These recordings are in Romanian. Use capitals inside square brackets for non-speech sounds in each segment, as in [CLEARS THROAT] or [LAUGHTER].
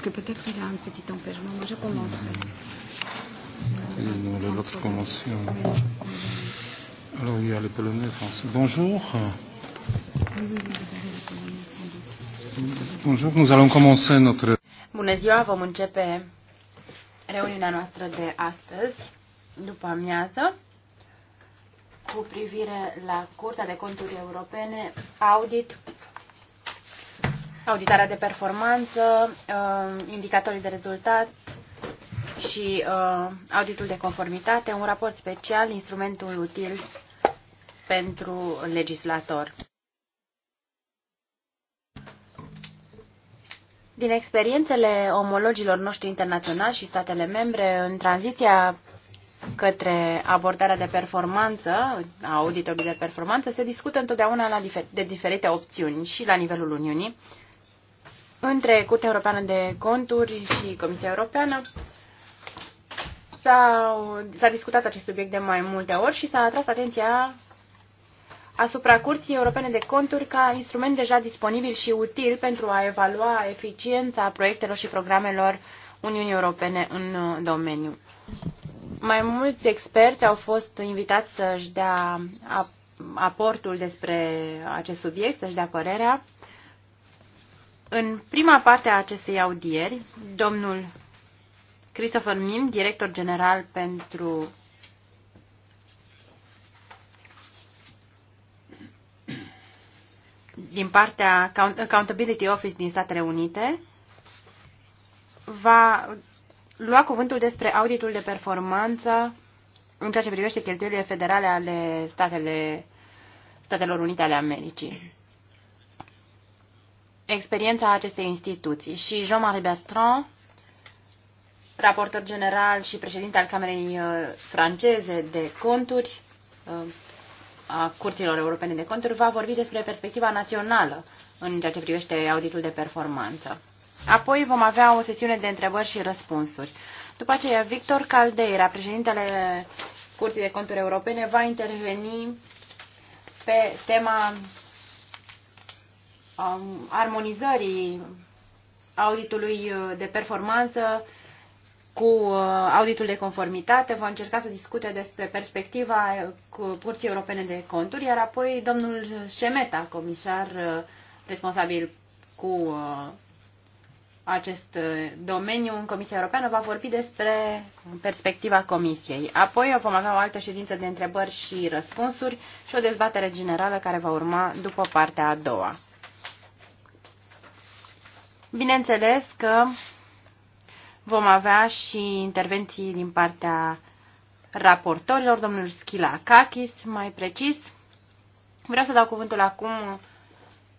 Parce que peut-être il a un petit tempérament. Moi, je commencerai. Et l'autre commence. Alors, il y a le polonais, français. Bonjour. Bonjour, nous allons commencer notre... Bună ziua, vom începe reuniunea noastră de astăzi, după amiază, cu privire la Curtea de Conturi Europene, audit, auditarea de performanță, uh, indicatorii de rezultat și uh, auditul de conformitate, un raport special, instrumentul util pentru legislator. Din experiențele omologilor noștri internaționali și statele membre, în tranziția către abordarea de performanță, a auditorului de performanță, se discută întotdeauna la difer- de diferite opțiuni și la nivelul Uniunii între Curtea Europeană de Conturi și Comisia Europeană s-a discutat acest subiect de mai multe ori și s-a atras atenția asupra Curții Europene de Conturi ca instrument deja disponibil și util pentru a evalua eficiența proiectelor și programelor Uniunii Europene în uh, domeniu. Mai mulți experți au fost invitați să-și dea aportul despre acest subiect, să-și dea părerea. În prima parte a acestei audieri, domnul Christopher Mim, director general pentru din partea Accountability Office din Statele Unite, va lua cuvântul despre auditul de performanță în ceea ce privește cheltuielile federale ale statele, Statelor Unite ale Americii experiența acestei instituții. Și Jean-Marie Bertrand, raportor general și președinte al Camerei uh, franceze de conturi, uh, a Curților Europene de Conturi, va vorbi despre perspectiva națională în ceea ce privește auditul de performanță. Apoi vom avea o sesiune de întrebări și răspunsuri. După aceea, Victor Caldeira, președintele Curții de Conturi Europene, va interveni pe tema Um, armonizării auditului uh, de performanță cu uh, auditul de conformitate, Vom încerca să discute despre perspectiva uh, Curții Europene de Conturi, iar apoi domnul Șemeta, comisar responsabil cu acest domeniu în Comisia Europeană, va vorbi despre perspectiva Comisiei. Apoi vom avea o altă ședință de întrebări și răspunsuri și o dezbatere generală care va urma după partea a doua. Bineînțeles că vom avea și intervenții din partea raportorilor, domnul Schila Kakis, mai precis. Vreau să dau cuvântul acum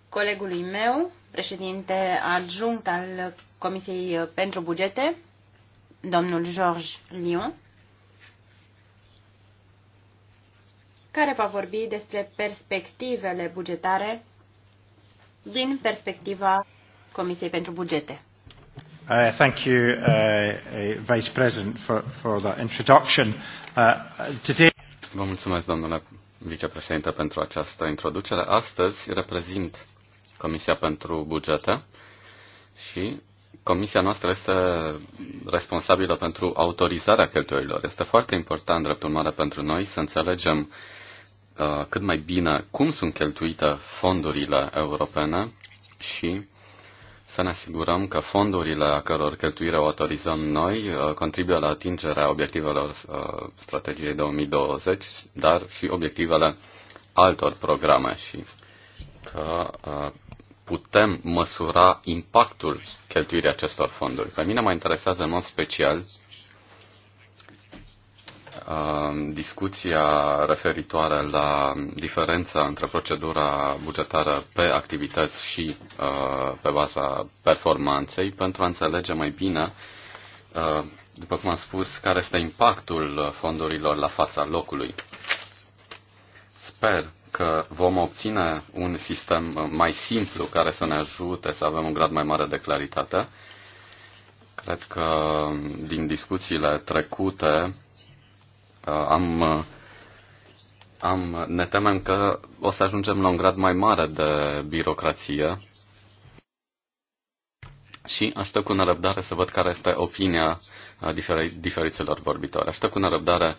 colegului meu, președinte adjunct al Comisiei pentru Bugete, domnul Georges Lyon, care va vorbi despre perspectivele bugetare din perspectiva Comisiei pentru Bugete. Uh, thank you, uh, uh, Vice President, for, for that introduction. Uh, today... Vă mulțumesc, domnule vicepreședinte, pentru această introducere. Astăzi reprezint Comisia pentru Bugete și Comisia noastră este responsabilă pentru autorizarea cheltuielilor. Este foarte important, drept urmare, pentru noi să înțelegem uh, cât mai bine cum sunt cheltuite fondurile europene și să ne asigurăm că fondurile a căror cheltuire o autorizăm noi uh, contribuie la atingerea obiectivelor uh, strategiei 2020, dar și obiectivele altor programe și că uh, putem măsura impactul cheltuirii acestor fonduri. Pe mine mă interesează în mod special Um, discuția referitoare la diferența între procedura bugetară pe activități și uh, pe baza performanței pentru a înțelege mai bine, uh, după cum am spus, care este impactul fondurilor la fața locului. Sper că vom obține un sistem uh, mai simplu care să ne ajute să avem un grad mai mare de claritate. Cred că um, din discuțiile trecute Uh, am, uh, am, ne temem că o să ajungem la un grad mai mare de birocrație și aștept cu nerăbdare să văd care este opinia uh, diferi, diferiților vorbitori. Aștept cu nerăbdare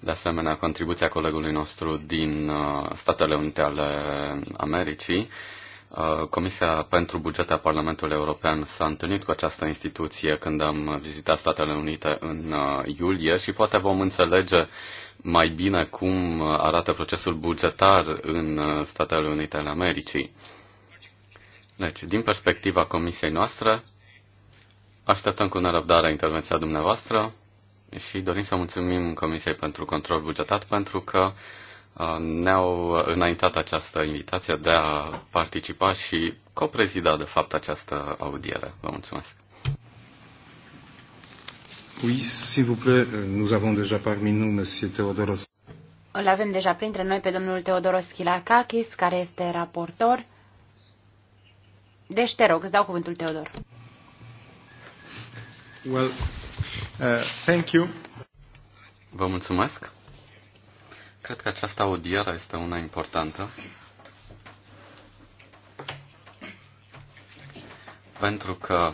de asemenea contribuția colegului nostru din Statele Unite ale Americii Uh, Comisia pentru bugete a Parlamentului European s-a întâlnit cu această instituție când am vizitat Statele Unite în uh, iulie și poate vom înțelege mai bine cum arată procesul bugetar în uh, Statele Unite ale Americii. Deci, din perspectiva Comisiei noastre, așteptăm cu nerăbdare intervenția dumneavoastră și dorim să mulțumim Comisiei pentru control bugetat pentru că uh, ne-au uh, înaintat această invitație de a participa și coprezida, de fapt, această audiere. Vă mulțumesc. Oui, s'il vous plaît, euh, nous avons déjà parmi nous monsieur Teodoros. Îl avem deja printre noi pe domnul Teodoros Chilakakis, care este raportor. Deci te rog, îți dau cuvântul, Teodor. Well, uh, thank you. Vă mulțumesc. Cred că această audiere este una importantă pentru că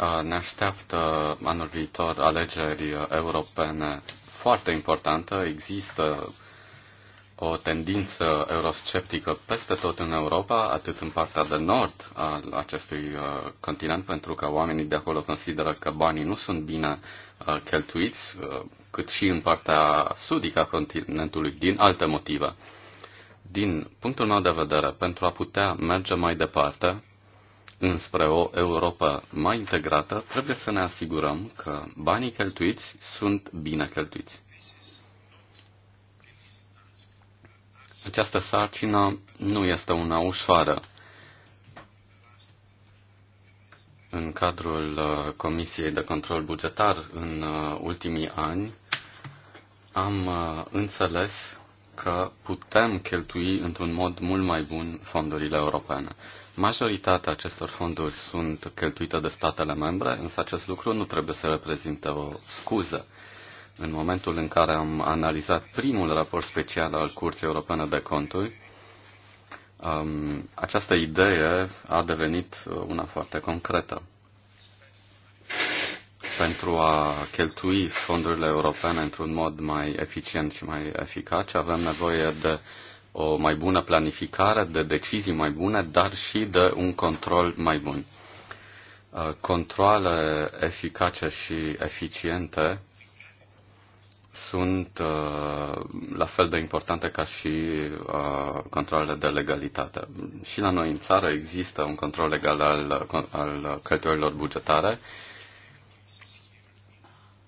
uh, ne așteaptă anul viitor alegeri uh, europene foarte importantă. Există o tendință eurosceptică peste tot în Europa, atât în partea de nord al acestui uh, continent, pentru că oamenii de acolo consideră că banii nu sunt bine uh, cheltuiți, uh, cât și în partea sudică a continentului, din alte motive. Din punctul meu de vedere, pentru a putea merge mai departe înspre o Europa mai integrată, trebuie să ne asigurăm că banii cheltuiți sunt bine cheltuiți. Această sarcină nu este una ușoară. În cadrul uh, Comisiei de Control Bugetar în uh, ultimii ani am uh, înțeles că putem cheltui într-un mod mult mai bun fondurile europene. Majoritatea acestor fonduri sunt cheltuite de statele membre, însă acest lucru nu trebuie să reprezinte o scuză. În momentul în care am analizat primul raport special al Curții Europene de Conturi, um, această idee a devenit una foarte concretă. Pentru a cheltui fondurile europene într-un mod mai eficient și mai eficace, avem nevoie de o mai bună planificare, de decizii mai bune, dar și de un control mai bun. Uh, controle eficace și eficiente sunt uh, la fel de importante ca și uh, controlele de legalitate. Și la noi în țară există un control legal al, al cheltuielilor bugetare.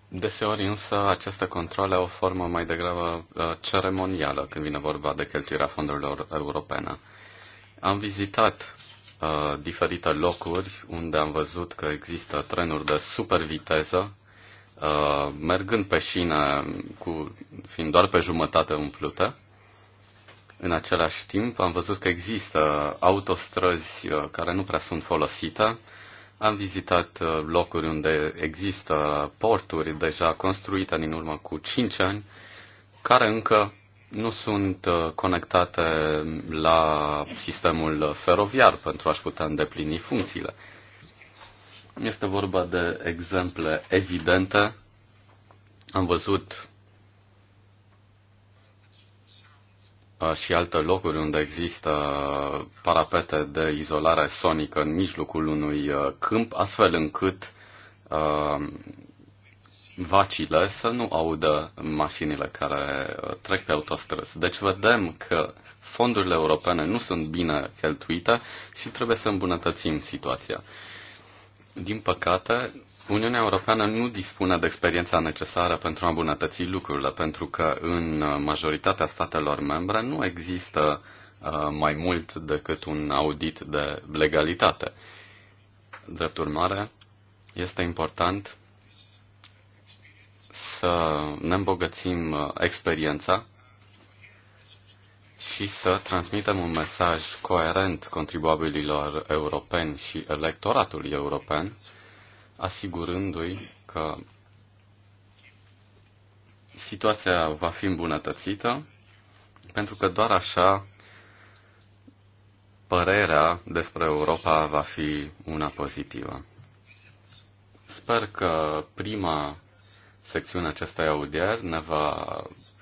Deseori însă aceste controle au o formă mai degrabă uh, ceremonială când vine vorba de cheltuirea fondurilor europene. Am vizitat uh, diferite locuri unde am văzut că există trenuri de superviteză Uh, mergând pe șină, cu, fiind doar pe jumătate umplută, în același timp am văzut că există autostrăzi uh, care nu prea sunt folosite. Am vizitat uh, locuri unde există porturi deja construite din urmă cu 5 ani, care încă nu sunt conectate la sistemul feroviar pentru a-și putea îndeplini funcțiile. Este vorba de exemple evidente. Am văzut uh, și alte locuri unde există parapete de izolare sonică în mijlocul unui uh, câmp, astfel încât uh, vacile să nu audă mașinile care trec pe autostrăzi. Deci vedem că fondurile europene nu sunt bine cheltuite și trebuie să îmbunătățim situația. Din păcate, Uniunea Europeană nu dispune de experiența necesară pentru a îmbunătăți lucrurile, pentru că în majoritatea statelor membre nu există uh, mai mult decât un audit de legalitate. Drept urmare, este important să ne îmbogățim uh, experiența și să transmitem un mesaj coerent contribuabililor europeni și electoratului european, asigurându-i că situația va fi îmbunătățită, pentru că doar așa părerea despre Europa va fi una pozitivă. Sper că prima secțiune acestei audieri ne va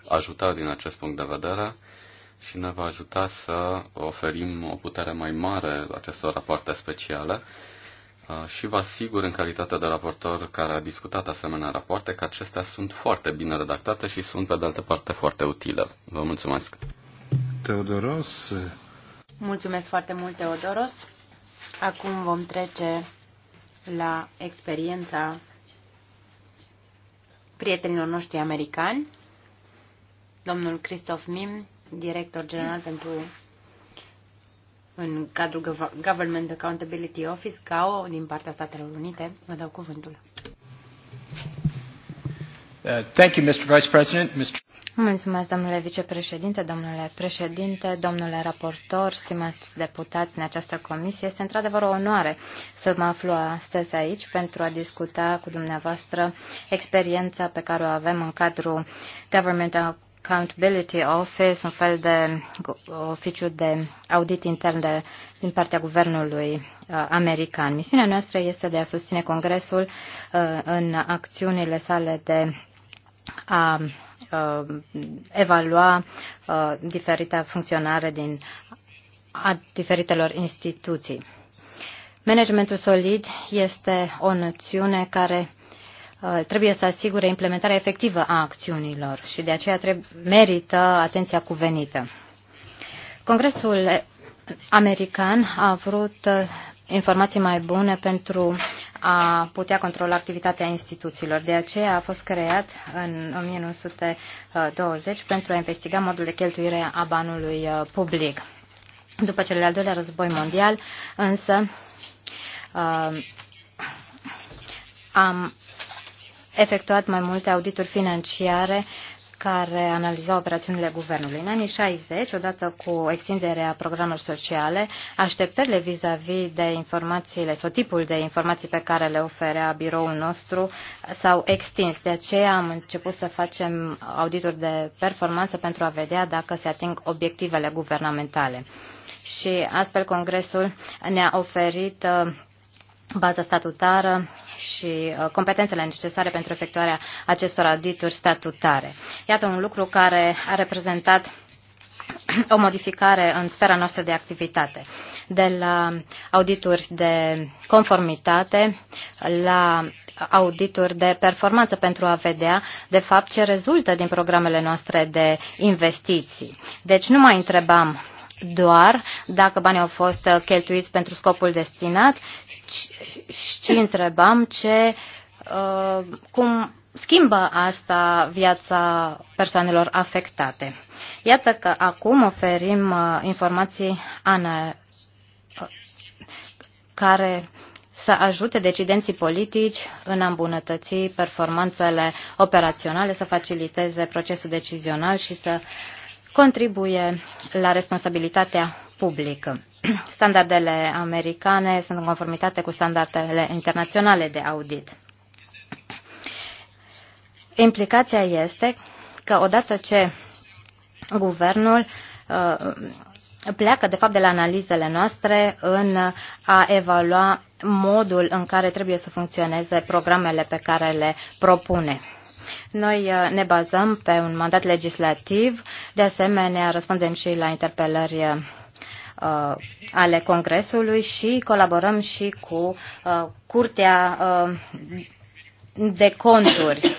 ajuta din acest punct de vedere și ne va ajuta să oferim o putere mai mare acestor rapoarte speciale uh, și vă asigur în calitate de raportor care a discutat asemenea rapoarte că acestea sunt foarte bine redactate și sunt pe de altă parte foarte utile. Vă mulțumesc! Teodoros. Mulțumesc foarte mult, Teodoros. Acum vom trece la experiența prietenilor noștri americani. Domnul Christoph Mim director general pentru în cadrul Government Accountability Office, GAO, din partea Statelor Unite. Vă dau cuvântul. Uh, thank you, Mr. Vice President. Mr. Mulțumesc, domnule vicepreședinte, domnule președinte, domnule raportor, stimați deputați în această comisie. Este într-adevăr o onoare să mă aflu astăzi aici pentru a discuta cu dumneavoastră experiența pe care o avem în cadrul Government Accountability Office, un fel de oficiu de audit intern de, din partea guvernului uh, american. Misiunea noastră este de a susține Congresul uh, în acțiunile sale de a uh, evalua uh, diferita funcționare din a diferitelor instituții. Managementul solid este o noțiune care Uh, trebuie să asigure implementarea efectivă a acțiunilor și de aceea trebuie, merită atenția cuvenită. Congresul american a vrut uh, informații mai bune pentru a putea controla activitatea instituțiilor. De aceea a fost creat în 1920 pentru a investiga modul de cheltuire a banului uh, public. După cel de-al doilea război mondial, însă, am efectuat mai multe audituri financiare care analiza operațiunile guvernului. În anii 60, odată cu extinderea programelor sociale, așteptările vis-a-vis -vis de informațiile sau tipul de informații pe care le oferea biroul nostru s-au extins. De aceea am început să facem audituri de performanță pentru a vedea dacă se ating obiectivele guvernamentale. Și astfel Congresul ne-a oferit uh, baza statutară și uh, competențele necesare pentru efectuarea acestor audituri statutare. Iată un lucru care a reprezentat [CLEARS THROAT] o modificare în sfera noastră de activitate, de la audituri de conformitate la audituri de performanță pentru a vedea, de fapt, ce rezultă din programele noastre de investiții. Deci nu mai întrebam doar dacă banii au fost cheltuiți pentru scopul destinat, și întrebam ce, uh, cum schimbă asta viața persoanelor afectate. Iată că acum oferim uh, informații ana uh, care să ajute decidenții politici în a îmbunătăți performanțele operaționale, să faciliteze procesul decizional și să contribuie la responsabilitatea publică. [CLEARS THROAT] Standardele americane sunt în conformitate cu standardele internaționale de audit. [CLEARS THROAT] Implicația este că odată ce guvernul uh, pleacă de fapt de la analizele noastre în a evalua modul în care trebuie să funcționeze programele pe care le propune. Noi uh, ne bazăm pe un mandat legislativ, de asemenea răspundem și la interpelări uh, uh, ale Congresului și colaborăm și cu Curtea de Conturi.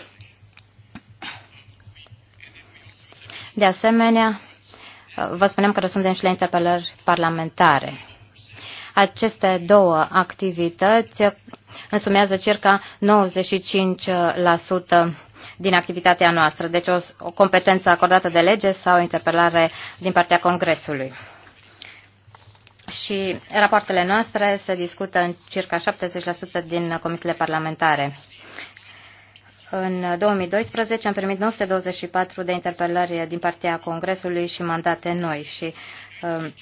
De asemenea, vă spunem că răspundem și la interpelări parlamentare. Aceste două activități însumează circa 95% din activitatea noastră, deci o, o competență acordată de lege sau o interpelare din partea Congresului. Și rapoartele noastre se discută în circa 70% din comisiile parlamentare. În 2012 am primit 924 de interpelări din partea Congresului și mandate noi și um,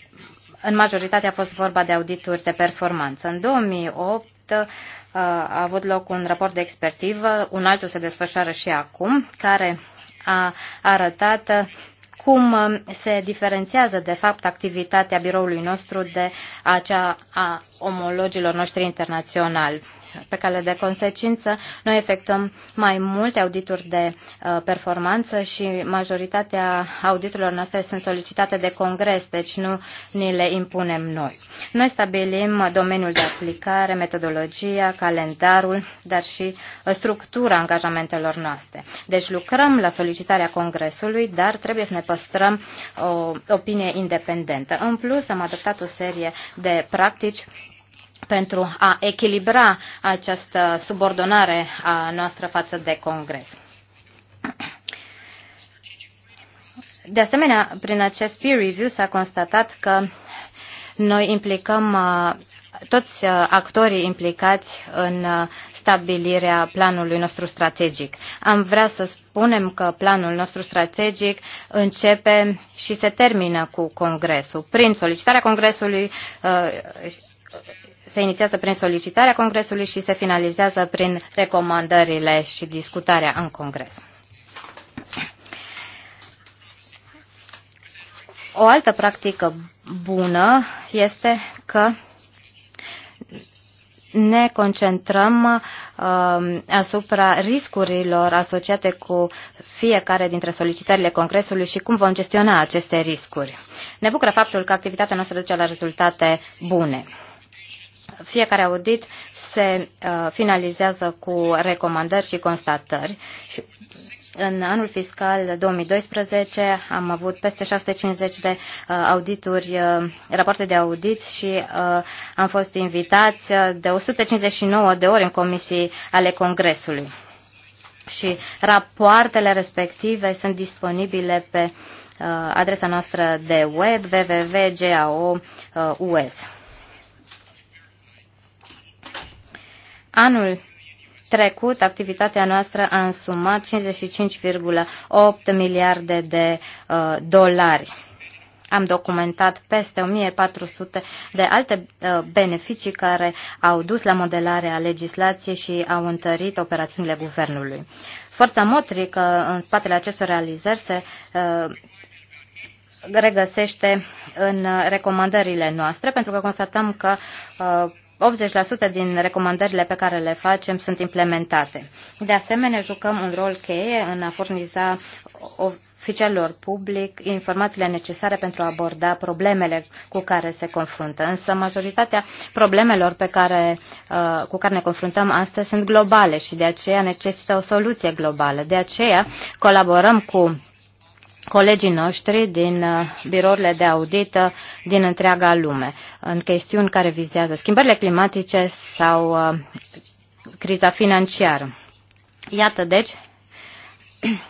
în majoritate a fost vorba de audituri de performanță. În 2008 a avut loc un raport de expertivă, un altul se desfășoară și acum, care a arătat cum se diferențiază de fapt activitatea biroului nostru de acea a omologilor noștri internaționali pe cale de consecință, noi efectuăm mai multe audituri de uh, performanță și majoritatea auditurilor noastre sunt solicitate de Congres, deci nu ni le impunem noi. Noi stabilim domeniul de aplicare, metodologia, calendarul, dar și uh, structura angajamentelor noastre. Deci lucrăm la solicitarea Congresului, dar trebuie să ne păstrăm uh, o opinie independentă. În plus, am adoptat o serie de practici pentru a echilibra această subordonare a noastră față de Congres. De asemenea, prin acest peer review s-a constatat că noi implicăm uh, toți uh, actorii implicați în uh, stabilirea planului nostru strategic. Am vrea să spunem că planul nostru strategic începe și se termină cu Congresul, prin solicitarea Congresului se inițiază prin solicitarea Congresului și se finalizează prin recomandările și discutarea în Congres. O altă practică bună este că ne concentrăm uh, asupra riscurilor asociate cu fiecare dintre solicitările Congresului și cum vom gestiona aceste riscuri. Ne bucură faptul că activitatea noastră duce la rezultate bune. Fiecare audit se uh, finalizează cu recomandări și constatări. în anul fiscal 2012 am avut peste 650 de uh, audituri, uh, rapoarte de audit și am fost invitați de 159 de ori în comisii ale Congresului. Și rapoartele respective sunt disponibile pe adresa noastră de web www.gao.us. Anul trecut, activitatea noastră a însumat 55,8 miliarde de uh, dolari. Am documentat peste 1400 de alte uh, beneficii care au dus la modelarea legislației și au întărit operațiunile guvernului. Forța motrică în spatele acestor realizări se uh, regăsește în uh, recomandările noastre, pentru că constatăm că uh, 80% din recomandările pe care le facem sunt implementate. De asemenea, jucăm un rol cheie în a furniza oficialilor public informațiile necesare pentru a aborda problemele cu care se confruntă. Însă majoritatea problemelor pe care, uh, cu care ne confruntăm astăzi sunt globale și de aceea necesită o soluție globală. De aceea colaborăm cu colegii noștri din uh, birourile de audit uh, din întreaga lume în chestiuni care vizează schimbările climatice sau uh, criza financiară. Iată, deci, [CLEARS THROAT]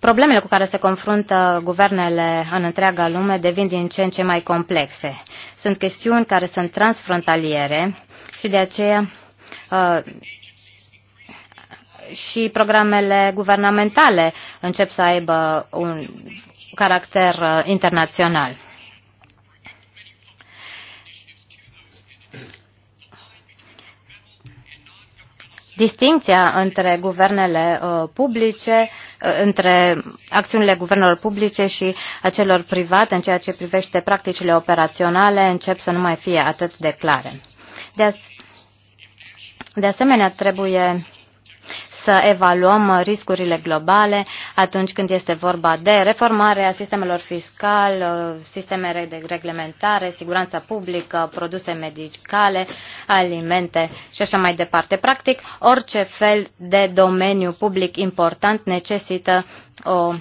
Problemele cu care se confruntă guvernele în întreaga lume devin din ce în ce mai complexe. Sunt chestiuni care sunt transfrontaliere și de aceea și programele guvernamentale încep să aibă un caracter uh, internațional. Distinția între guvernele uh, publice, uh, între acțiunile guvernelor publice și acelor private în ceea ce privește practicile operaționale încep să nu mai fie atât de clare. De, as- de asemenea, trebuie să evaluăm riscurile globale atunci când este vorba de reformarea sistemelor fiscal, uh, sisteme de reglementare, siguranța publică, produse medicale, alimente și așa mai departe. Practic, orice fel de domeniu public important necesită o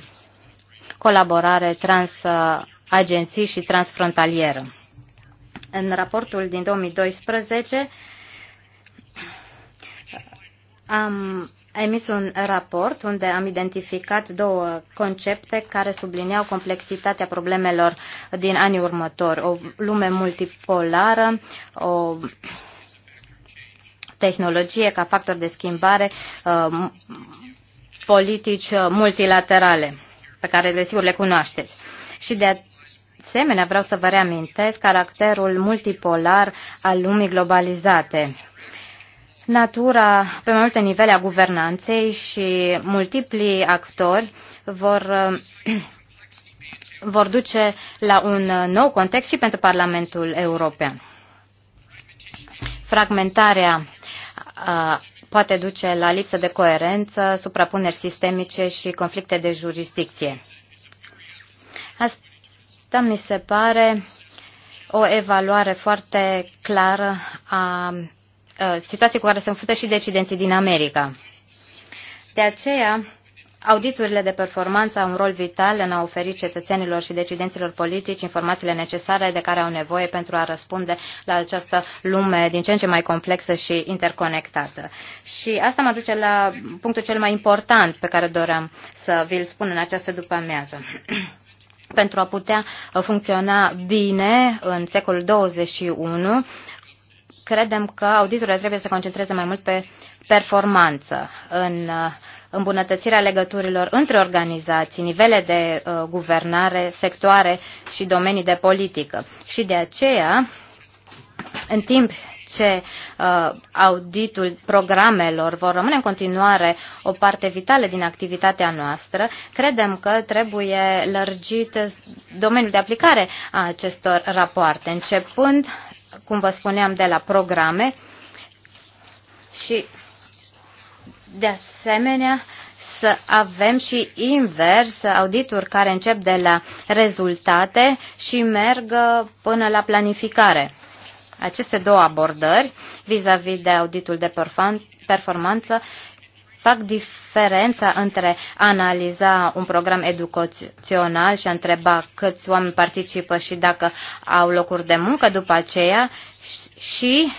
colaborare transagenții uh, și transfrontalieră. În raportul din 2012 am emis un raport unde am identificat două concepte care sublineau complexitatea problemelor din anii următori. O lume multipolară, o tehnologie ca factor de schimbare, uh, politici multilaterale, pe care desigur le cunoașteți. Și de asemenea vreau să vă reamintesc caracterul multipolar al lumii globalizate natura pe mai multe nivele a guvernanței și multiplii actori vor, [CLEARS THROAT] vor duce la un nou context și pentru Parlamentul European. Fragmentarea a, poate duce la lipsă de coerență, suprapuneri sistemice și conflicte de jurisdicție. Asta mi se pare o evaluare foarte clară a Uh, situație cu care se înfruntă și decidenții din America. De aceea, Auditurile de performanță au un rol vital în a oferi cetățenilor și decidenților politici informațiile necesare de care au nevoie pentru a răspunde la această lume din ce în ce mai complexă și interconectată. Și asta mă duce la punctul cel mai important pe care doream să vi-l spun în această după-amiază. [CLEARS THROAT] pentru a putea funcționa bine în secolul 21, credem că auditurile trebuie să se concentreze mai mult pe performanță, în uh, îmbunătățirea legăturilor între organizații, nivele de uh, guvernare, sectoare și domenii de politică. Și de aceea, în timp ce uh, auditul programelor vor rămâne în continuare o parte vitală din activitatea noastră, credem că trebuie lărgit domeniul de aplicare a acestor rapoarte, începând cum vă spuneam, de la programe și de asemenea să avem și invers audituri care încep de la rezultate și merg uh, până la planificare. Aceste două abordări vis-a-vis -vis de auditul de performanță fac diferența între a analiza un program educațional și a întreba câți oameni participă și dacă au locuri de muncă după aceea și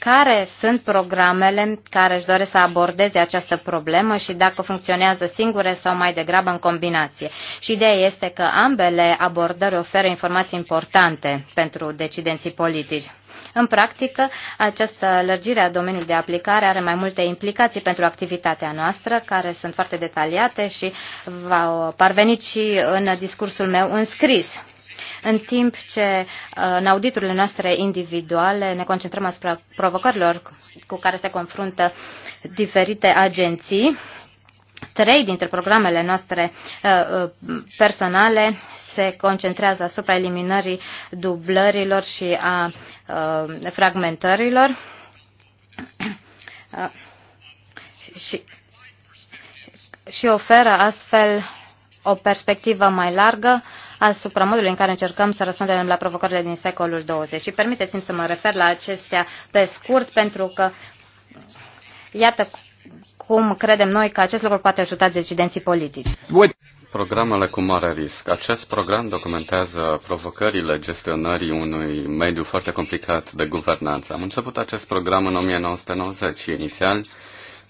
care sunt programele care își doresc să abordeze această problemă și dacă funcționează singure sau mai degrabă în combinație. Și ideea este că ambele abordări oferă informații importante pentru decidenții politici. În practică, această lărgire a domeniului de aplicare are mai multe implicații pentru activitatea noastră, care sunt foarte detaliate și v-au parvenit și în discursul meu înscris în timp ce uh, în auditurile noastre individuale ne concentrăm asupra provocărilor cu care se confruntă diferite agenții. Trei dintre programele noastre uh, uh, personale se concentrează asupra eliminării dublărilor și a fragmentărilor. Și, și oferă astfel o perspectivă mai largă asupra modului în care încercăm să răspundem la provocările din secolul 20. Și permiteți-mi să mă refer la acestea pe scurt, pentru că iată cum credem noi că acest lucru poate ajuta decidenții politici. Programele cu mare risc. Acest program documentează provocările gestionării unui mediu foarte complicat de guvernanță. Am început acest program în 1990 și inițial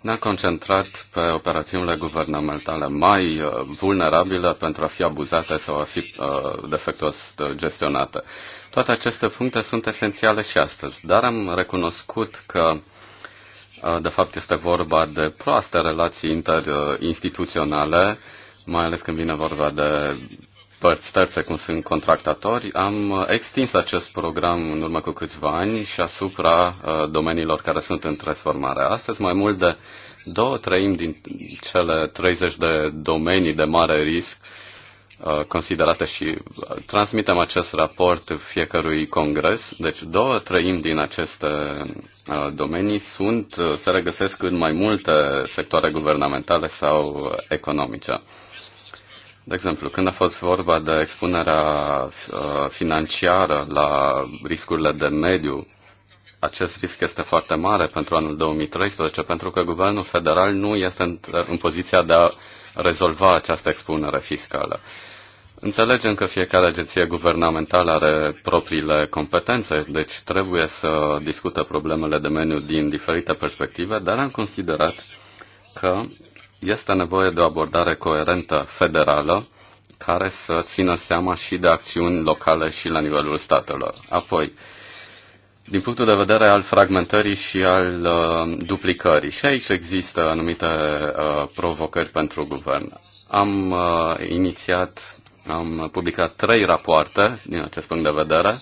ne-a concentrat pe operațiunile guvernamentale mai uh, vulnerabile pentru a fi abuzate sau a fi uh, defectuos gestionate. Toate aceste puncte sunt esențiale și astăzi, dar am recunoscut că uh, de fapt este vorba de proaste relații interinstituționale, mai ales când vine vorba de părți terțe, cum sunt contractatori, am extins acest program în urmă cu câțiva ani și asupra uh, domeniilor care sunt în transformare. Astăzi, mai mult de două treimi din cele 30 de domenii de mare risc uh, considerate și uh, transmitem acest raport fiecărui congres. Deci două treimi din aceste domenii sunt, se regăsesc în mai multe sectoare guvernamentale sau economice. De exemplu, când a fost vorba de expunerea uh, financiară la riscurile de mediu, acest risc este foarte mare pentru anul 2013, pentru că guvernul federal nu este în, în poziția de a rezolva această expunere fiscală. Înțelegem că fiecare agenție guvernamentală are propriile competențe, deci trebuie să discută problemele de meniu din diferite perspective, dar am considerat că este nevoie de o abordare coerentă federală care să țină seama și de acțiuni locale și la nivelul statelor. Apoi, din punctul de vedere al fragmentării și al uh, duplicării, și aici există anumite uh, provocări pentru guvern. Am uh, inițiat, am publicat trei rapoarte din acest punct de vedere. Uh,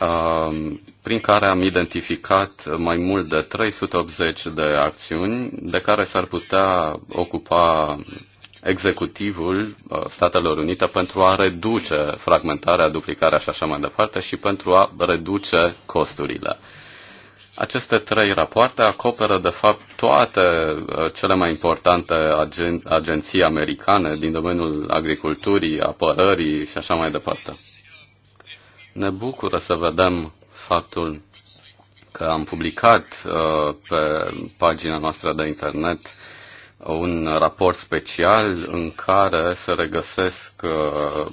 Um, prin care am identificat mai mult de 380 de acțiuni de care s-ar putea ocupa executivul uh, Statelor Unite pentru a reduce fragmentarea, duplicarea și așa mai departe și pentru a reduce costurile. Aceste trei rapoarte acoperă, de fapt, toate uh, cele mai importante agen- agenții americane din domeniul agriculturii, apărării și așa mai departe. Ne bucură să vedem faptul că am publicat uh, pe pagina noastră de internet un raport special în care se regăsesc uh,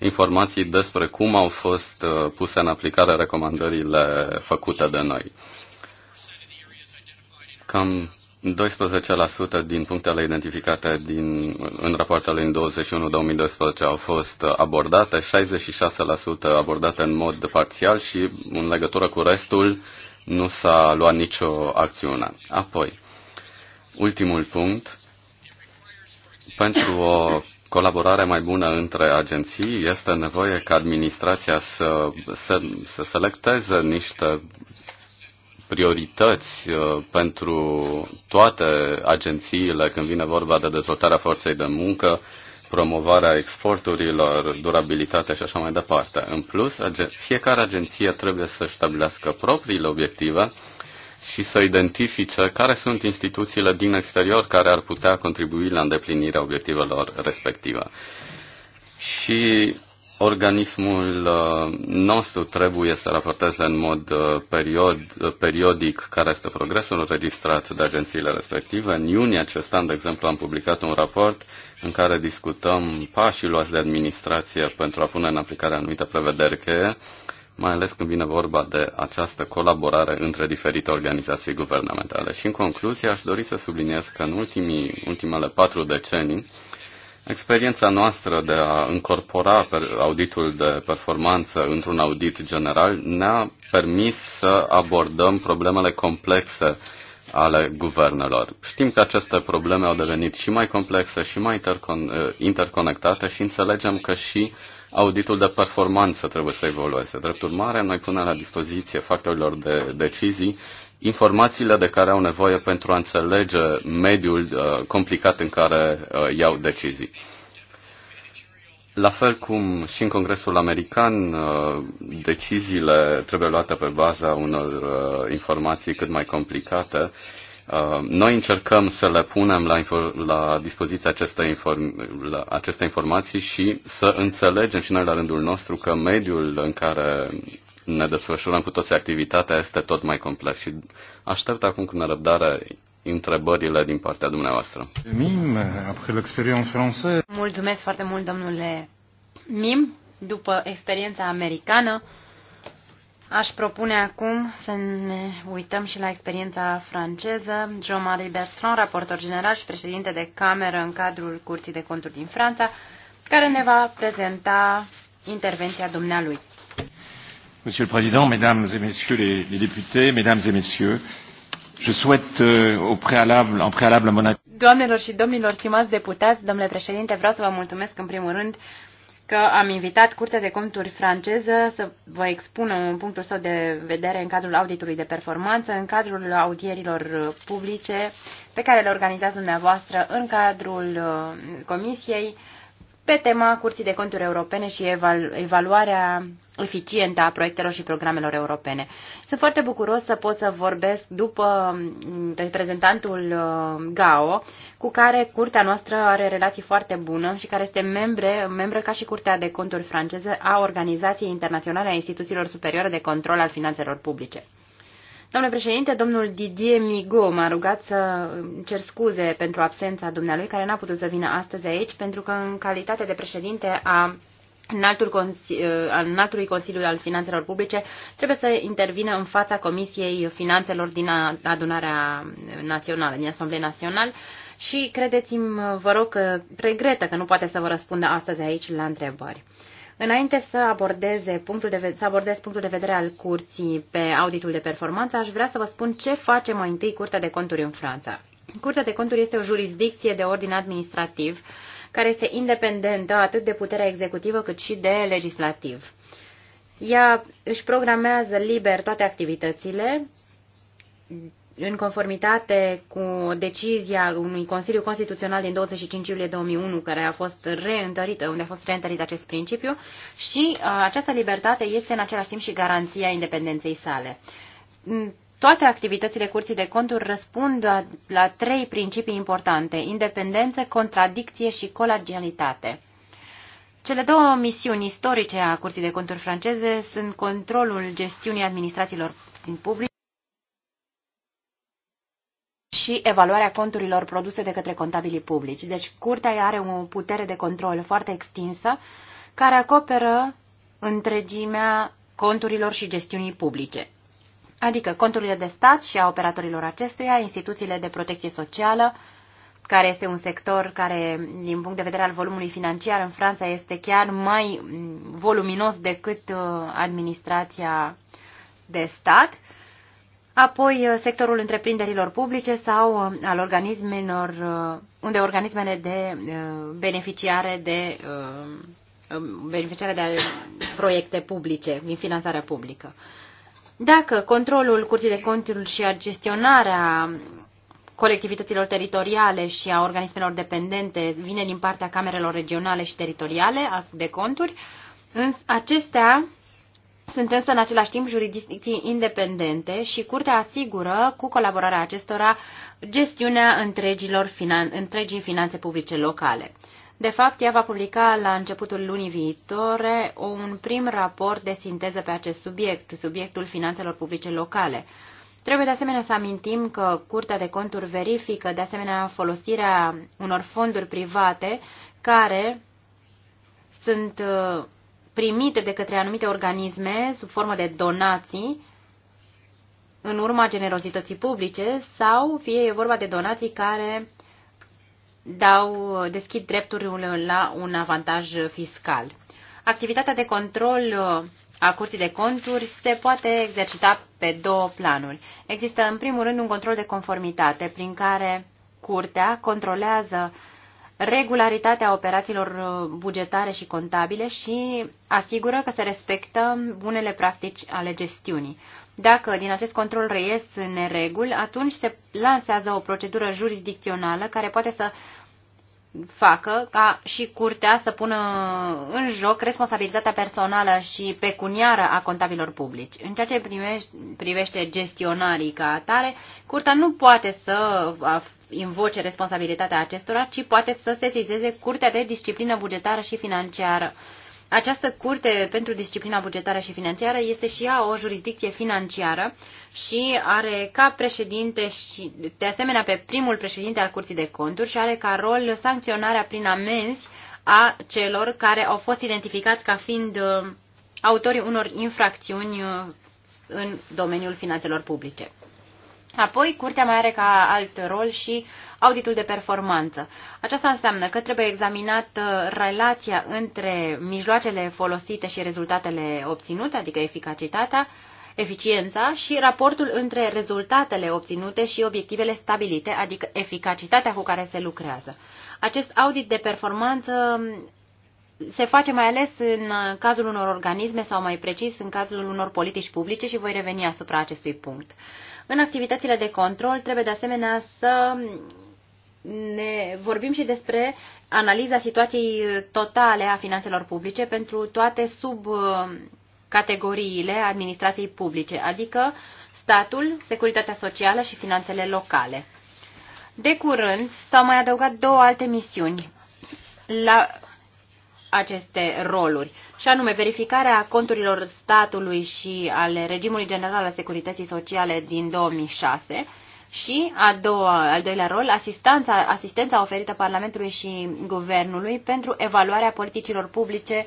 informații despre cum au fost uh, puse în aplicare recomandările făcute de noi. Cam 12% din punctele identificate din, în rapoartele în 21-2012 au fost abordate, 66% abordate în mod parțial și în legătură cu restul nu s-a luat nicio acțiune. Apoi, ultimul punct, pentru o colaborare mai bună între agenții este nevoie ca administrația să, să, să selecteze niște priorități uh, pentru toate agențiile când vine vorba de dezvoltarea forței de muncă, promovarea exporturilor, durabilitatea și așa mai departe. În plus, fiecare agenție trebuie să stabilească propriile obiective și să identifice care sunt instituțiile din exterior care ar putea contribui la îndeplinirea obiectivelor respective. Și organismul uh, nostru trebuie să raporteze în mod uh, period, uh, periodic care este progresul înregistrat de agențiile respective. În iunie acest an, de exemplu, am publicat un raport în care discutăm pașii luați de administrație pentru a pune în aplicare anumite prevederi cheie, mai ales când vine vorba de această colaborare între diferite organizații guvernamentale. Și în concluzie aș dori să subliniez că în ultimii, ultimele patru decenii, Experiența noastră de a incorpora auditul de performanță într-un audit general ne-a permis să abordăm problemele complexe ale guvernelor. Știm că aceste probleme au devenit și mai complexe și mai intercon- eh, interconectate și înțelegem că și auditul de performanță trebuie să evolueze. Drept urmare, noi punem la dispoziție factorilor de decizii informațiile de care au nevoie pentru a înțelege mediul uh, complicat în care uh, iau decizii. La fel cum și în Congresul American, uh, deciziile trebuie luate pe baza unor uh, informații cât mai complicate. Uh, noi încercăm să le punem la, la dispoziția aceste, inform- la aceste informații și să înțelegem și noi la rândul nostru că mediul în care ne desfășurăm cu toți activitatea, este tot mai complex și aștept acum cu nerăbdare întrebările din partea dumneavoastră. Mim, Mulțumesc foarte mult, domnule Mim. După experiența americană, aș propune acum să ne uităm și la experiența franceză. Jean-Marie Bertrand, raportor general și președinte de cameră în cadrul Curții de Conturi din Franța, care ne va prezenta intervenția dumnealui. Monsieur le Président, Mesdames et Messieurs les, les députés, Mesdames et Messieurs, je souhaite euh, au préalable, en préalable à mon Doamnelor și domnilor, stimați deputați, domnule președinte, vreau să vă mulțumesc în primul rând că am invitat Curtea de Conturi franceză să vă expună un punctul său de vedere în cadrul auditului de performanță, în cadrul audierilor uh, publice pe care le organizați dumneavoastră în cadrul uh, comisiei pe tema Curții de Conturi Europene și evalu evaluarea eficientă a proiectelor și programelor europene. Sunt foarte bucuros să pot să vorbesc după mm, reprezentantul uh, GAO, cu care curtea noastră are relații foarte bună și care este membre, membre ca și Curtea de Conturi franceză a Organizației Internaționale a Instituțiilor Superioare de Control al Finanțelor Publice. Domnule președinte, domnul Didier Migo m-a rugat să cer scuze pentru absența dumnealui, care n-a putut să vină astăzi aici, pentru că în calitate de președinte a al înaltului Consiliu al Finanțelor Publice trebuie să intervină în fața Comisiei Finanțelor din adunarea națională, din Asamblea Națională și credeți-mi, vă rog, că regretă că nu poate să vă răspundă astăzi aici la întrebări. Înainte să, abordeze punctul de, să abordez punctul de vedere al curții pe auditul de performanță, aș vrea să vă spun ce face mai întâi Curtea de Conturi în Franța. Curtea de Conturi este o jurisdicție de ordin administrativ care este independentă atât de puterea executivă cât și de legislativ. Ea își programează liber toate activitățile în conformitate cu decizia unui Consiliu Constituțional din 25 iulie 2001, care a fost reîntărită, unde a fost reîntărit acest principiu, și uh, această libertate este în același timp și garanția independenței sale. Mm, toate activitățile Curții de Conturi răspund la trei principii importante, independență, contradicție și colagialitate. Cele două misiuni istorice a Curții de Conturi franceze sunt controlul gestiunii administrațiilor din public și evaluarea conturilor produse de către contabilii publici. Deci curtea are o putere de control foarte extinsă care acoperă întregimea conturilor și gestiunii publice, adică conturile de stat și a operatorilor acestuia, instituțiile de protecție socială, care este un sector care, din punct de vedere al volumului financiar în Franța, este chiar mai voluminos decât uh, administrația de stat, apoi uh, sectorul întreprinderilor publice sau uh, al organismelor, uh, unde organismele de beneficiare de um, beneficiare de proiecte publice, din finanțarea publică. Dacă controlul curții de conturi și a gestionarea colectivităților teritoriale și a organismelor dependente vine din partea camerelor regionale și teritoriale de conturi, însă acestea sunt însă în același timp jurisdicții independente și Curtea asigură, cu colaborarea acestora, gestiunea întregilor finan- întregii finanțe publice locale. De fapt, ea va publica la începutul lunii viitoare un prim raport de sinteză pe acest subiect, subiectul finanțelor publice locale. Trebuie de asemenea să amintim că Curtea de Conturi verifică de asemenea folosirea unor fonduri private care sunt uh, primite de către anumite organisme sub formă de donații în urma generozității publice sau fie e vorba de donații care dau, deschid drepturile la un avantaj fiscal. Activitatea de control uh, a Curții de Conturi se poate exercita pe două planuri. Există, în primul rând, un control de conformitate prin care Curtea controlează uh, regularitatea operațiilor uh, bugetare și contabile și asigură că se respectă bunele practici ale gestiunii. Dacă din acest control reies nereguli, atunci se lansează o procedură jurisdicțională care poate să facă ca și curtea să pună în joc responsabilitatea personală și pecuniară a contabilor publici. În ceea ce privește gestionarii ca atare, curtea nu poate să invoce responsabilitatea acestora, ci poate să sesizeze Curtea de Disciplină Bugetară și Financiară. Această curte pentru disciplina bugetară și financiară este și ea o jurisdicție financiară și are ca președinte și de asemenea pe primul președinte al Curții de Conturi și are ca rol sancționarea prin amenzi a celor care au fost identificați ca fiind uh, autorii unor infracțiuni uh, în domeniul finanțelor publice. Apoi, curtea mai are ca alt rol și auditul de performanță. Aceasta înseamnă că trebuie examinată uh, relația între mijloacele folosite și rezultatele obținute, adică eficacitatea, eficiența și raportul între rezultatele obținute și obiectivele stabilite, adică eficacitatea cu care se lucrează. Acest audit de performanță um, se face mai ales în uh, cazul unor organisme sau mai precis în cazul unor politici publice și voi reveni asupra acestui punct. În activitățile de control trebuie de asemenea să ne vorbim și despre analiza situației totale a finanțelor publice pentru toate subcategoriile administrației publice, adică statul, securitatea socială și finanțele locale. De curând s-au mai adăugat două alte misiuni la aceste roluri, și anume verificarea conturilor statului și ale regimului general al securității sociale din 2006 și a doua, al doilea rol, asistența, asistența oferită Parlamentului și Guvernului pentru evaluarea politicilor publice,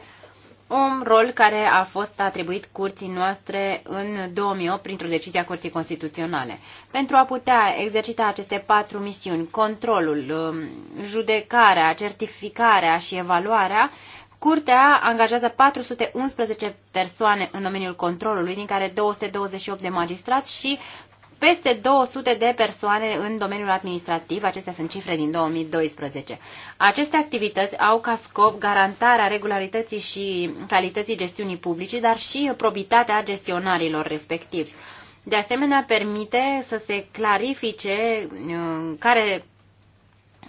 un rol care a fost atribuit curții noastre în 2008 printr-o decizie a Curții Constituționale. Pentru a putea exercita aceste patru misiuni, controlul, um, judecarea, certificarea și evaluarea, Curtea angajează 411 persoane în domeniul controlului, din care 228 de magistrați și peste 200 de persoane în domeniul administrativ, acestea sunt cifre din 2012. Aceste activități au ca scop garantarea regularității și calității gestiunii publice, dar și probitatea gestionarilor respectivi. De asemenea, permite să se clarifice uh, care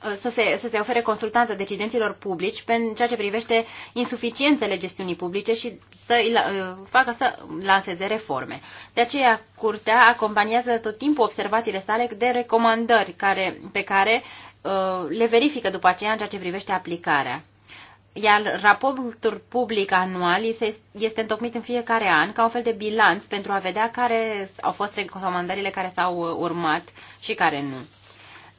Uh, să se, să se ofere consultanță decidenților publici pentru ceea ce privește insuficiențele gestiunii publice și să îi uh, facă să lanseze reforme. De aceea, Curtea acompaniază tot timpul observațiile sale de recomandări care, pe care uh, le verifică după aceea în ceea ce privește aplicarea iar raportul public anual este întocmit în fiecare an ca un fel de bilanț pentru a vedea care au fost recomandările care s-au urmat și care nu.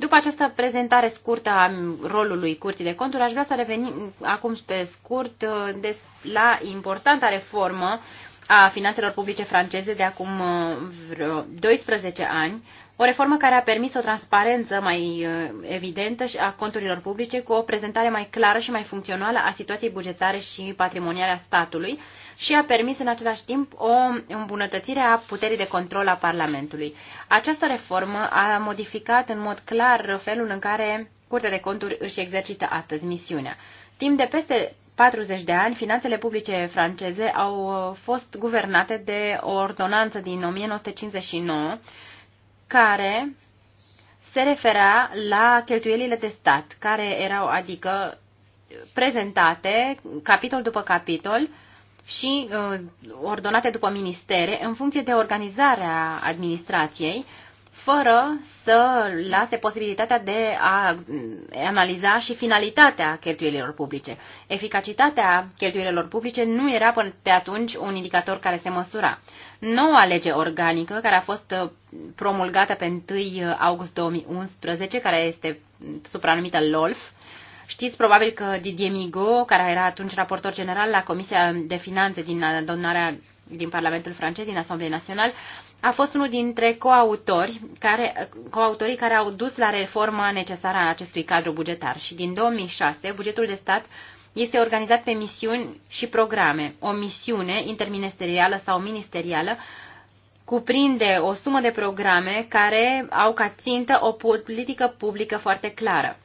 După această prezentare scurtă a rolului Curții de Conturi, aș vrea să revenim acum pe scurt uh, la importanta reformă a finanțelor publice franceze de acum uh, vreo 12 ani, o reformă care a permis o transparență mai uh, evidentă a conturilor publice cu o prezentare mai clară și mai funcțională a situației bugetare și patrimoniale a statului, și a permis în același timp o îmbunătățire a puterii de control a Parlamentului. Această reformă a modificat în mod clar felul în care Curtea de Conturi își exercită astăzi misiunea. Timp de peste 40 de ani, finanțele publice franceze au fost guvernate de o ordonanță din 1959 care se refera la cheltuielile de stat, care erau adică prezentate capitol după capitol și uh, ordonate după ministere în funcție de organizarea administrației, fără să lase posibilitatea de a mm, analiza și finalitatea cheltuielilor publice. Eficacitatea cheltuielilor publice nu era până pe atunci un indicator care se măsura. Noua lege organică, care a fost uh, promulgată pe 1 uh, august 2011, care este mm, supranumită LOLF, Știți probabil că Didier Migo, care era atunci raportor general la Comisia de Finanțe din adunarea din Parlamentul francez, din Asamblea Națională, a fost unul dintre coautori care, coautorii care au dus la reforma necesară a acestui cadru bugetar. Și din 2006, bugetul de stat este organizat pe misiuni și programe. O misiune interministerială sau ministerială cuprinde o sumă de programe care au ca țintă o politică publică foarte clară.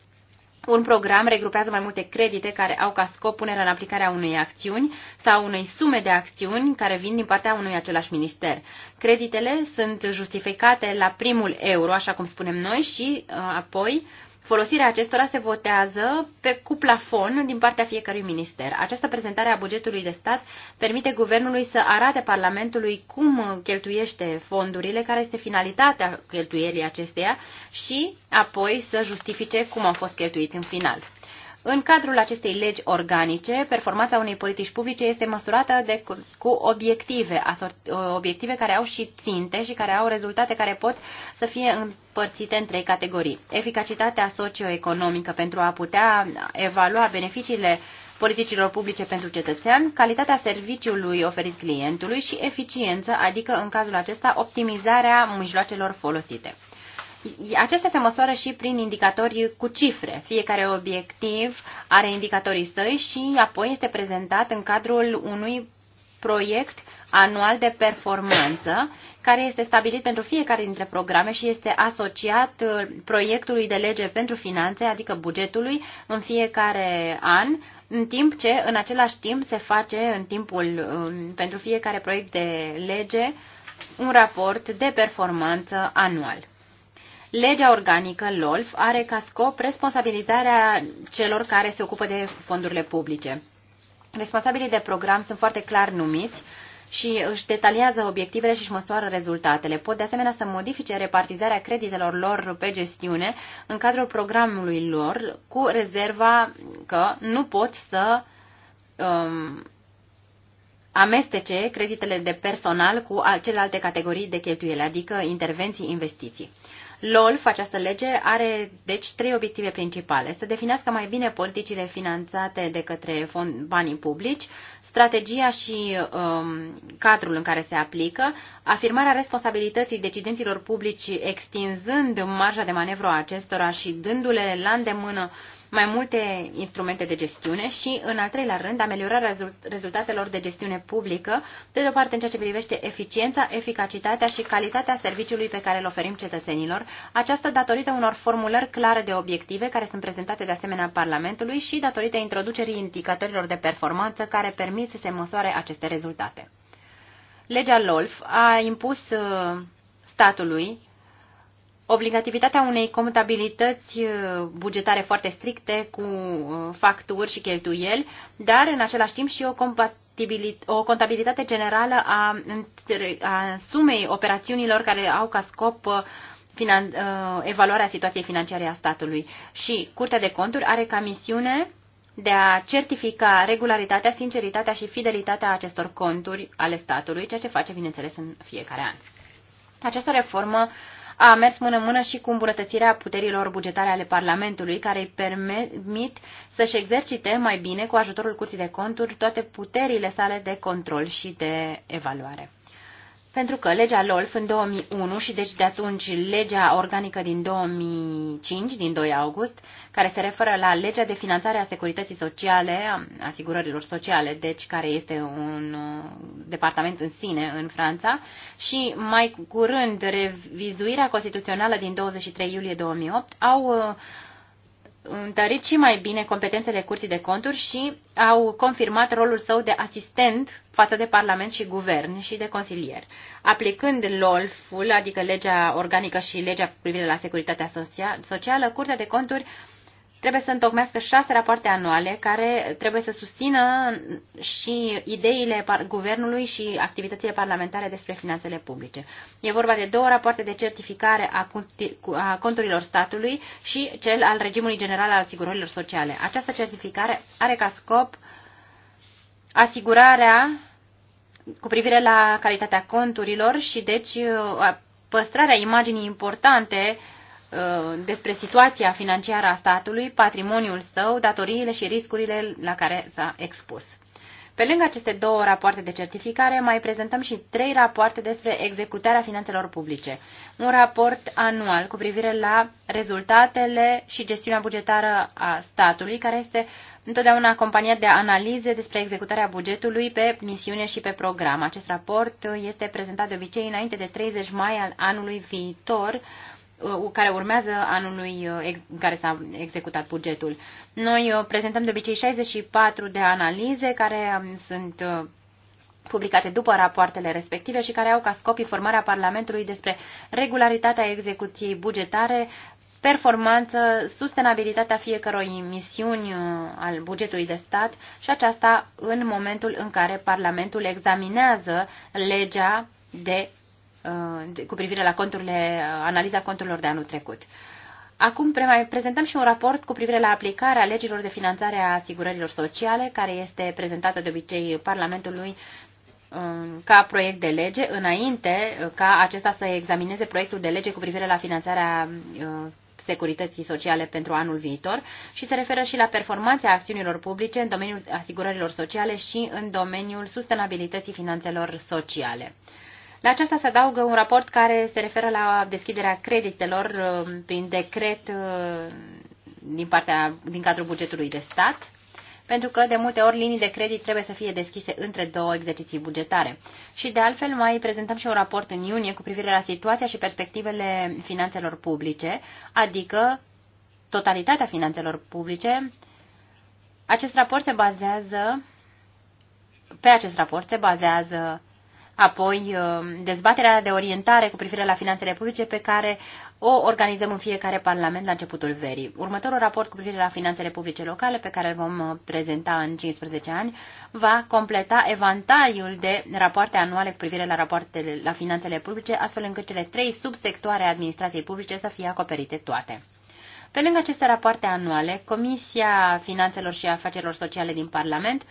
Un program regrupează mai multe credite care au ca scop punerea în aplicare a unei acțiuni sau unei sume de acțiuni care vin din partea unui același minister. Creditele sunt justificate la primul euro, așa cum spunem noi, și uh, apoi uh, Folosirea acestora se votează pe cu plafon din partea fiecărui minister. Această prezentare a bugetului de stat permite guvernului să arate Parlamentului cum cheltuiește fondurile, care este finalitatea cheltuierii acesteia și apoi să justifice cum au fost cheltuiți în final. În cadrul acestei legi organice, performanța unei politici publice este măsurată de, cu obiective, asort, uh, obiective care au și ținte și care au rezultate care pot să fie împărțite în trei categorii. Eficacitatea socioeconomică pentru a putea evalua beneficiile politicilor publice pentru cetățean, calitatea serviciului oferit clientului și eficiență, adică în cazul acesta optimizarea mijloacelor folosite. Acestea se măsoară și prin indicatori cu cifre. Fiecare obiectiv are indicatorii săi și apoi este prezentat în cadrul unui proiect anual de performanță care este stabilit pentru fiecare dintre programe și este asociat uh, proiectului de lege pentru finanțe, adică bugetului, în fiecare an, în timp ce în același timp se face în timpul um, pentru fiecare proiect de lege un raport de performanță anual. Legea organică LOLF are ca scop responsabilizarea celor care se ocupă de fondurile publice. Responsabilii de program sunt foarte clar numiți și își detaliază obiectivele și își măsoară rezultatele. Pot de asemenea să modifice repartizarea creditelor lor pe gestiune în cadrul programului lor cu rezerva că nu pot să um, amestece creditele de personal cu celelalte categorii de cheltuieli, adică intervenții, investiții. LOLF, această lege, are deci trei obiective principale. Să definească mai bine politicile finanțate de către fond, banii publici, strategia și um, cadrul în care se aplică, afirmarea responsabilității decidenților publici extinzând marja de manevră a acestora și dându-le la îndemână uh, mai multe instrumente de gestiune și, în al treilea rând, ameliorarea rezultatelor de gestiune publică, de o parte în ceea ce privește eficiența, eficacitatea și calitatea serviciului pe care îl oferim cetățenilor, aceasta datorită unor formulări clare de obiective care sunt prezentate de asemenea Parlamentului și datorită introducerii indicatorilor de performanță care permit să se măsoare aceste rezultate. Legea LOLF a impus uh, statului obligativitatea unei contabilități uh, bugetare foarte stricte cu uh, facturi și cheltuieli, dar în același timp și o, o contabilitate generală a, a sumei operațiunilor care au ca scop uh, finan, evaluarea situației financiare a statului. Și Curtea de Conturi are ca misiune de a certifica regularitatea, sinceritatea și fidelitatea acestor conturi ale statului, ceea ce face, bineînțeles, în fiecare an. Această reformă uh, a mers mână în mână și cu îmbunătățirea puterilor bugetare ale Parlamentului, care îi permit să-și exercite mai bine, cu ajutorul Curții de Conturi, toate puterile sale de control și de evaluare pentru că legea LOLF în 2001 și deci de atunci legea organică din 2005, din 2 august, care se referă la legea de finanțare a securității sociale, a asigurărilor sociale, deci care este un uh, departament în sine în Franța, și mai curând revizuirea constituțională din 23 iulie 2008 au uh, întărit și mai bine competențele curții de conturi și au confirmat rolul său de asistent față de Parlament și Guvern și de consilier, aplicând LOLF-ul, adică legea organică și legea cu privire la securitatea socială, Curtea de Conturi trebuie să întocmească șase rapoarte anuale care trebuie să susțină și ideile guvernului și activitățile parlamentare despre finanțele publice. E vorba de două rapoarte de certificare a conturilor statului și cel al regimului general al asigurărilor sociale. Această certificare are ca scop asigurarea cu privire la calitatea conturilor și deci păstrarea imaginii importante uh, Uh, despre situația financiară a statului, patrimoniul său, datoriile și riscurile la care s-a expus. Pe lângă aceste două rapoarte de certificare, mai prezentăm și trei rapoarte despre executarea finanțelor publice. Un raport anual cu privire la rezultatele și gestiunea bugetară a statului, care este întotdeauna acompaniat de analize despre executarea bugetului pe misiune și pe program. Acest raport este prezentat de obicei înainte de 30 mai al anului viitor, Uh, care urmează anului uh, în care s-a executat bugetul. Noi uh, prezentăm de obicei 64 de analize care um, sunt publicate după rapoartele respective și care au ca scop informarea Parlamentului despre regularitatea execuției bugetare, performanță, sustenabilitatea fiecărui misiuni al bugetului de stat și aceasta în momentul în care Parlamentul examinează legea de Uh, cu privire la conturile, uh, analiza conturilor de anul trecut. Acum mai prezentăm și un raport cu privire la aplicarea legilor de finanțare a asigurărilor sociale, care este prezentată de obicei Parlamentului um, ca proiect de lege, înainte uh, ca acesta să examineze proiectul de lege cu privire la finanțarea securității sociale pentru anul viitor și se referă și la performanța acțiunilor publice în domeniul asigurărilor sociale și în domeniul sustenabilității finanțelor sociale. La aceasta se adaugă un raport care se referă la deschiderea creditelor uh, prin decret uh, din, partea, din cadrul bugetului de stat, pentru că de multe ori linii de credit trebuie să fie deschise între două exerciții bugetare. Și de altfel mai prezentăm și un raport în iunie cu privire la situația și perspectivele finanțelor publice, adică totalitatea finanțelor publice. Acest raport se bazează pe acest raport se bazează Apoi, uh, dezbaterea de orientare cu privire la finanțele publice pe care o organizăm în fiecare parlament la începutul verii. Următorul raport cu privire la finanțele publice locale, pe care îl vom uh, prezenta în 15 ani, va completa evantaiul de rapoarte anuale cu privire la rapoartele la finanțele publice, astfel încât cele trei subsectoare a administrației publice să fie acoperite toate. Pe lângă aceste rapoarte anuale, Comisia Finanțelor și Afacerilor Sociale din Parlament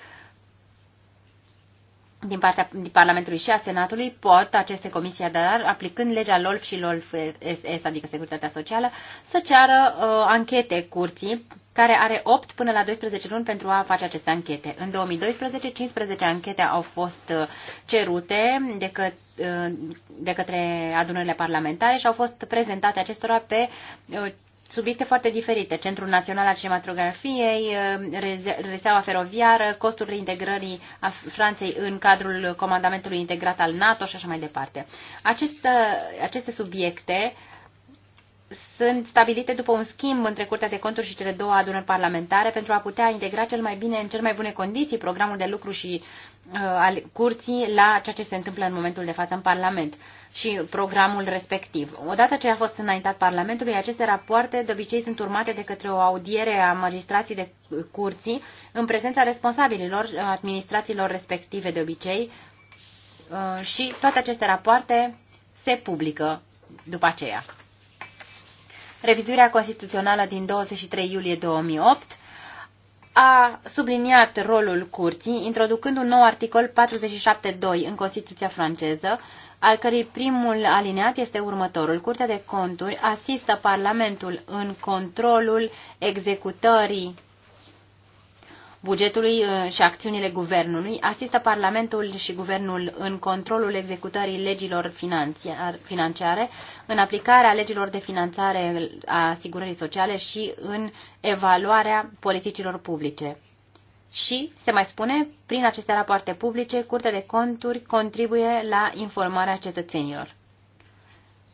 din partea din Parlamentului și a Senatului pot aceste comisii, dar aplicând legea LOLF și LOLF-SS, adică Securitatea Socială, să ceară uh, anchete curții, care are 8 până la 12 luni pentru a face aceste anchete. În 2012, 15 anchete au fost uh, cerute de, că, uh, de către adunările parlamentare și au fost prezentate acestora pe uh, subiecte foarte diferite. Centrul Național al Cinematografiei, uh, rețeaua feroviară, costul reintegrării a Franței în cadrul comandamentului integrat al NATO și așa mai departe. Aceste, uh, aceste subiecte sunt stabilite după un schimb între Curtea de Conturi și cele două adunări parlamentare pentru a putea integra cel mai bine, în cel mai bune condiții, programul de lucru și uh, al curții la ceea ce se întâmplă în momentul de față în Parlament. Uh, și programul respectiv. Odată ce a fost înaintat Parlamentului, aceste rapoarte de obicei sunt urmate de către o audiere a magistrații de curții în prezența responsabililor administrațiilor respective de obicei uh, și toate aceste rapoarte se publică după aceea. Revizuirea constituțională din 23 iulie 2008 a subliniat rolul curții, introducând un nou articol 47.2 în Constituția franceză, al cărei primul alineat este următorul. Curtea de conturi asistă Parlamentul în controlul executării bugetului uh, și acțiunile guvernului, asistă Parlamentul și guvernul în controlul executării legilor financiare, în aplicarea legilor de finanțare a asigurării sociale și în evaluarea politicilor publice. Și, se mai spune, prin aceste rapoarte publice, Curtea de Conturi contribuie la informarea cetățenilor.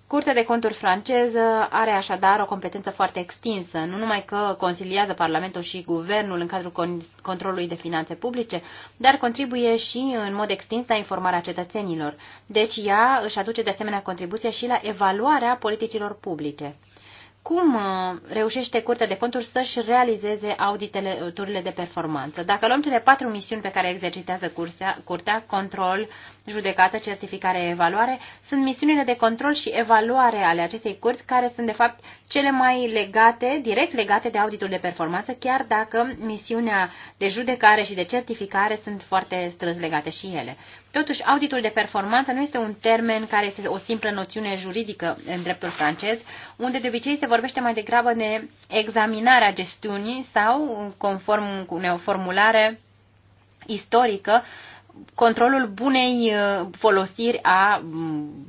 Curtea de Conturi franceză are așadar o competență foarte extinsă, nu numai că consiliază Parlamentul și Guvernul în cadrul controlului de finanțe publice, dar contribuie și în mod extins la informarea cetățenilor. Deci ea își aduce de asemenea contribuția și la evaluarea politicilor publice cum uh, reușește Curtea de Conturi să-și realizeze auditele, uh, de performanță. Dacă luăm cele patru misiuni pe care exercitează cursea, Curtea, control, judecată, certificare, evaluare, sunt misiunile de control și evaluare ale acestei curți, care sunt de fapt cele mai legate, direct legate de auditul de performanță, chiar dacă misiunea de judecare și de certificare sunt foarte strâns legate și ele. Totuși, auditul de performanță nu este un termen care este o simplă noțiune juridică în dreptul francez, unde de obicei se vorbește mai degrabă de examinarea gestiunii sau, conform cu o formulare istorică, uh, controlul bunei uh, folosiri a mm,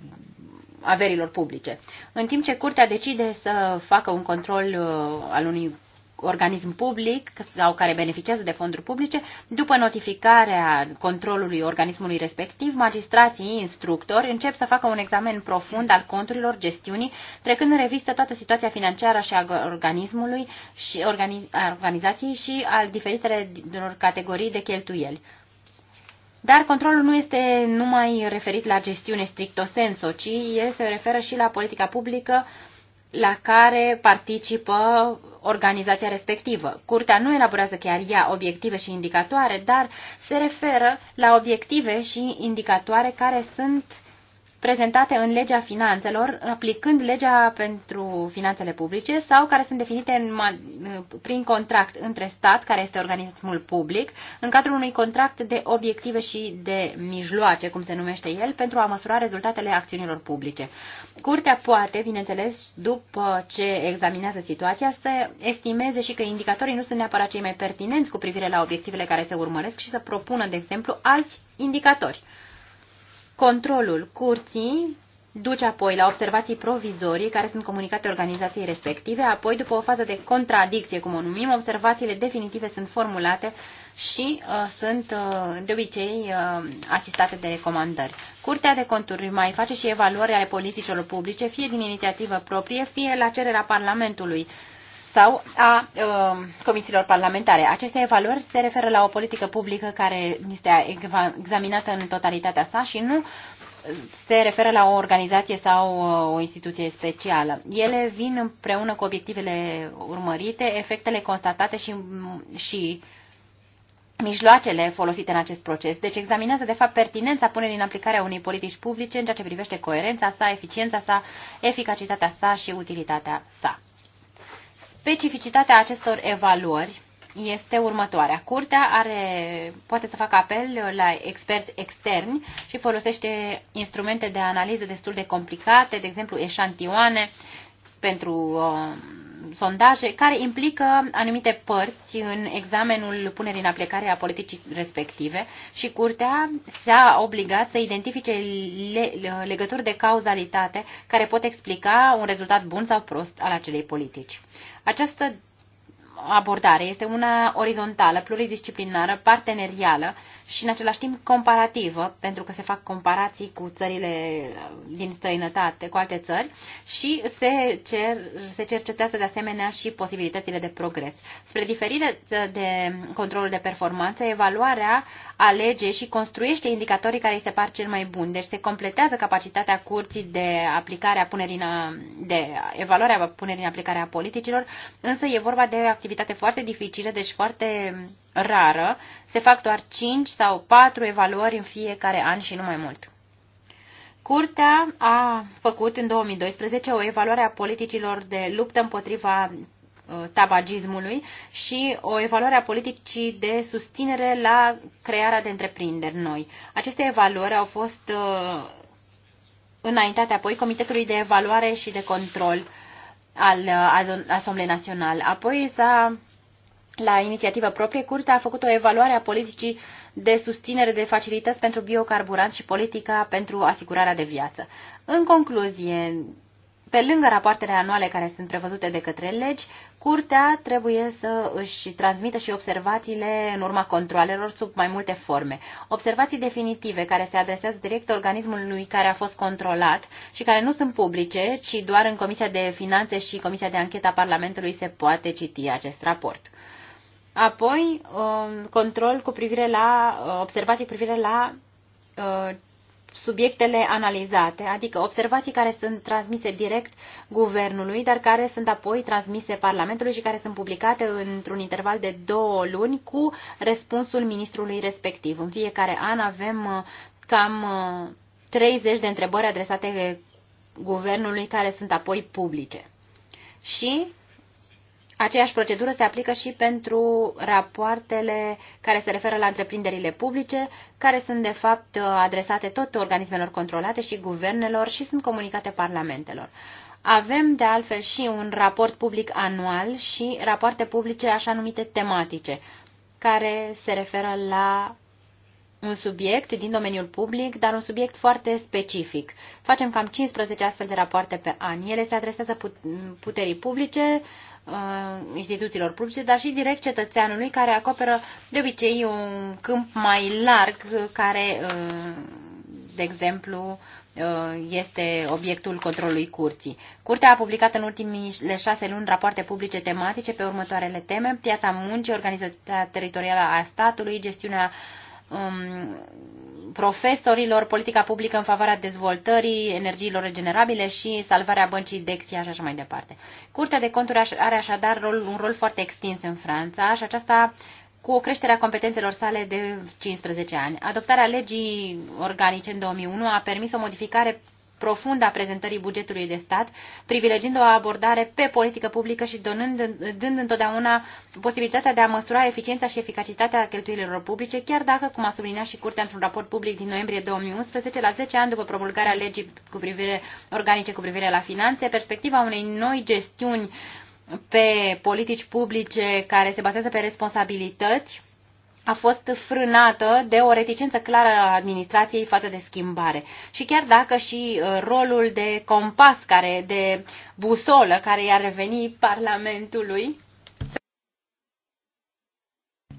averilor publice. În timp ce curtea decide să facă un control uh, al unui organism public sau care beneficiază de fonduri publice, după notificarea controlului organismului respectiv, magistrații, instructori încep să facă un examen profund al conturilor gestiunii, trecând în revistă toată situația financiară și a organismului și organizației și al diferitelor categorii de cheltuieli. Dar controlul nu este numai referit la gestiune stricto senso, ci el se referă și la politica publică la care participă organizația respectivă. Curtea nu elaborează chiar ea obiective și indicatoare, dar se referă la obiective și indicatoare care sunt prezentate în legea finanțelor, aplicând legea pentru finanțele publice sau care sunt definite în, prin contract între stat, care este organismul public, în cadrul unui contract de obiective și de mijloace, cum se numește el, pentru a măsura rezultatele acțiunilor publice. Curtea poate, bineînțeles, după ce examinează situația, să estimeze și că indicatorii nu sunt neapărat cei mai pertinenți cu privire la obiectivele care se urmăresc și să propună, de exemplu, alți indicatori. Controlul curții duce apoi la observații provizorii care sunt comunicate organizației respective, apoi după o fază de contradicție, cum o numim, observațiile definitive sunt formulate și uh, sunt uh, de obicei uh, asistate de recomandări. Curtea de conturi mai face și evaluări ale politicilor publice, fie din inițiativă proprie, fie la cererea Parlamentului. Uh, sau a uh, comisiilor parlamentare. Aceste evaluări se referă la o politică publică care este examinată în totalitatea sa și nu uh, se referă la o organizație sau uh, o instituție specială. Ele vin împreună cu obiectivele urmărite, efectele constatate și, și mijloacele folosite în acest proces. Deci examinează, de fapt, pertinența punerii în aplicare a unei politici publice în ceea ce privește coerența sa, eficiența sa, eficacitatea sa și utilitatea sa. Specificitatea acestor evaluări este următoarea. Curtea are, poate să facă apel la experți externi și folosește instrumente de analiză destul de complicate, de exemplu eșantioane pentru um, sondaje care implică anumite părți în examenul punerii în aplicare a politicii respective și curtea s-a obligat să identifice le legături de cauzalitate care pot explica un rezultat bun sau prost al acelei politici. Această abordare este una orizontală, pluridisciplinară, partenerială și în același timp comparativă, pentru că se fac comparații cu țările uh, din străinătate, cu alte țări și se, cer, se cercetează de asemenea și posibilitățile de progres. Spre diferire de controlul de performanță, evaluarea alege și construiește indicatorii care îi se par cel mai bun. Deci se completează capacitatea curții de aplicare a punerii de evaluarea punerii în aplicare a politicilor, însă e vorba de activitate foarte dificilă, deci foarte rară, se fac doar 5 sau 4 evaluări în fiecare an și nu mai mult. Curtea a făcut în 2012 o evaluare a politicilor de luptă împotriva uh, tabagismului și o evaluare a politicii de susținere la crearea de întreprinderi noi. Aceste evaluări au fost uh, înaintate apoi Comitetului de Evaluare și de Control al uh, Asamblei Naționale. Apoi s-a la inițiativă proprie, Curtea a făcut o evaluare a politicii de susținere de facilități pentru biocarburanți și politica pentru asigurarea de viață. În concluzie, pe lângă rapoartele anuale care sunt prevăzute de către legi, curtea trebuie să își transmită și observațiile în urma controlelor sub mai multe forme. Observații definitive care se adresează direct organismului care a fost controlat și care nu sunt publice, ci doar în Comisia de Finanțe și Comisia de Anchetă a Parlamentului se poate citi acest raport. Apoi, um, control cu privire la, uh, observații cu privire la uh, subiectele analizate, adică observații care sunt transmise direct guvernului, dar care sunt apoi transmise Parlamentului și care sunt publicate într-un interval de două luni cu răspunsul ministrului respectiv. În fiecare an avem uh, cam 30 de întrebări adresate guvernului care sunt apoi publice. Și Aceeași procedură se aplică și pentru rapoartele care se referă la întreprinderile publice, care sunt de fapt adresate tot organismelor controlate și guvernelor și sunt comunicate parlamentelor. Avem de altfel și un raport public anual și rapoarte publice așa numite tematice, care se referă la un subiect din domeniul public, dar un subiect foarte specific. Facem cam 15 astfel de rapoarte pe an. Ele se adresează puterii publice, Uh, instituțiilor publice, dar și direct cetățeanului, care acoperă de obicei un câmp mai larg, care, uh, de exemplu, uh, este obiectul controlului curții. Curtea a publicat în ultimile șase luni rapoarte publice tematice pe următoarele teme, piața muncii, organizația teritorială a statului, gestiunea uh, um, profesorilor, politica publică în favoarea dezvoltării energiilor regenerabile și salvarea băncii Dexia și așa mai departe. Curtea de conturi are așadar rol, un rol foarte extins în Franța și aceasta cu o creștere a competențelor sale de 15 ani. Adoptarea legii organice în 2001 a permis o modificare profundă a prezentării bugetului de stat, privilegiind o abordare pe politică publică și donând, dând întotdeauna posibilitatea de a măsura eficiența și eficacitatea cheltuielilor publice, chiar dacă, cum a subliniat și Curtea într-un raport public din noiembrie 2011, la 10 ani după promulgarea legii cu privire, organice cu privire la finanțe, perspectiva unei noi gestiuni pe politici publice care se bazează pe responsabilități a fost frânată de o reticență clară a administrației față de schimbare. Și chiar dacă și uh, rolul de compas, care de busolă, care i-a revenit Parlamentului,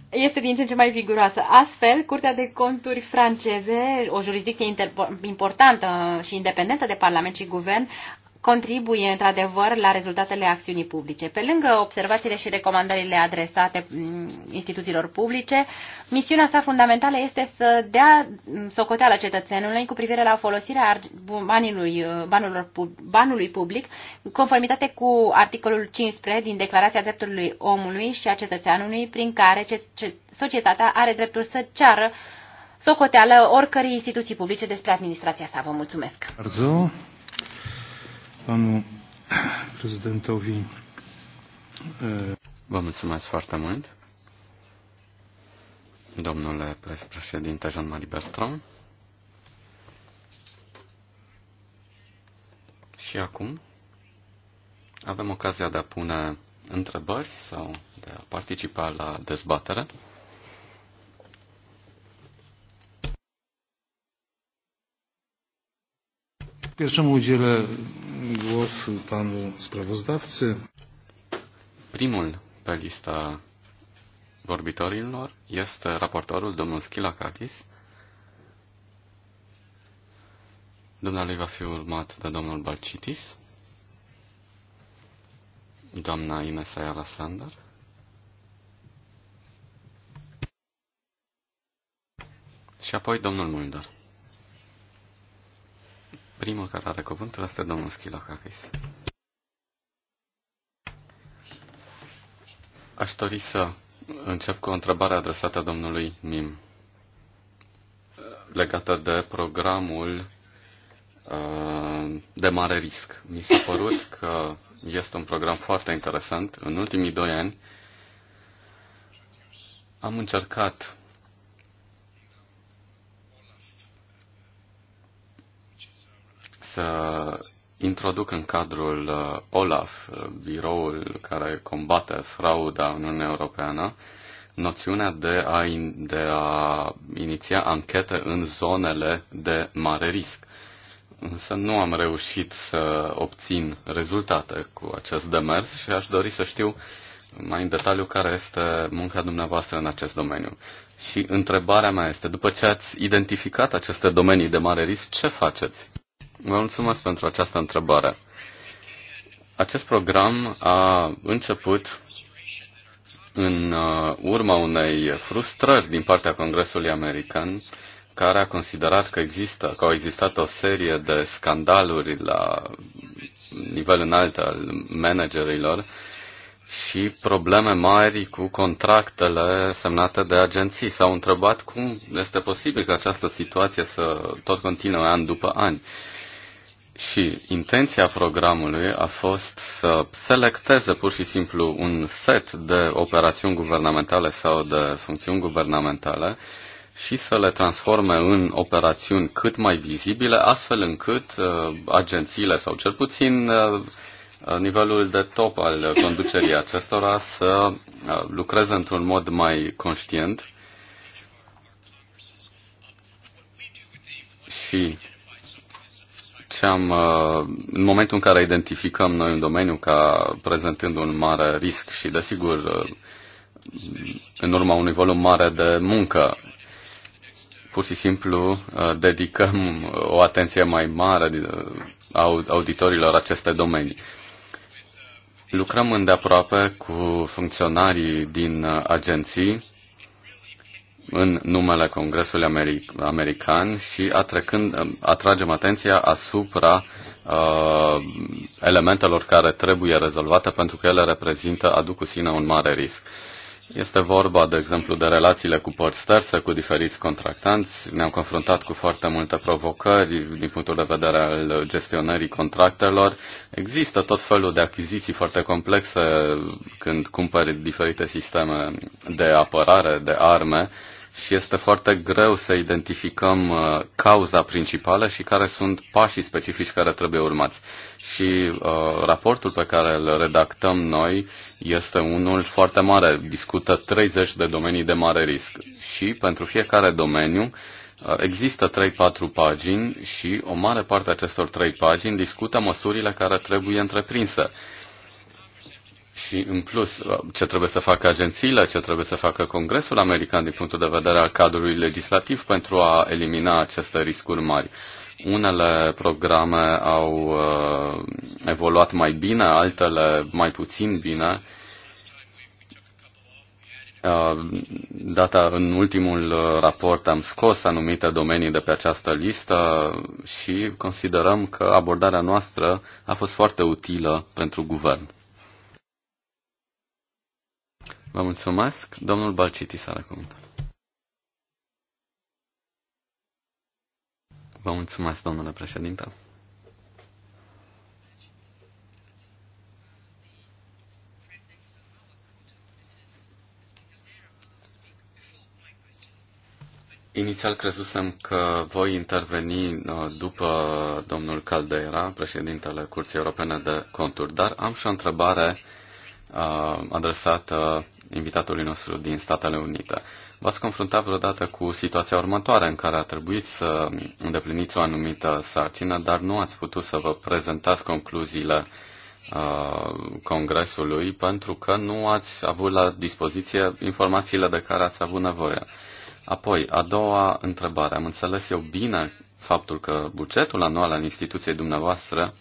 este din ce în ce mai viguroasă. Astfel, Curtea de Conturi franceze, o jurisdicție importantă și independentă de Parlament și Guvern, contribuie într-adevăr la rezultatele acțiunii publice. Pe lângă observațiile și recomandările adresate mm, instituțiilor publice, misiunea sa fundamentală este să dea socoteală cetățenului cu privire la folosirea banului, banului, uh, banului public, conformitate cu articolul 15 din Declarația Drepturilor Omului și a Cetățeanului, prin care societatea are dreptul să ceară socoteală oricărei instituții publice despre administrația sa. Vă mulțumesc! Arzu panu prezydentowi. Vă mulțumesc foarte mult, domnule președinte Jean-Marie Bertrand. Și acum avem ocazia de a pune întrebări sau de a participa la dezbatere. Pierwszemu udzielę głos panu sprawozdawcy. Primul pe lista vorbitorilor este raportorul domnul Schilakakis. Dumnealui va fi urmat de domnul Balcitis, doamna Ines Ayala și apoi domnul Mulder. Primul care are cuvântul este domnul Schilacakis. Aș dori să încep cu o întrebare adresată domnului Mim legată de programul uh, de mare risc. Mi s-a părut că este un program foarte interesant. În ultimii doi ani am încercat să introduc în cadrul uh, OLAF, uh, biroul care combate frauda în Uniunea Europeană, noțiunea de a, de a iniția anchete în zonele de mare risc. Însă nu am reușit să obțin rezultate cu acest demers și aș dori să știu mai în detaliu care este munca dumneavoastră în acest domeniu. Și întrebarea mea este, după ce ați identificat aceste domenii de mare risc, ce faceți? Vă mulțumesc pentru această întrebare. Acest program a început în uh, urma unei frustrări din partea Congresului American, care a considerat că, există, că au existat o serie de scandaluri la nivel înalt al managerilor și probleme mari cu contractele semnate de agenții. S-au întrebat cum este posibil că această situație să tot continue an după ani. Și intenția programului a fost să selecteze pur și simplu un set de operațiuni guvernamentale sau de funcțiuni guvernamentale și să le transforme în operațiuni cât mai vizibile, astfel încât uh, agențiile sau cel puțin uh, uh nivelul de top al conducerii acestora să uh, lucreze într-un mod mai conștient și ce am, uh, în momentul în care identificăm noi un domeniu ca prezentând un mare risc și, desigur, uh, în urma unui volum mare de muncă, pur și simplu uh, dedicăm o atenție mai mare auditorilor aceste domenii. Lucrăm îndeaproape cu funcționarii din agenții în numele Congresului Ameri- American și atrăcând, atragem atenția asupra uh, elementelor care trebuie rezolvate pentru că ele reprezintă, aduc cu sine un mare risc. Este vorba, de exemplu, de relațiile cu părți terțe, cu diferiți contractanți. Ne-am confruntat cu foarte multe provocări din punctul de vedere al gestionării contractelor. Există tot felul de achiziții foarte complexe când cumperi diferite sisteme de apărare, de arme și este foarte greu să identificăm uh, cauza principală și care sunt pașii specifici care trebuie urmați. Și uh, raportul pe care îl redactăm noi este unul foarte mare, discută 30 de domenii de mare risc și pentru fiecare domeniu uh, Există 3-4 pagini și o mare parte a acestor 3 pagini discută măsurile care trebuie întreprinse și în plus ce trebuie să facă agențiile, ce trebuie să facă Congresul American din punctul de vedere al cadrului legislativ pentru a elimina aceste riscuri mari. Unele programe au uh, evoluat mai bine, altele mai puțin bine. Uh, data în ultimul uh, raport am scos anumite domenii de pe această listă și considerăm că abordarea noastră a fost foarte utilă pentru guvern. Vă mulțumesc. Domnul s-a cuvântul. Vă mulțumesc, domnule președinte. Inițial crezusem că voi interveni uh, după domnul Caldeira, președintele Curții Europene de Conturi, dar am și o întrebare uh, adresată invitatului nostru din Statele Unite. V-ați confruntat vreodată cu situația următoare în care a trebuit să îndepliniți o anumită sarcină, dar nu ați putut să vă prezentați concluziile uh, Congresului pentru că nu ați avut la dispoziție informațiile de care ați avut nevoie. Apoi, a doua întrebare. Am înțeles eu bine faptul că bugetul anual al instituției dumneavoastră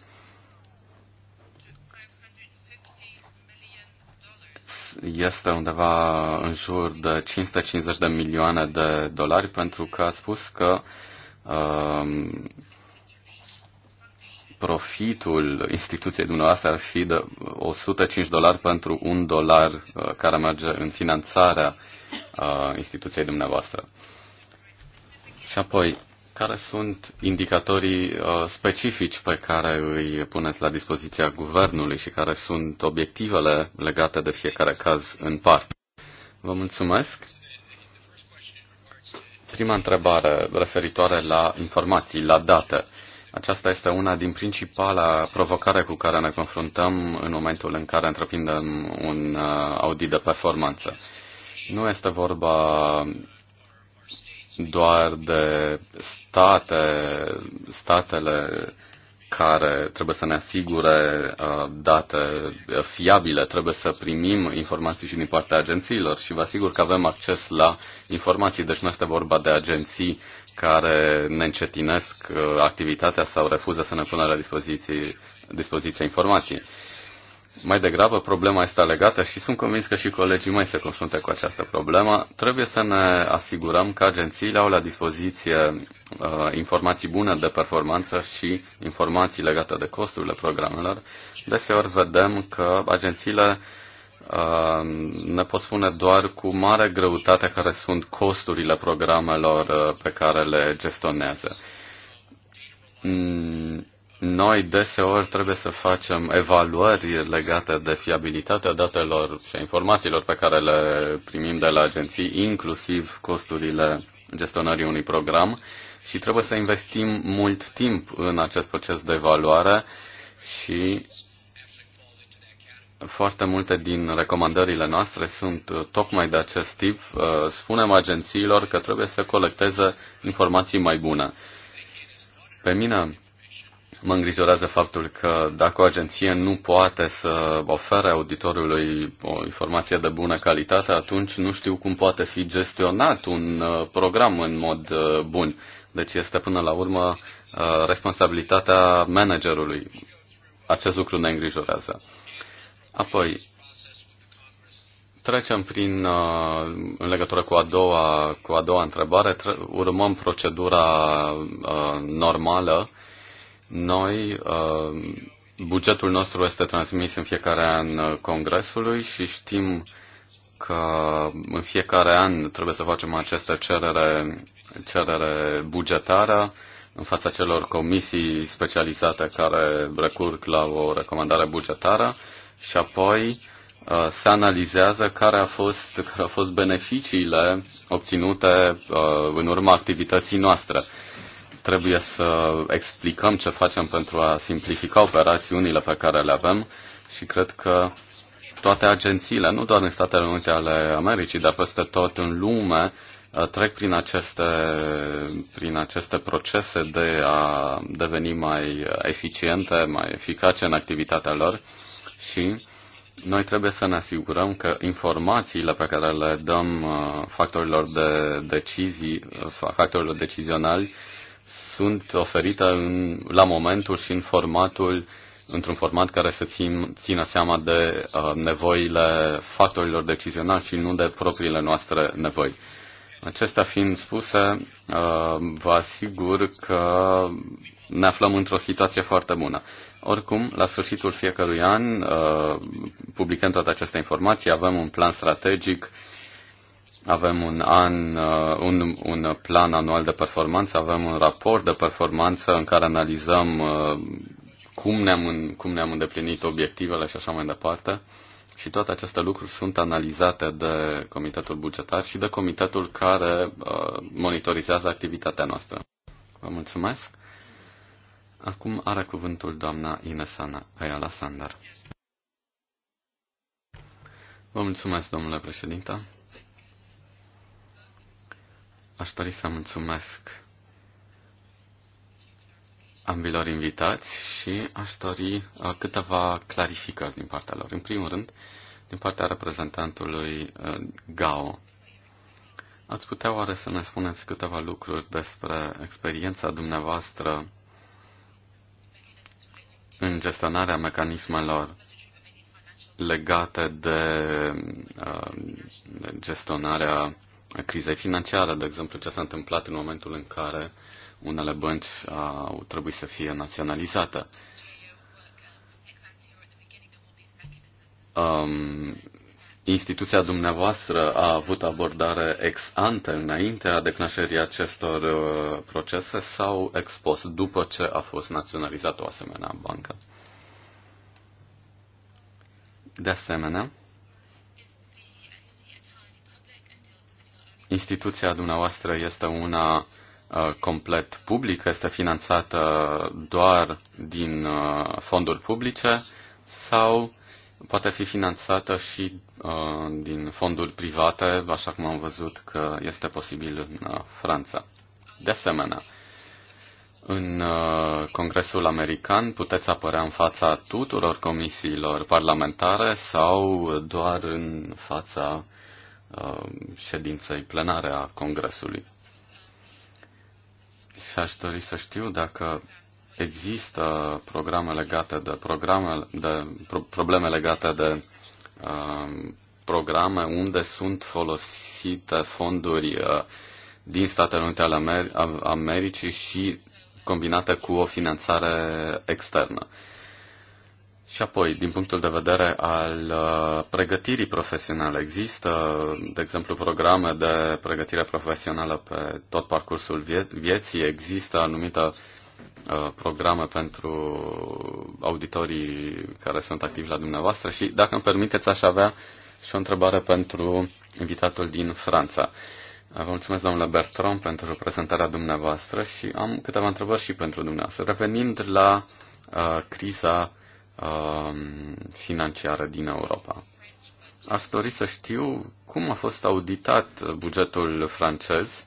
este undeva în jur de 550 de milioane de dolari pentru că ați spus că um, profitul instituției dumneavoastră ar fi de 105 dolari pentru un dolar uh, care merge în finanțarea uh, instituției dumneavoastră. Și apoi, care sunt indicatorii uh, specifici pe care îi puneți la dispoziția guvernului și care sunt obiectivele legate de fiecare caz în parte? Vă mulțumesc. Prima întrebare referitoare la informații, la date. Aceasta este una din principala provocare cu care ne confruntăm în momentul în care întreprindem un uh, audit de performanță. Nu este vorba doar de state, statele care trebuie să ne asigure uh, date fiabile, trebuie să primim informații și din partea agențiilor și vă asigur că avem acces la informații, deci nu este vorba de agenții care ne încetinesc uh, activitatea sau refuză să ne pună la dispoziție, dispoziție informații. Mai degrabă, problema este legată și sunt convins că și colegii mei se confruntă cu această problemă. Trebuie să ne asigurăm că agențiile au la dispoziție uh, informații bune de performanță și informații legate de costurile programelor. Deseori vedem că agențiile uh, ne pot spune doar cu mare greutate care sunt costurile programelor uh, pe care le gestionează mm, noi deseori trebuie să facem evaluări legate de fiabilitatea datelor și a informațiilor pe care le primim de la agenții, inclusiv costurile gestionării unui program și trebuie să investim mult timp în acest proces de evaluare și foarte multe din recomandările noastre sunt uh, tocmai de acest tip. Uh, spunem agențiilor că trebuie să colecteze informații mai bune. Pe mine Mă îngrijorează faptul că dacă o agenție nu poate să ofere auditorului o informație de bună calitate, atunci nu știu cum poate fi gestionat un uh, program în mod uh, bun. Deci este până la urmă uh, responsabilitatea managerului. Acest lucru ne îngrijorează. Apoi, trecem prin, în legătură cu a doua, cu a doua întrebare, urmăm procedura normală noi, uh, bugetul nostru este transmis în fiecare an Congresului și știm că în fiecare an trebuie să facem această cerere, cerere bugetară în fața celor comisii specializate care recurg la o recomandare bugetară și apoi uh, se analizează care, a fost, care au fost beneficiile obținute uh, în urma activității noastre trebuie să explicăm ce facem pentru a simplifica operațiunile pe care le avem și cred că toate agențiile, nu doar în Statele Unite ale Americii, dar peste tot în lume, uh, trec prin aceste, prin aceste procese de a deveni mai eficiente, mai eficace în activitatea lor și noi trebuie să ne asigurăm că informațiile pe care le dăm uh, factorilor de decizii, uh, factorilor decizionali, sunt oferite în, la momentul și în formatul într-un format care să țin, țină seama de uh, nevoile factorilor decizionali și nu de propriile noastre nevoi. Acestea fiind spuse, uh, vă asigur că ne aflăm într-o situație foarte bună. Oricum, la sfârșitul fiecărui an, uh, publicăm toate aceste informații, avem un plan strategic uh, avem un, an, uh, un, un plan anual de performanță, avem un raport de performanță în care analizăm uh, cum ne-am, cum ne-am îndeplinit obiectivele și așa mai departe. Și toate aceste lucruri sunt analizate de Comitetul Bugetar și de Comitetul care uh, monitorizează activitatea noastră. Vă mulțumesc. Acum are cuvântul doamna Inesana Ayala Sandar. Vă mulțumesc, domnule președinte. Aș dori să mulțumesc ambilor invitați și aș dori uh, câteva clarificări din partea lor. În primul rând, din partea reprezentantului uh, GAO. Ați putea oare să ne spuneți câteva lucruri despre experiența dumneavoastră în gestionarea mecanismelor legate de, uh, de gestionarea crizei financiare, de exemplu, ce s-a întâmplat în momentul în care unele bănci au trebuit să fie naționalizate. Um, instituția dumneavoastră a avut abordare ex ante înainte a declanșării acestor uh, procese sau ex post după ce a fost naționalizată o asemenea bancă? De asemenea, instituția dumneavoastră este una uh, complet publică, este finanțată doar din uh, fonduri publice sau poate fi finanțată și uh, din fonduri private, așa cum am văzut că este posibil în Franța. De asemenea, în Congresul American puteți apărea în fața tuturor comisiilor parlamentare sau doar în fața Um, ședinței plenare a Congresului. Și aș dori să știu dacă există programe legate de programe, de pro, probleme legate de uh, programe unde sunt folosite fonduri uh, din Statele Unite ale Americii și combinate cu o finanțare externă. Uh, și apoi, din punctul de vedere al uh, pregătirii profesionale, există, de exemplu, programe de pregătire profesională pe tot parcursul vieții, există anumite uh, programe pentru auditorii care sunt activi la dumneavoastră și, dacă îmi permiteți, aș avea și o întrebare pentru invitatul din Franța. Uh, vă mulțumesc, domnule Bertrand, pentru prezentarea dumneavoastră și am câteva întrebări și pentru dumneavoastră. Revenind la uh, criza Um, financiară din Europa. Aș dori să știu cum a fost auditat bugetul francez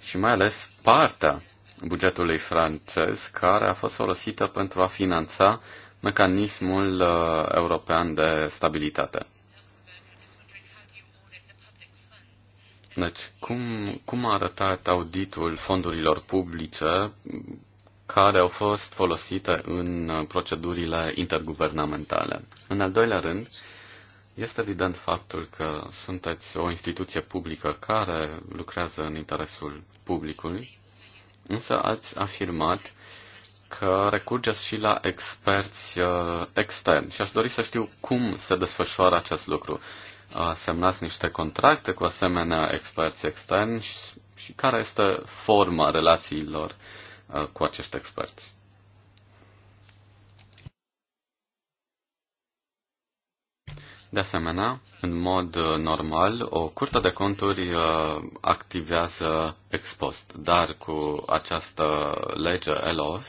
și mai ales partea bugetului francez care a fost folosită pentru a finanța mecanismul uh, european de stabilitate. Deci, cum, cum a arătat auditul fondurilor publice care au fost folosite în procedurile interguvernamentale. În al doilea rând, este evident faptul că sunteți o instituție publică care lucrează în interesul publicului, însă ați afirmat că recurgeți și la experți uh, externi și aș dori să știu cum se desfășoară acest lucru. Uh, semnați niște contracte cu asemenea experți externi și care este forma relațiilor uh, Uh, cu acești experți. De asemenea, în mod uh, normal, o curte de conturi uh, activează ex post, dar cu această lege LOF,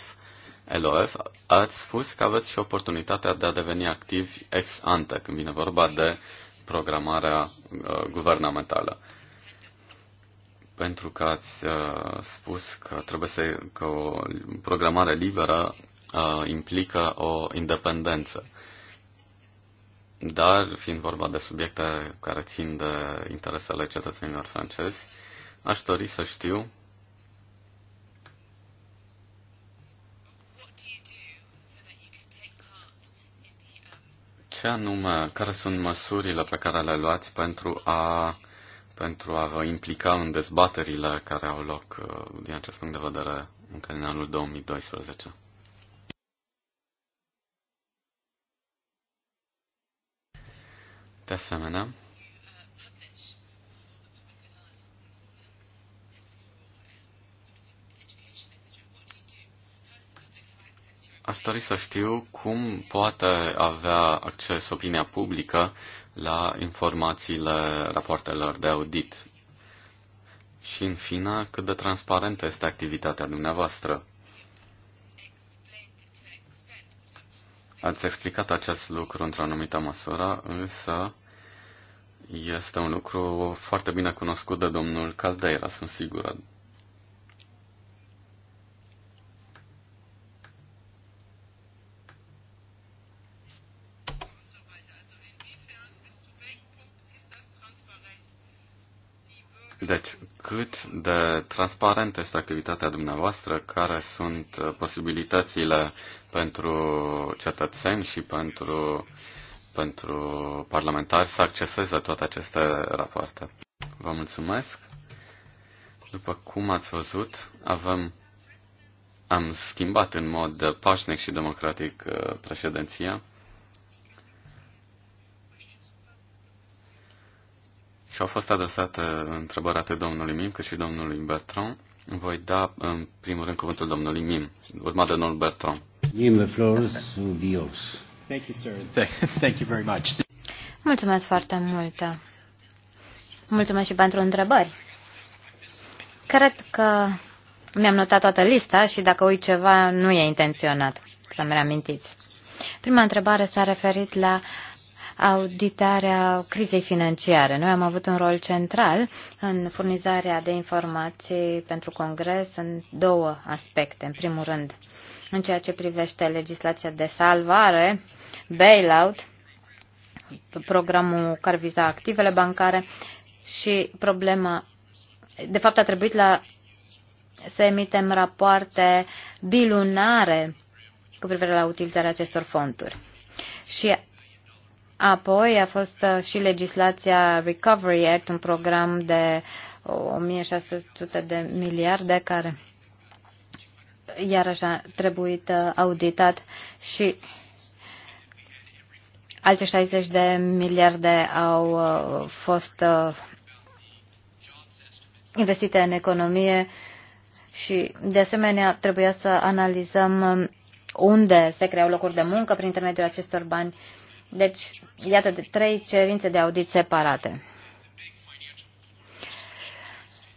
LOF, ați spus că aveți și oportunitatea de a deveni activi ex ante, când vine vorba de programarea guvernamentală pentru că ați uh, spus că trebuie să că o programare liberă uh, implică o independență. Dar, fiind vorba de subiecte care țin de interesele cetățenilor francezi, aș dori să știu ce anume, care sunt măsurile pe care le luați pentru a pentru a vă implica în dezbaterile care au loc uh, din acest punct de vedere încă în anul 2012. De asemenea, Aș dori să știu cum poate avea acces opinia publică la informațiile rapoartelor de audit. Și, în fine, cât de transparentă este activitatea dumneavoastră. Ați explicat acest lucru într-o anumită măsură, însă este un lucru foarte bine cunoscut de domnul Caldeira, sunt sigură Deci, cât de transparent este activitatea dumneavoastră, care sunt uh, posibilitățile pentru cetățeni și pentru, pentru parlamentari să acceseze toate aceste rapoarte. Vă mulțumesc. După cum ați văzut, avem, am schimbat în mod pașnic și democratic uh, președinția. și au fost adresate întrebări atât domnului Mim cât și domnului Bertrand. Voi da în primul rând cuvântul domnului Mim, urmat de domnul Bertrand. Mim, the floor is yours. Thank you, sir. Thank you very much. Mulțumesc foarte mult. Mulțumesc și pentru întrebări. Cred că mi-am notat toată lista și dacă uit ceva, nu e intenționat să-mi reamintiți. Prima întrebare s-a referit la auditarea crizei financiare. Noi am avut un rol central în furnizarea de informații pentru Congres în două aspecte. În primul rând, în ceea ce privește legislația de salvare, bailout, programul care viza activele bancare și problema, de fapt a trebuit la să emitem rapoarte bilunare cu privire la utilizarea acestor fonduri. Și Apoi a fost uh, și legislația Recovery Act, un program de 1600 de miliarde care iarăși a trebuit uh, auditat și alte 60 de miliarde au uh, fost investite în economie și, de asemenea, trebuia să analizăm um, unde se creau locuri de muncă prin intermediul acestor bani deci, iată de trei cerințe de audit separate.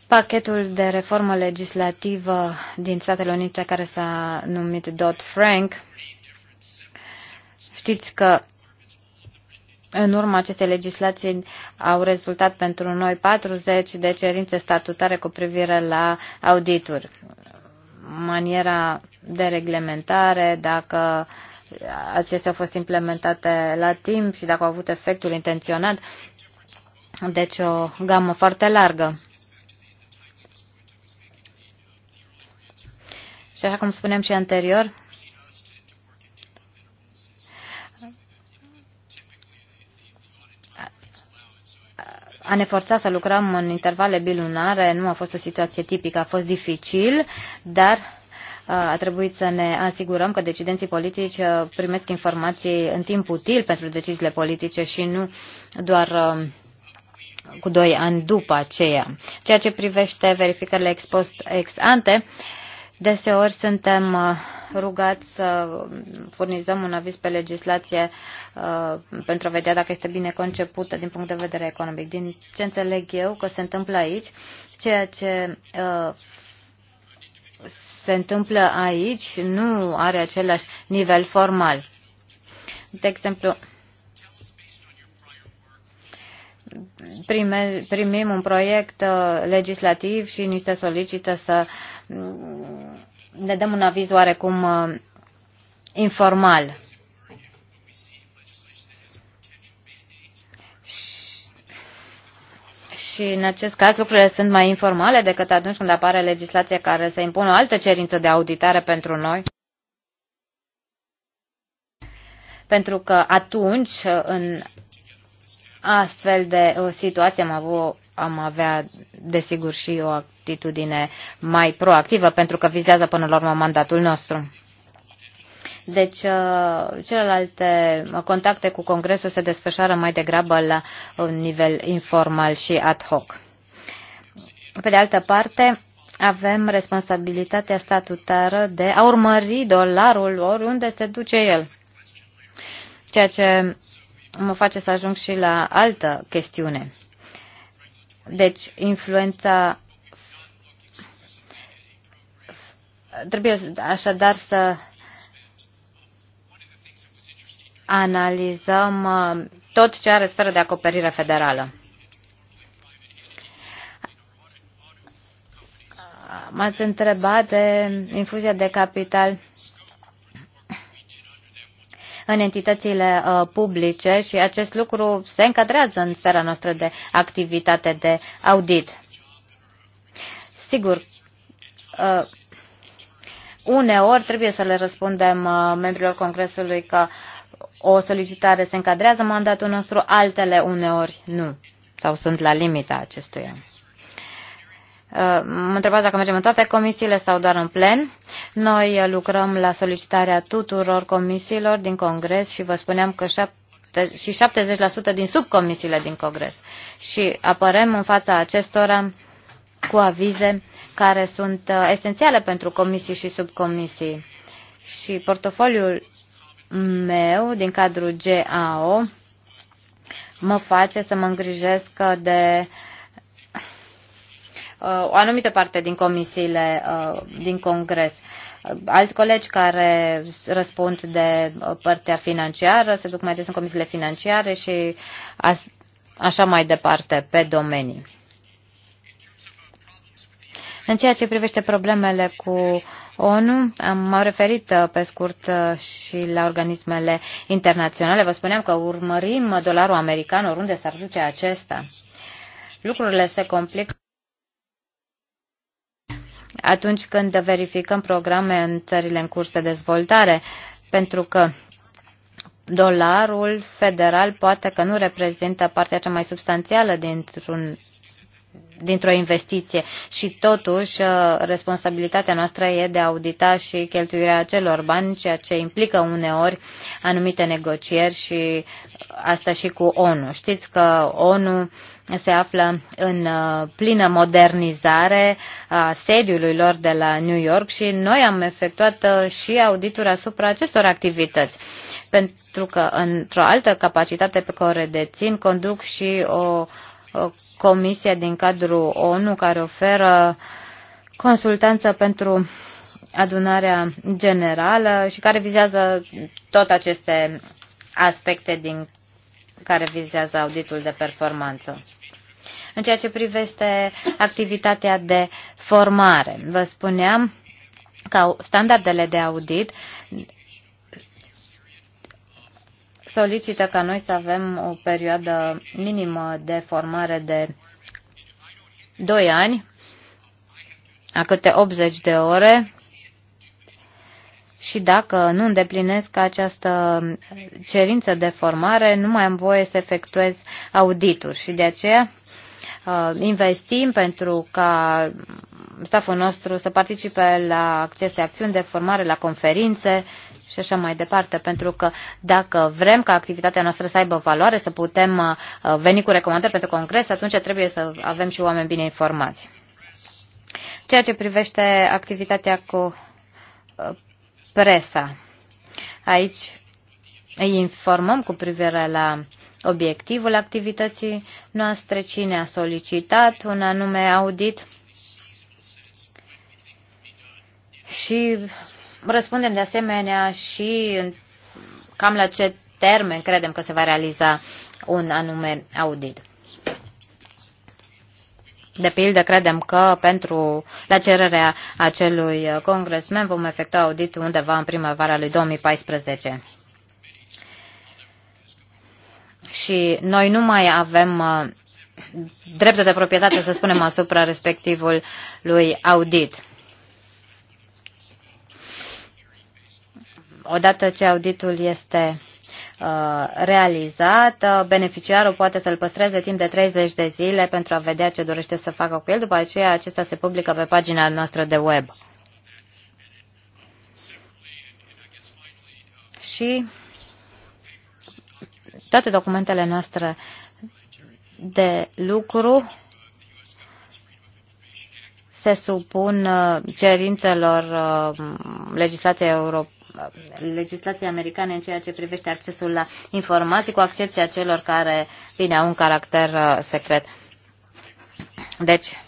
Pachetul de reformă legislativă din Statele Unite care s-a numit Dodd-Frank, știți că în urma acestei legislații au rezultat pentru noi 40 de cerințe statutare cu privire la audituri. Maniera de reglementare, dacă uh, acestea au fost implementate la timp și dacă au avut efectul intenționat. Deci o gamă foarte largă. Și așa cum spuneam și anterior, a ne forța să lucrăm în intervale bilunare nu a fost o situație tipică, a fost dificil, dar a trebuit să ne asigurăm că decidenții politici primesc informații în timp util pentru deciziile politice și nu doar cu doi ani după aceea. Ceea ce privește verificările ex post ex ante, deseori suntem rugați să furnizăm un aviz pe legislație pentru a vedea dacă este bine concepută din punct de vedere economic. Din ce înțeleg eu că se întâmplă aici, ceea ce se întâmplă aici nu are același nivel formal. De exemplu, prime, primim un proiect uh, legislativ și ni se solicită să mm, ne dăm un aviz oarecum uh, informal. și în acest caz lucrurile sunt mai informale decât atunci când apare legislație care să impună o altă cerință de auditare pentru noi. Pentru că atunci, în astfel de o uh, situație, am, avut, am avea, desigur, și o actitudine mai proactivă, pentru că vizează până la urmă mandatul nostru. Deci, uh, celelalte contacte cu Congresul se desfășoară mai degrabă la un nivel informal și ad hoc. Pe de altă parte, avem responsabilitatea statutară de a urmări dolarul oriunde se duce el. Ceea ce mă face să ajung și la altă chestiune. Deci, influența trebuie așadar să analizăm uh, tot ce are sferă de acoperire federală. M-ați întrebat de infuzia de capital în entitățile uh, publice și acest lucru se încadrează în sfera noastră de activitate de audit. Sigur, uh, uneori trebuie să le răspundem uh, membrilor Congresului că uh, o solicitare se încadrează mandatul nostru, altele uneori nu sau sunt la limita acestuia. Uh, mă întrebați dacă mergem în toate comisiile sau doar în plen. Noi uh, lucrăm la solicitarea tuturor comisiilor din Congres și vă spuneam că și 70% din subcomisiile din Congres. Și apărăm în fața acestora cu avize care sunt uh, esențiale pentru comisii și subcomisii. Și portofoliul meu din cadrul GAO mă face să mă îngrijesc de uh, o anumită parte din comisiile uh, din Congres. Alți colegi care răspund de uh, partea financiară se duc mai des în comisiile financiare și așa mai departe pe domenii. În ceea ce privește problemele cu ONU, m-am referit uh, pe scurt uh, și la organismele internaționale. Vă spuneam că urmărim dolarul american oriunde s-ar duce acesta. Lucrurile se complică atunci când verificăm programe în țările în curs de dezvoltare, pentru că dolarul federal poate că nu reprezintă partea cea mai substanțială dintr-un dintr-o investiție și totuși uh, responsabilitatea noastră e de a audita și cheltuirea acelor bani, ceea ce implică uneori anumite negocieri și asta și cu ONU. Știți că ONU se află în uh, plină modernizare a sediului lor de la New York și noi am efectuat uh, și audituri asupra acestor activități pentru că într-o altă capacitate pe care o redețin conduc și o uh, comisie din cadrul ONU care oferă consultanță pentru adunarea generală și care vizează tot aceste aspecte din care vizează auditul de performanță. În ceea ce privește activitatea de formare, vă spuneam că standardele de audit solicită ca noi să avem o perioadă minimă de formare de 2 ani, a câte 80 de ore, și dacă nu îndeplinesc această cerință de formare, nu mai am voie să efectuez audituri și de aceea uh, investim pentru ca staful nostru să participe la aceste acțiuni de formare, la conferințe și așa mai departe, pentru că dacă vrem ca activitatea noastră să aibă valoare, să putem uh, veni cu recomandări pentru congres, atunci trebuie să avem și oameni bine informați. Ceea ce privește activitatea cu uh, presa, aici îi informăm cu privire la obiectivul activității noastre, cine a solicitat un anume audit Și răspundem de asemenea și cam la ce termen credem că se va realiza un anume audit. De pildă, credem că pentru la cererea acelui congresmen vom efectua audit undeva în primăvara lui 2014. Și noi nu mai avem uh, dreptul de proprietate, să spunem, asupra respectivul lui audit. odată ce auditul este uh, realizat, uh, beneficiarul poate să-l păstreze timp de 30 de zile pentru a vedea ce dorește să facă cu el, după aceea acesta se publică pe pagina noastră de web. Și toate documentele noastre de lucru se supun uh, cerințelor legislației europene legislației americane în ceea ce privește accesul la informații, cu accepția celor care, bine, au un caracter uh, secret. Deci,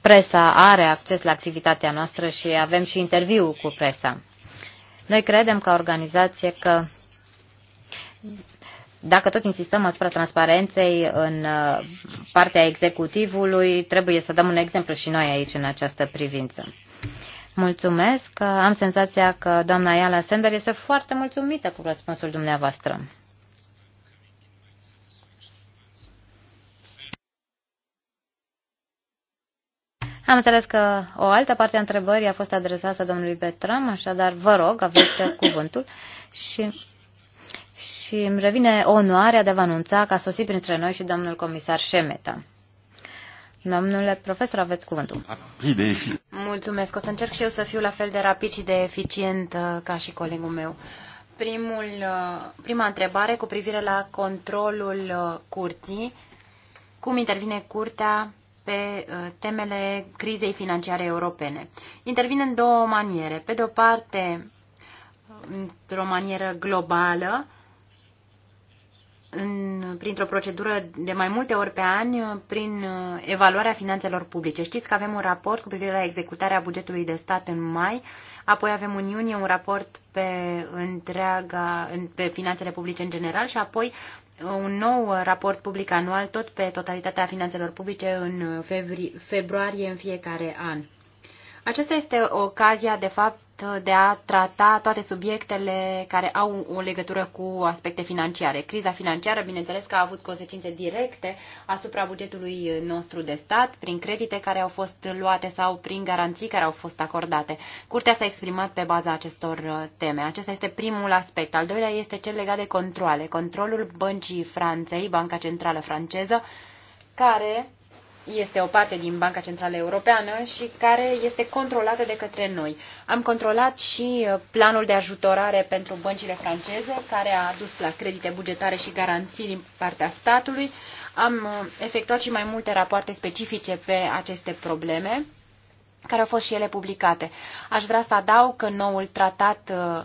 presa are acces la activitatea noastră și avem și interviu cu presa. Noi credem ca organizație că dacă tot insistăm asupra transparenței în uh, partea executivului, trebuie să dăm un exemplu și noi aici în această privință. Mulțumesc. Am senzația că doamna Iala Sender este foarte mulțumită cu răspunsul dumneavoastră. Am înțeles că o altă parte a întrebării a fost adresată domnului Betram, așadar vă rog, aveți [COUGHS] cuvântul și, și îmi revine onoarea de a vă anunța că a sosit printre noi și domnul comisar Șemeta. Domnule profesor, aveți cuvântul. Mulțumesc. O să încerc și eu să fiu la fel de rapid și de eficient uh, ca și colegul meu. Primul, uh, prima întrebare cu privire la controlul uh, curții. Cum intervine curtea pe temele crizei financiare europene? Intervine în două maniere. Pe de o parte, într-o manieră globală, în, printr-o procedură de mai multe ori pe an prin uh, evaluarea finanțelor publice. Știți că avem un raport cu privire la executarea bugetului de stat în mai, apoi avem în iunie un raport pe, întreaga, pe finanțele publice în general și apoi uh, un nou raport public anual tot pe totalitatea finanțelor publice în februarie în fiecare an. Aceasta este ocazia, de fapt, încercat de a trata toate subiectele care au o legătură cu aspecte financiare. Criza financiară, bineînțeles că a avut consecințe directe asupra bugetului nostru de stat, prin credite care au fost luate sau prin garanții care au fost acordate. Curtea s-a exprimat pe baza acestor teme. Acesta este primul aspect. Al doilea este cel legat de controle. Controlul Băncii Franței, Banca Centrală Franceză, care este o parte din Banca Centrală Europeană și care este controlată de către noi. Am controlat și uh, planul de ajutorare pentru băncile franceze, care a dus la credite bugetare și garanții din partea statului. Am uh, efectuat și mai multe rapoarte specifice pe aceste probleme, care au fost și ele publicate. Aș vrea să adaug că noul tratat uh,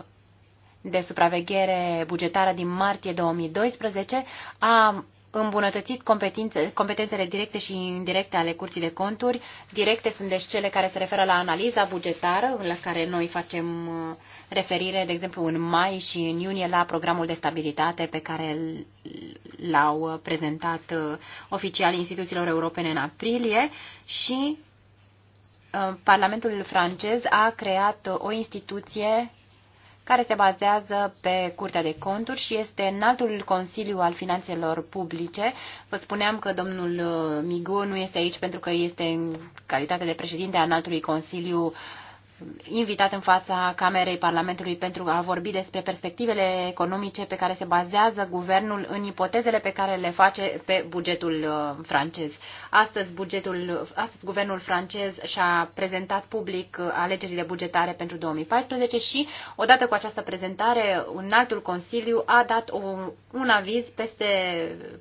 de supraveghere bugetară din martie 2012 a îmbunătățit competențe, competențele directe și indirecte ale curții de conturi. Directe sunt deci cele care se referă la analiza bugetară, la care noi facem uh, referire, de exemplu, în mai și în iunie la programul de stabilitate pe care l-au uh, prezentat uh, oficialii instituțiilor europene în aprilie și Parlamentul francez a creat o instituție care se bazează pe Curtea de Conturi și este înaltul Consiliu al Finanțelor Publice. Vă spuneam că domnul uh, Migu nu este aici pentru că este în calitate de președinte a înaltului Consiliu invitat în fața Camerei Parlamentului pentru a vorbi despre perspectivele economice pe care se bazează guvernul în ipotezele pe care le face pe bugetul uh, francez. Astăzi, bugetul, astăzi guvernul francez și-a prezentat public uh, alegerile bugetare pentru 2014 și, odată cu această prezentare, un altul Consiliu a dat un, un aviz peste,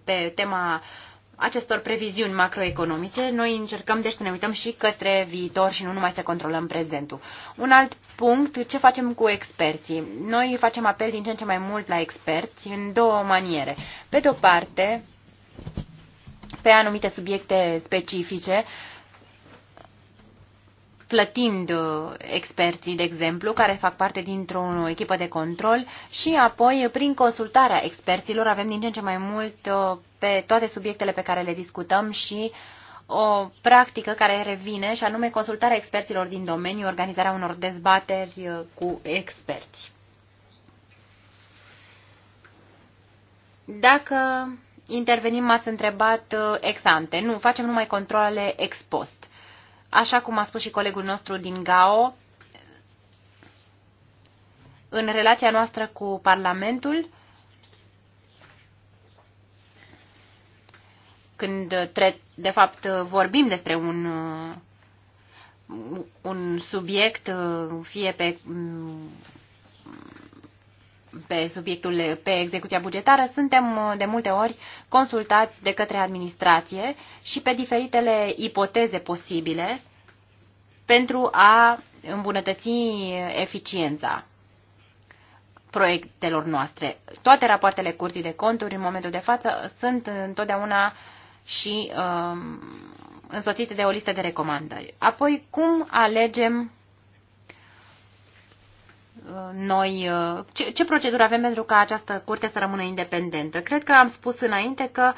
pe tema uh, acestor previziuni macroeconomice, noi încercăm deci să ne uităm și către viitor și nu numai să controlăm prezentul. Un alt punct, ce facem cu experții? Noi facem apel din ce în ce mai mult la experți în două maniere. Pe de o parte, pe anumite subiecte specifice, uh, plătind uh, experții, de exemplu, care fac parte dintr-o echipă de control și apoi, uh, prin consultarea experților, avem din ce în ce mai mult uh, pe toate subiectele pe care le discutăm și o practică care revine și anume consultarea experților din domeniu, organizarea unor dezbateri cu experți. Dacă intervenim, m-ați întrebat ex ante. Nu, facem numai controlele ex post. Așa cum a spus și colegul nostru din GAO, în relația noastră cu Parlamentul, când, de fapt, vorbim despre un, un subiect, fie pe pe subiectul, pe execuția bugetară, suntem uh, de multe ori consultați de către administrație și pe diferitele ipoteze posibile pentru a îmbunătăți eficiența proiectelor noastre. Toate rapoartele curții de conturi în momentul de față sunt întotdeauna și um, însoțite de o listă de recomandări. Apoi, cum alegem noi, uh, ce, ce procedură avem pentru ca această curte să rămână independentă? Cred că am spus înainte că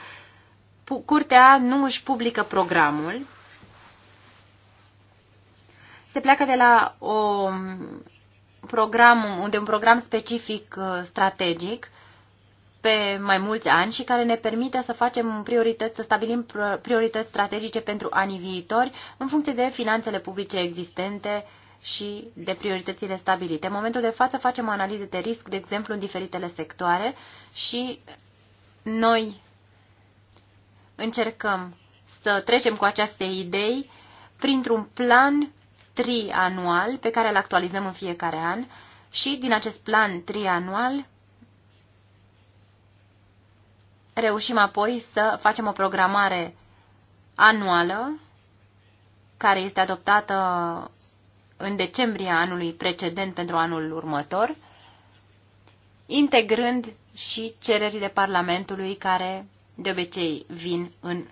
curtea nu își publică programul. Se pleacă de la o um, program, de un program specific uh, strategic pe mai mulți ani și care ne permite să facem priorități, să stabilim priorități strategice pentru anii viitori în funcție de finanțele publice existente uh, și de prioritățile stabilite. În momentul de față facem analize de risc, de exemplu, în diferitele sectoare și noi încercăm să trecem cu aceste idei printr-un plan trianual pe care îl actualizăm în fiecare an și din acest plan trianual reușim apoi să facem o programare anuală care este adoptată în decembrie anului precedent pentru anul următor, integrând și cererile Parlamentului care de obicei vin în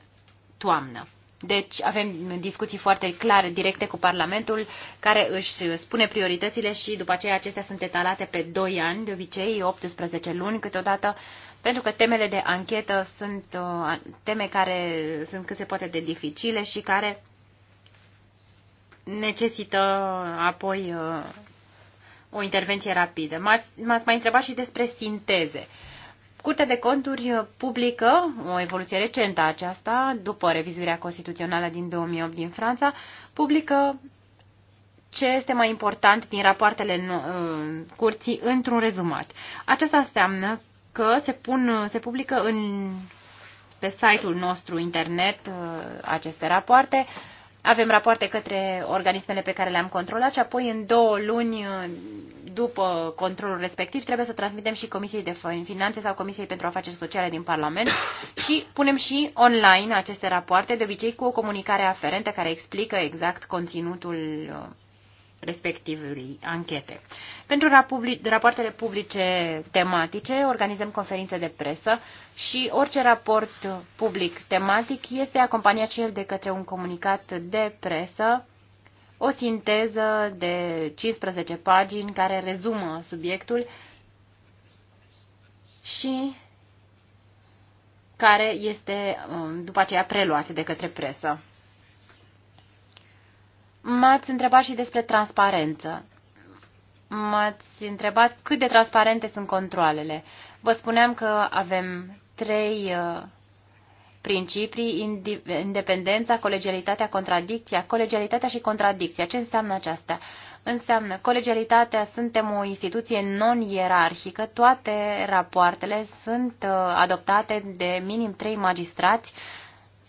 toamnă. Deci avem discuții foarte clare, directe cu Parlamentul, care își spune prioritățile și după aceea acestea sunt etalate pe 2 ani, de obicei 18 luni câteodată, pentru că temele de anchetă sunt uh, teme care sunt cât se poate de dificile și care necesită apoi uh, o intervenție rapidă. M-ați mai întrebat și despre sinteze. Curtea de conturi uh, publică, o evoluție recentă aceasta, după revizuirea constituțională din 2008 din Franța, publică ce este mai important din rapoartele uh, curții într-un rezumat. Aceasta înseamnă că se, pun, se publică în, pe site-ul nostru internet aceste rapoarte, avem rapoarte către organismele pe care le-am controlat și apoi în două luni după controlul respectiv trebuie să transmitem și Comisiei de Finanțe sau Comisiei pentru Afaceri Sociale din Parlament [COUGHS] și punem și online aceste rapoarte, de obicei cu o comunicare aferentă care explică exact conținutul respectivului anchete. Pentru rapoartele publice tematice organizăm conferințe de presă și orice raport public tematic este acompaniat și el de către un comunicat de presă, o sinteză de 15 pagini care rezumă subiectul și care este um, după aceea preluat de către presă. M-ați întrebat și despre transparență. M-ați întrebat cât de transparente sunt controlele. Vă spuneam că avem trei uh, principii, independența, colegialitatea, contradicția. Colegialitatea și contradicția. Ce înseamnă aceasta? Înseamnă colegialitatea, suntem o instituție non-ierarhică, toate rapoartele sunt uh, adoptate de minim trei magistrați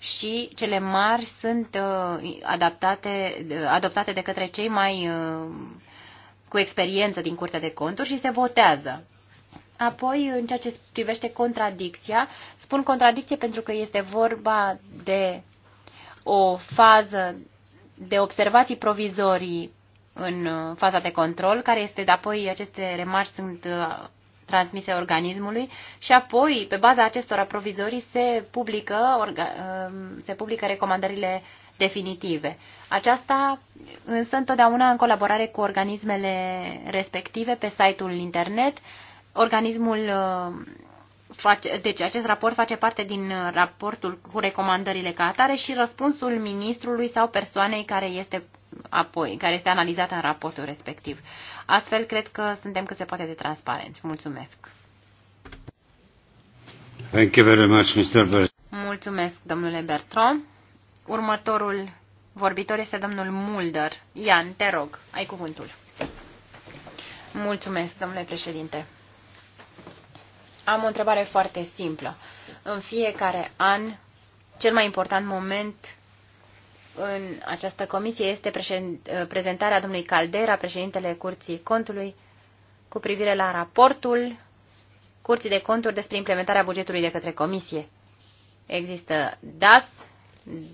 și cele mari sunt uh, adaptate, uh, adoptate de către cei mai uh, cu experiență din Curtea de Conturi și se votează. Apoi, în ceea ce privește contradicția, spun contradicție pentru că este vorba de o fază de observații provizorii în faza de control, care este de apoi aceste remarci sunt transmise organismului și apoi, pe baza acestor provizorii, se publică, orga, um, se publică recomandările definitive. Aceasta însă întotdeauna în colaborare cu organismele respective pe site-ul internet. Organismul um, face, deci acest raport face parte din raportul cu recomandările ca atare și răspunsul ministrului sau persoanei care este apoi, care este analizată în raportul respectiv. Astfel, cred că suntem cât se poate de transparenți. Mulțumesc! Thank you very much, Mr. Mulțumesc, domnule Bertrand. Următorul vorbitor este domnul Mulder. Ian, te rog, ai cuvântul. Mulțumesc, domnule președinte. Am o întrebare foarte simplă. În fiecare an, cel mai important moment în această comisie este ă, prezentarea domnului Caldera, președintele Curții Contului, cu privire la raportul Curții de Conturi despre implementarea bugetului de către comisie. Există DAS,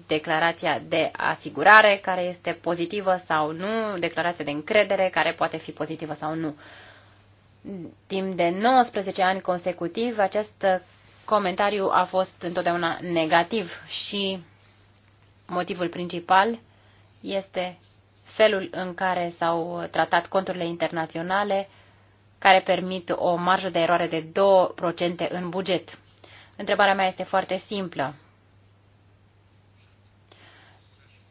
declarația de asigurare, care este pozitivă sau nu, declarația de încredere, care poate fi pozitivă sau nu. Timp de 19 ani consecutiv, acest comentariu a fost întotdeauna negativ și motivul principal este felul în care s-au tratat conturile internaționale, care permit o marjă de eroare de 2% în buget. Întrebarea mea este foarte simplă.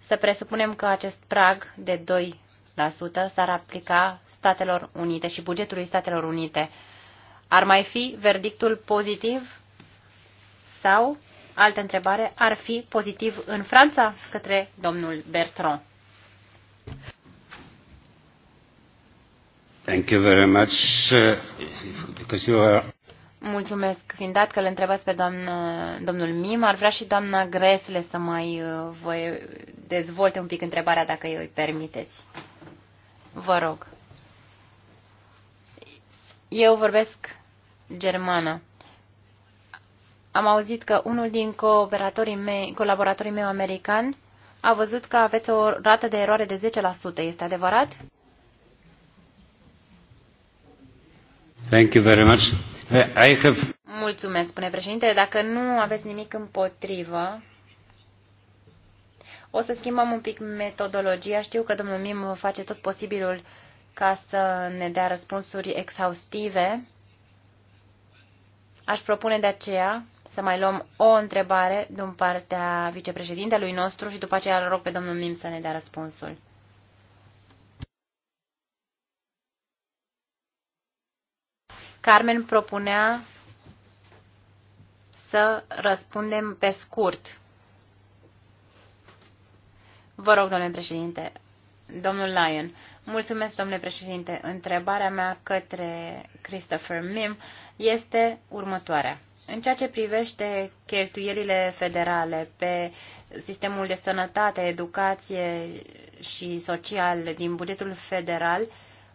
Să presupunem că acest prag de 2% s-ar aplica Statelor Unite și bugetului Statelor Unite. Ar mai fi verdictul pozitiv sau altă întrebare ar fi pozitiv în Franța către domnul Bertrand. Thank you very much, uh, because you are... Mulțumesc. Fiind dat că îl întrebați pe doamnă, domnul Mim, ar vrea și doamna Gresle să mai uh, vă dezvolte un pic întrebarea, dacă îi permiteți. Vă rog. Eu vorbesc germană am auzit că unul din cooperatorii mei, colaboratorii mei americani a văzut că aveți o rată de eroare de 10%. Este adevărat? Thank you very much. I have... Mulțumesc, spune președinte. Dacă nu aveți nimic împotrivă, o să schimbăm un pic metodologia. Știu că domnul Mim face tot posibilul ca să ne dea răspunsuri exhaustive. Aș propune de aceea să mai luăm o întrebare din partea vicepreședintelui nostru și după aceea îl rog pe domnul Mim să ne dea răspunsul. Carmen propunea să răspundem pe scurt. Vă rog, domnule președinte. Domnul Lyon, mulțumesc, domnule președinte. Întrebarea mea către Christopher Mim este următoarea. În ceea ce privește cheltuielile federale pe sistemul de sănătate, educație și social din bugetul federal,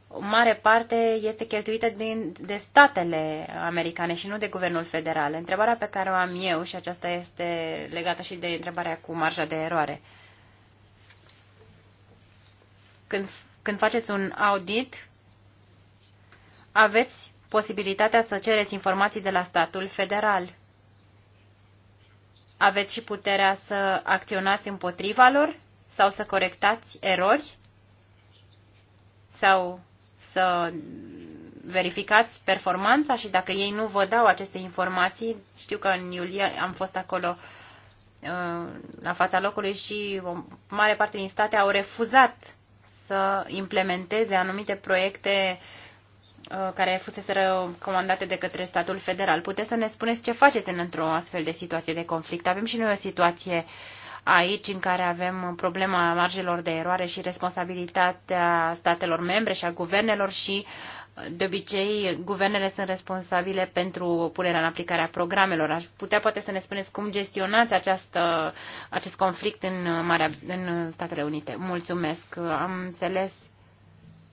o mare parte este cheltuită din, de statele americane și nu de guvernul federal. Întrebarea pe care o am eu și aceasta este legată și de întrebarea cu marja de eroare. Când, când faceți un audit, aveți posibilitatea să cereți informații de la statul federal. Aveți și puterea să acționați împotriva lor sau să corectați erori sau să verificați performanța și dacă ei nu vă dau aceste informații, știu că în iulie am fost acolo uh, la fața locului și o mare parte din state au refuzat să implementeze anumite proiecte uh, Uh, care fusese comandate de către statul federal. Puteți să ne spuneți ce faceți în într-o astfel de situație de conflict? Avem și noi o situație aici în care avem problema marjelor de eroare și responsabilitatea statelor membre și a guvernelor și de obicei, guvernele sunt responsabile pentru punerea în aplicare a programelor. Aș putea poate să ne spuneți cum gestionați această, acest conflict în, Marea, în Statele Unite. Mulțumesc. Am înțeles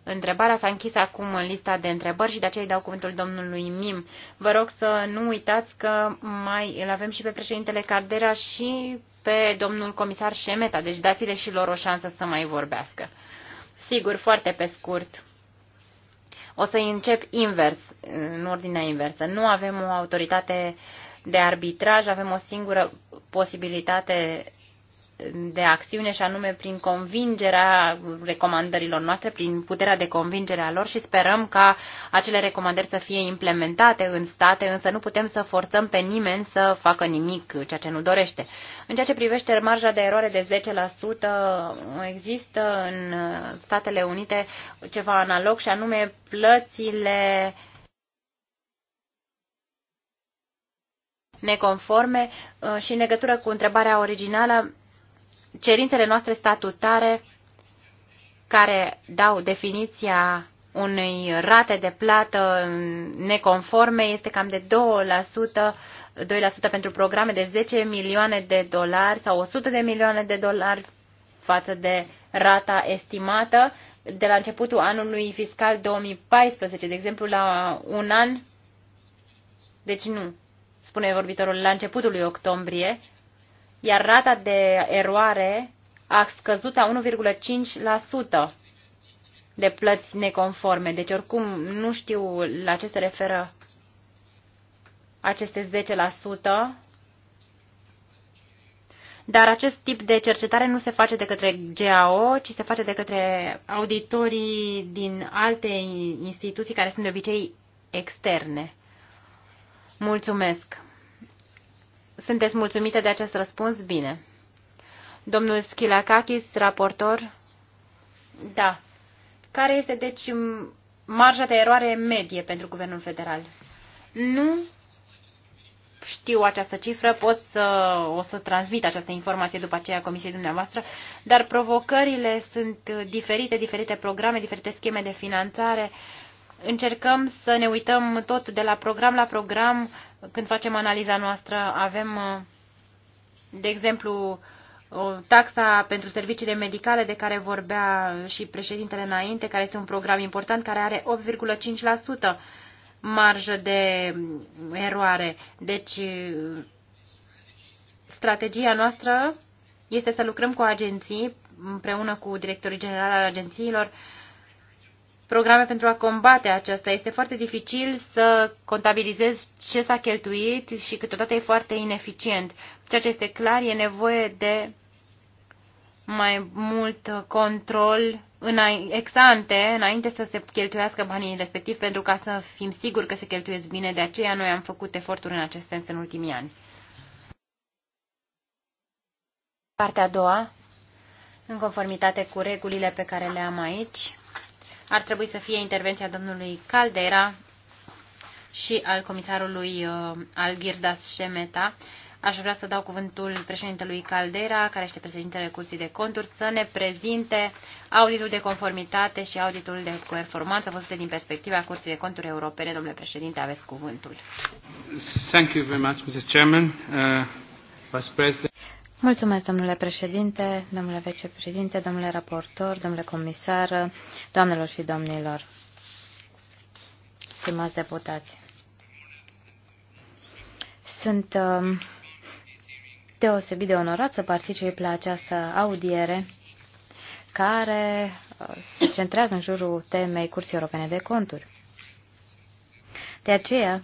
Întrebarea s-a închis acum în lista de întrebări și de aceea îi dau cuvântul domnului Mim. Vă rog să nu uitați că mai îl avem și pe președintele Cardera și pe domnul comisar Șemeta, deci dați-le și lor o șansă să mai vorbească. Sigur, foarte pe scurt. O să încep invers, în ordinea inversă. Nu avem o autoritate de arbitraj, avem o singură posibilitate de acțiune și anume prin convingerea recomandărilor noastre, prin puterea de convingere a lor și sperăm ca acele recomandări să fie implementate în state, însă nu putem să forțăm pe nimeni să facă nimic, ceea ce nu dorește. În ceea ce privește marja de eroare de 10%, există în Statele Unite ceva analog și anume plățile neconforme uh, și în legătură cu întrebarea originală, cerințele noastre statutare care dau definiția unei rate de plată neconforme este cam de 2%, 2% pentru programe de 10 milioane de dolari sau 100 de milioane de dolari față de rata estimată de la începutul anului fiscal 2014, de exemplu la un an, deci nu, spune vorbitorul, la începutul lui octombrie, iar rata de eroare a scăzut la 1,5% de plăți neconforme. Deci, oricum, nu știu la ce se referă aceste 10%, dar acest tip de cercetare nu se face de către GAO, ci se face de către auditorii din alte instituții care sunt de obicei externe. Mulțumesc! Sunteți mulțumite de acest răspuns? Bine. Domnul Schilakakis, raportor? Da. Care este, deci, marja de eroare medie pentru Guvernul Federal? Nu știu această cifră, pot să, o să transmit această informație după aceea comisiei dumneavoastră, dar provocările sunt diferite, diferite programe, diferite scheme de finanțare. Uh, încercăm să ne uităm tot de la program la program când facem analiza noastră. Avem, uh, de exemplu, o taxa pentru serviciile medicale de care vorbea și președintele înainte, care este un program important care are 8,5% marjă de mm, eroare. Deci, uh, strategia noastră este să lucrăm cu agenții, împreună cu directorii generali al agențiilor, programe pentru a combate aceasta. Este foarte dificil să contabilizezi ce s-a cheltuit și câteodată e foarte ineficient. Ceea ce este clar, e nevoie de mai mult control exante, înainte să se cheltuiască banii respectiv, pentru ca să fim siguri că se cheltuiesc bine. De aceea noi am făcut eforturi în acest sens în ultimii ani. Partea a doua, în conformitate cu regulile pe care le am aici, ar trebui să fie intervenția domnului Caldera și al comisarului uh, al Girdas Șemeta. Aș vrea să dau cuvântul președintelui Caldera, care este președintele Curții de Conturi, să ne prezinte auditul de conformitate și auditul de performanță văzute din perspectiva Curții de Conturi Europene. Domnule președinte, aveți cuvântul. Thank you very much, Mrs. Chairman, uh, Vice President. Mulțumesc, domnule președinte, domnule vicepreședinte, domnule raportor, domnule comisar, doamnelor și domnilor, stimați deputați. Sunt um, deosebit de onorat să particip la această audiere care uh, se centrează în jurul temei Curții Europene de Conturi. De aceea,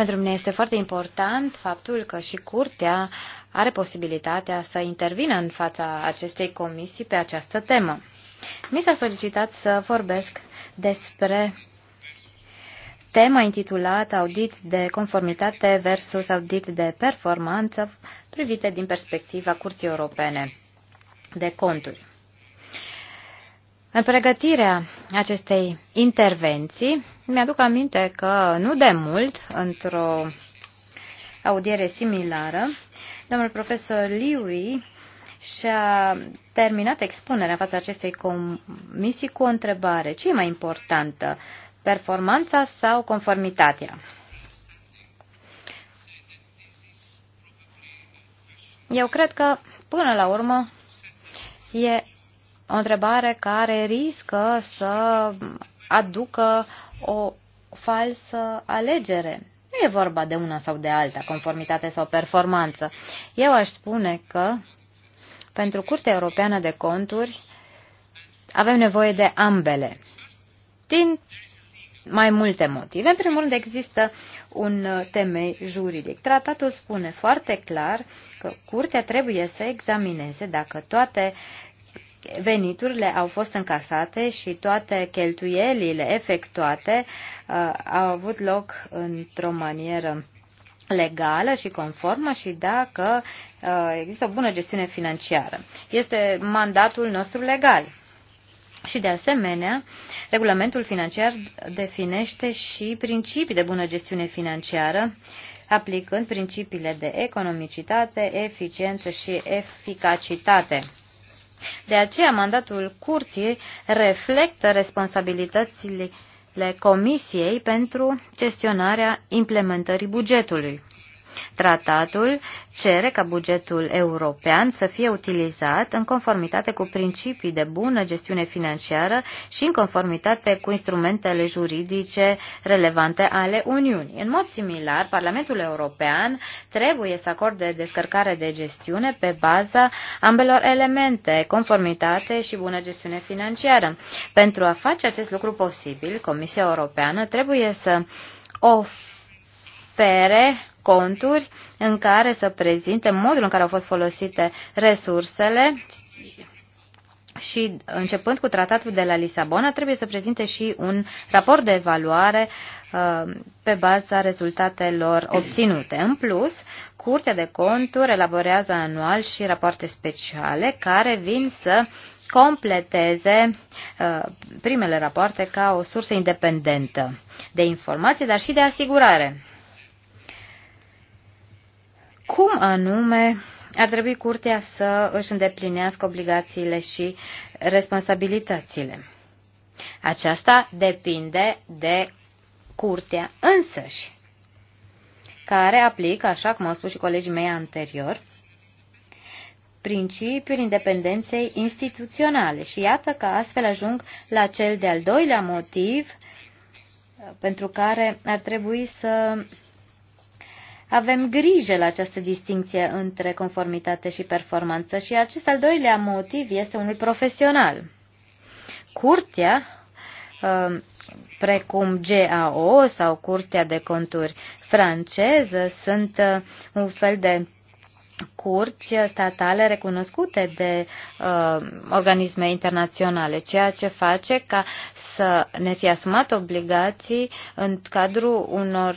pentru mine este foarte important faptul că și Curtea are posibilitatea să intervină în fața acestei comisii pe această temă. Mi s-a solicitat să vorbesc despre tema intitulată Audit de conformitate versus audit de performanță privite din perspectiva Curții Europene de Conturi. În pregătirea acestei intervenții, mi-aduc aminte că nu de mult, într-o audiere similară, domnul profesor Liui și-a terminat expunerea fața acestei comisii cu o întrebare. Ce e mai importantă, performanța sau conformitatea? Eu cred că, până la urmă, e o întrebare care riscă să aducă o falsă alegere. Nu e vorba de una sau de alta, conformitate sau performanță. Eu aș spune că pentru Curtea Europeană de Conturi avem nevoie de ambele. Din mai multe motive. În primul rând există un temei juridic. Tratatul spune foarte clar că curtea trebuie să examineze dacă toate veniturile au fost încasate și toate cheltuielile efectuate uh, au avut loc într-o manieră legală și conformă și dacă uh, există o bună gestiune financiară. Este mandatul nostru legal. Și de asemenea, regulamentul financiar definește și principii de bună gestiune financiară, aplicând principiile de economicitate, eficiență și eficacitate. De aceea, mandatul curții reflectă responsabilitățile Comisiei pentru gestionarea implementării bugetului. Tratatul cere ca bugetul european să fie utilizat în conformitate cu principii de bună gestiune financiară și în conformitate cu instrumentele juridice relevante ale Uniunii. În mod similar, Parlamentul European trebuie să acorde descărcare de gestiune pe baza ambelor elemente, conformitate și bună gestiune financiară. Pentru a face acest lucru posibil, Comisia Europeană trebuie să ofere conturi în care să prezinte modul în care au fost folosite resursele și începând cu tratatul de la Lisabona, trebuie să prezinte și un raport de evaluare uh, pe baza rezultatelor obținute. În plus, Curtea de Conturi elaborează anual și rapoarte speciale care vin să completeze uh, primele rapoarte ca o sursă independentă de informații, dar și de asigurare cum anume ar trebui curtea să își îndeplinească obligațiile și responsabilitățile. Aceasta depinde de curtea însăși, care aplică, așa cum au spus și colegii mei anterior, principiul independenței instituționale. Și iată că astfel ajung la cel de-al doilea motiv pentru care ar trebui să avem grijă la această distinție între conformitate și performanță și acest al doilea motiv este unul profesional. Curtea, um, precum GAO sau Curtea de Conturi franceză, sunt uh, un fel de curți statale recunoscute de uh, organisme internaționale, ceea ce face ca să ne fie asumat obligații în cadrul unor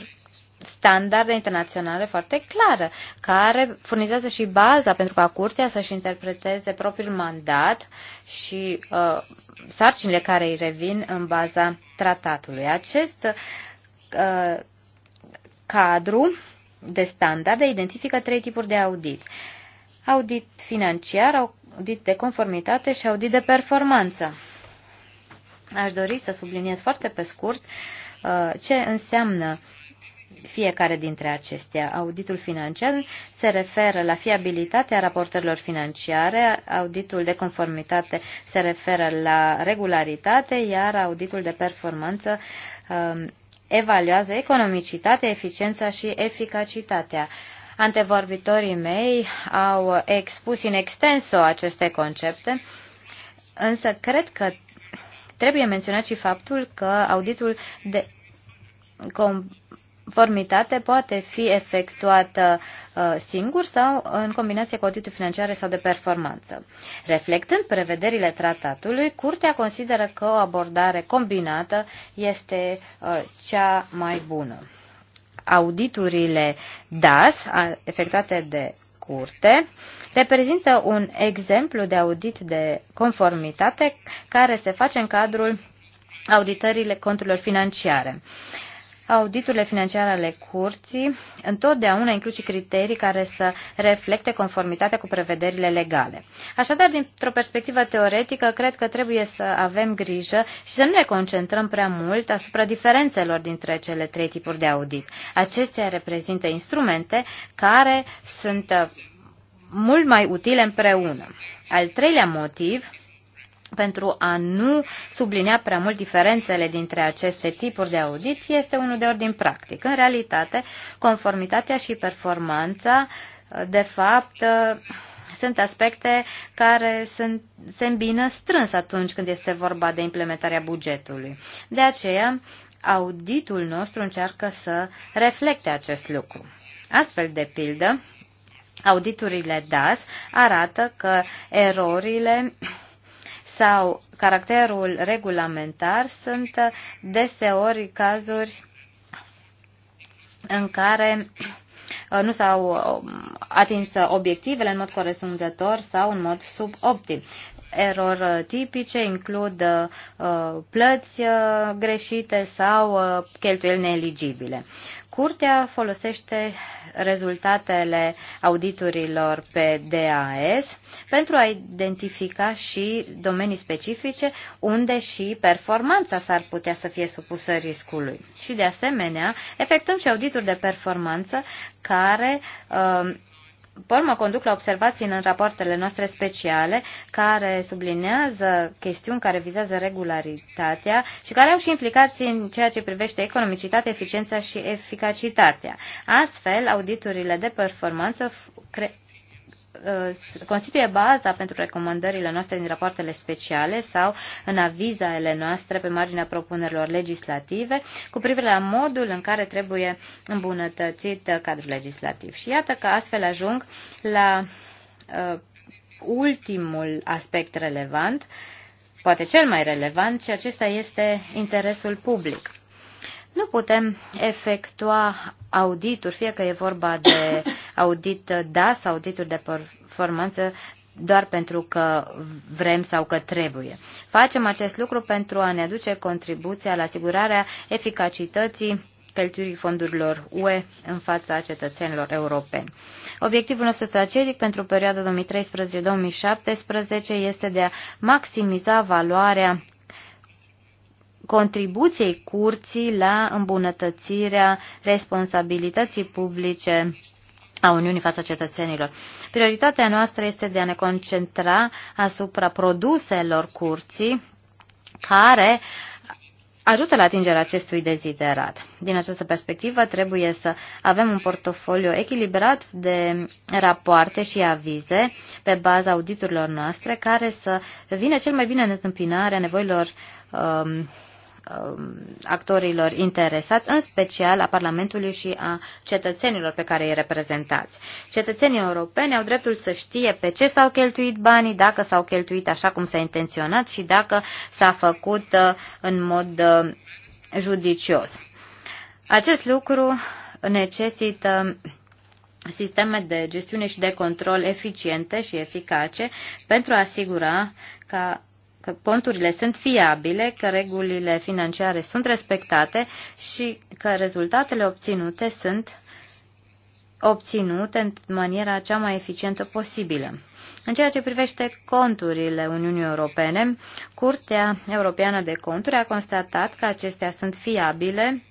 standarde internaționale foarte clare, care furnizează și baza pentru ca curtea să-și interpreteze propriul mandat și uh, sarcinile care îi revin în baza tratatului. Acest uh, cadru de standarde identifică trei tipuri de audit. Audit financiar, audit de conformitate și audit de performanță. Aș dori să subliniez foarte pe scurt uh, ce înseamnă fiecare dintre acestea. Auditul financiar se referă la fiabilitatea raportărilor financiare, auditul de conformitate se referă la regularitate, iar auditul de performanță um, evaluează economicitatea, eficiența și eficacitatea. Antevorbitorii mei au expus în extenso aceste concepte, însă cred că trebuie menționat și faptul că auditul de conformitate poate fi efectuată uh, singur sau în combinație cu auditul financiar sau de performanță. Reflectând prevederile tratatului, Curtea consideră că o abordare combinată este uh, cea mai bună. Auditurile DAS, efectuate de curte, reprezintă un exemplu de audit de conformitate care se face în cadrul auditările conturilor financiare. Auditurile financiare ale curții întotdeauna includ și criterii care să reflecte conformitatea cu prevederile legale. Așadar, dintr-o perspectivă teoretică, cred că trebuie să avem grijă și să nu ne concentrăm prea mult asupra diferențelor dintre cele trei tipuri de audit. Acestea reprezintă instrumente care sunt mult mai utile împreună. Al treilea motiv pentru a nu sublinia prea mult diferențele dintre aceste tipuri de audit este unul de ordin practic. În realitate, conformitatea și performanța, de fapt, sunt aspecte care sunt, se îmbină strâns atunci când este vorba de implementarea bugetului. De aceea, auditul nostru încearcă să reflecte acest lucru. Astfel, de pildă, auditurile DAS arată că erorile sau caracterul regulamentar sunt deseori cazuri în care uh, nu s-au uh, atins obiectivele în mod corespunzător sau în mod suboptim. Eror uh, tipice includ plăți greșite sau cheltuieli neeligibile. Curtea folosește rezultatele auditurilor pe DAS pentru a identifica și domenii specifice unde și performanța s-ar putea să fie supusă riscului. Și de asemenea, efectuăm și audituri de performanță care uh, Paul mă conduc la observații în rapoartele noastre speciale, care sublinează chestiuni care vizează regularitatea și care au și implicații în ceea ce privește economicitatea, eficiența și eficacitatea. Astfel, auditurile de performanță Uh, constituie baza pentru recomandările noastre din rapoartele speciale sau în avizaele noastre pe marginea propunerilor legislative cu privire la modul în care trebuie îmbunătățit cadrul legislativ. Și iată că astfel ajung la uh, ultimul aspect relevant, poate cel mai relevant, și acesta este interesul public. Nu putem efectua audituri, fie că e vorba de audit da sau audituri de performanță doar pentru că vrem sau că trebuie. Facem acest lucru pentru a ne aduce contribuția la asigurarea eficacității cheltuirii fondurilor UE în fața cetățenilor europeni. Obiectivul nostru strategic pentru perioada 2013-2017 este de a maximiza valoarea contribuției curții la îmbunătățirea responsabilității publice a Uniunii față cetățenilor. Prioritatea noastră este de a ne concentra asupra produselor curții care ajută la atingerea acestui deziderat. Din această perspectivă, trebuie să avem un portofoliu echilibrat de rapoarte și avize pe baza auditurilor noastre care să vină cel mai bine în întâmpinarea nevoilor um, Um, actorilor interesați, în special a Parlamentului și a cetățenilor pe care îi reprezentați. Cetățenii europeni au dreptul să știe pe ce s-au cheltuit banii, dacă s-au cheltuit așa cum s-a intenționat și dacă s-a făcut uh, în mod uh, judicios. Acest lucru necesită sisteme de gestiune și de control eficiente și eficace pentru a asigura ca că conturile sunt fiabile, că regulile financiare sunt respectate și că rezultatele obținute sunt obținute în maniera cea mai eficientă posibilă. În ceea ce privește conturile Uniunii Europene, Curtea Europeană de Conturi a constatat că acestea sunt fiabile,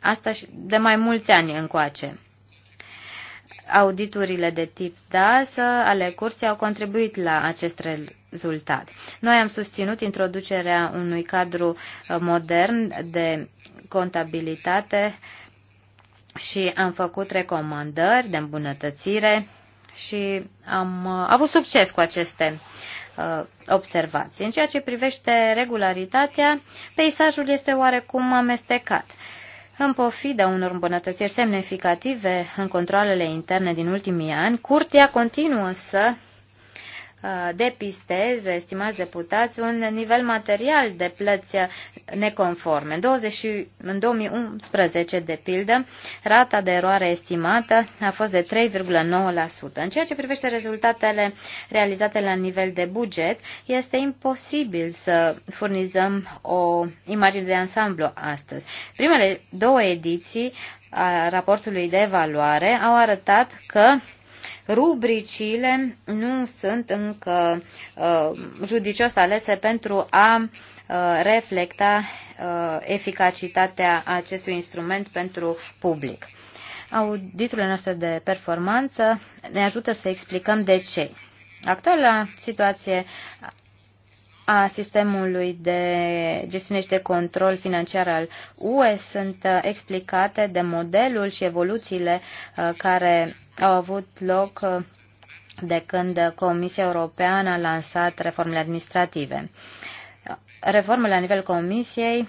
asta de mai mulți ani încoace. Auditurile de tip DAS ale curții au contribuit la acest rezultat. Noi am susținut introducerea unui cadru uh, modern de contabilitate și am făcut recomandări de îmbunătățire și am uh, avut succes cu aceste uh, observații. În ceea ce privește regularitatea, peisajul este oarecum amestecat. În pofida unor îmbunătățiri semnificative în controlele interne din ultimii ani, curtea continuă să Uh, depistez, estimați deputați, un nivel material de plăți neconforme. În, 20, în 2011, de pildă, rata de eroare estimată a fost de 3,9%. În ceea ce privește rezultatele realizate la nivel de buget, este imposibil să furnizăm o imagine de ansamblu astăzi. Primele două ediții a raportului de evaluare au arătat că rubricile nu sunt încă uh, judicios alese pentru a uh, reflecta uh, eficacitatea acestui instrument pentru public. Auditurile noastre de performanță ne ajută să explicăm de ce. Actuala situație a sistemului de gestiune și de control financiar al UE sunt explicate de modelul și evoluțiile care au avut loc uh, de când Comisia Europeană a lansat reformele administrative. Reformele la nivel Comisiei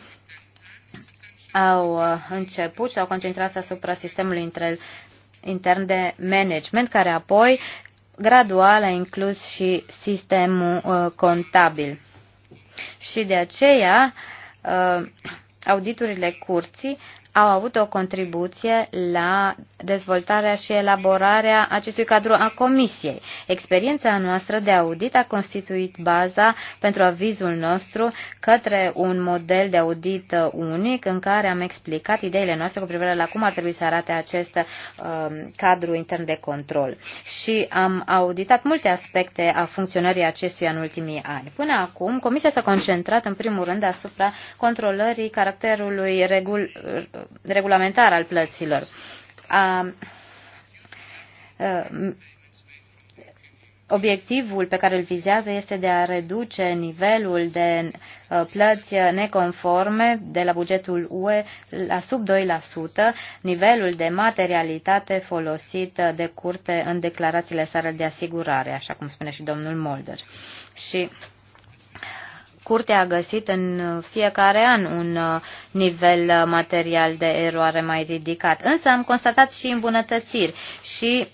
au uh, început, și au concentrat asupra sistemului intern de management, care apoi gradual a inclus și sistemul uh, contabil. Și de aceea auditurile curții au avut o contribuție la dezvoltarea și elaborarea acestui cadru a Comisiei. Experiența noastră de audit a constituit baza pentru avizul nostru către un model de audit uh, unic în care am explicat ideile noastre cu privire la cum ar trebui să arate acest uh, cadru intern de control. Și am auditat multe aspecte a funcționării acestuia în ultimii ani. Până acum, Comisia s-a concentrat în primul rând asupra controlării caracterului regul regulamentar al plăților. A, Obiectivul pe care îl vizează este de a reduce nivelul de plăți neconforme de la bugetul UE la sub 2%, nivelul de materialitate folosit de curte în declarațiile sale de asigurare, așa cum spune și domnul Molder. Și Curtea a găsit în fiecare an un uh, nivel uh, material de eroare mai ridicat. Însă am constatat și îmbunătățiri și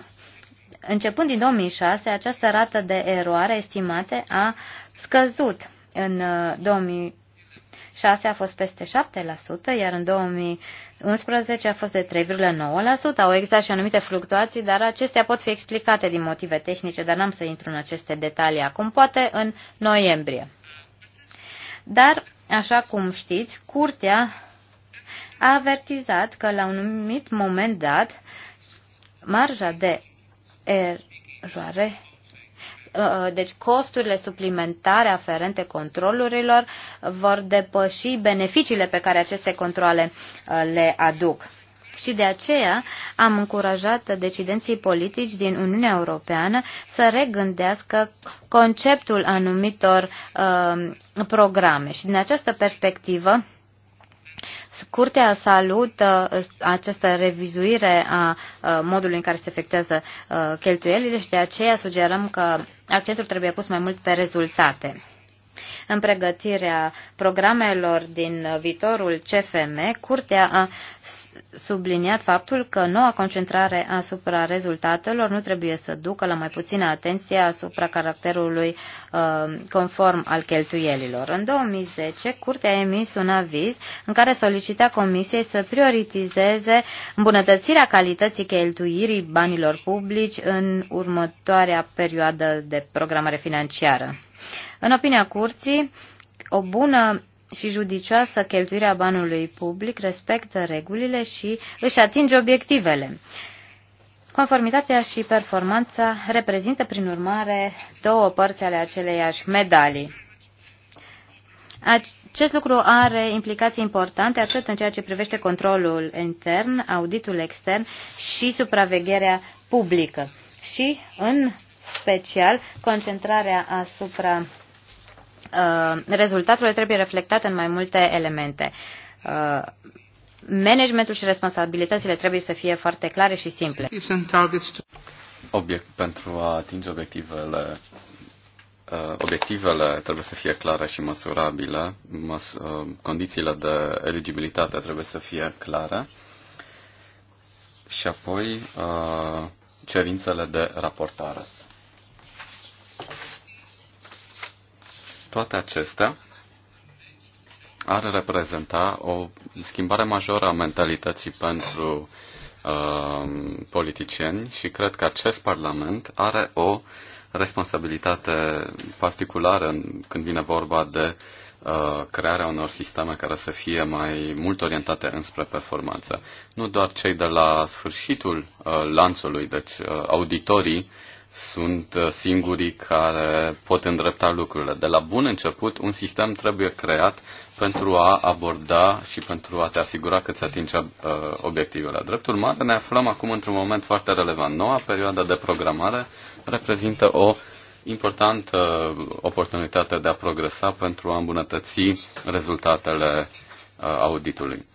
începând din 2006 această rată de eroare estimate a scăzut. În 2006 uh, a fost peste 7%, iar în 2011 a fost de 3,9%. Au existat și anumite fluctuații, dar acestea pot fi explicate din motive tehnice, dar n-am să intru în aceste detalii acum, poate în noiembrie. Dar, așa cum știți, curtea a avertizat că la un anumit moment dat marja de eroare uh, uh, deci costurile suplimentare aferente controlurilor vor depăși beneficiile pe care aceste controle uh, le aduc. Și de aceea am încurajat decidenții politici din Uniunea Europeană să regândească conceptul anumitor uh, programe. Și din această perspectivă, Curtea salută uh, această revizuire a uh, modului în care se efectuează uh, cheltuielile și de aceea sugerăm că accentul trebuie pus mai mult pe rezultate. În pregătirea programelor din viitorul CFM, Curtea a subliniat faptul că noua concentrare asupra rezultatelor nu trebuie să ducă la mai puțină atenție asupra caracterului uh, conform al cheltuielilor. În 2010, Curtea a emis un aviz în care solicita Comisiei să prioritizeze îmbunătățirea calității cheltuirii banilor publici în următoarea perioadă de programare financiară. În opinia curții, o bună și judicioasă cheltuirea banului public respectă regulile și își atinge obiectivele. Conformitatea și performanța reprezintă, prin urmare, două părți ale aceleiași medalii. Acest lucru are implicații importante atât în ceea ce privește controlul intern, auditul extern și supravegherea publică. Și în special, concentrarea asupra uh, rezultatului trebuie reflectată în mai multe elemente. Uh, managementul și responsabilitățile trebuie să fie foarte clare și simple. Obiect, pentru a atinge obiectivele uh, obiectivele trebuie să fie clare și măsurabile, măs, condițiile de eligibilitate trebuie să fie clare și apoi cerințele de raportare. Toate acestea ar reprezenta o schimbare majoră a mentalității pentru uh, politicieni și cred că acest Parlament are o responsabilitate particulară când vine vorba de uh, crearea unor sisteme care să fie mai mult orientate înspre performanță. Nu doar cei de la sfârșitul uh, lanțului, deci uh, auditorii, sunt uh, singurii care pot îndrepta lucrurile. De la bun început, un sistem trebuie creat pentru a aborda și pentru a te asigura că îți atinge uh, obiectivele. Drept urmare, ne aflăm acum într-un moment foarte relevant. Noua perioadă de programare reprezintă o importantă uh, oportunitate de a progresa pentru a îmbunătăți rezultatele uh, auditului.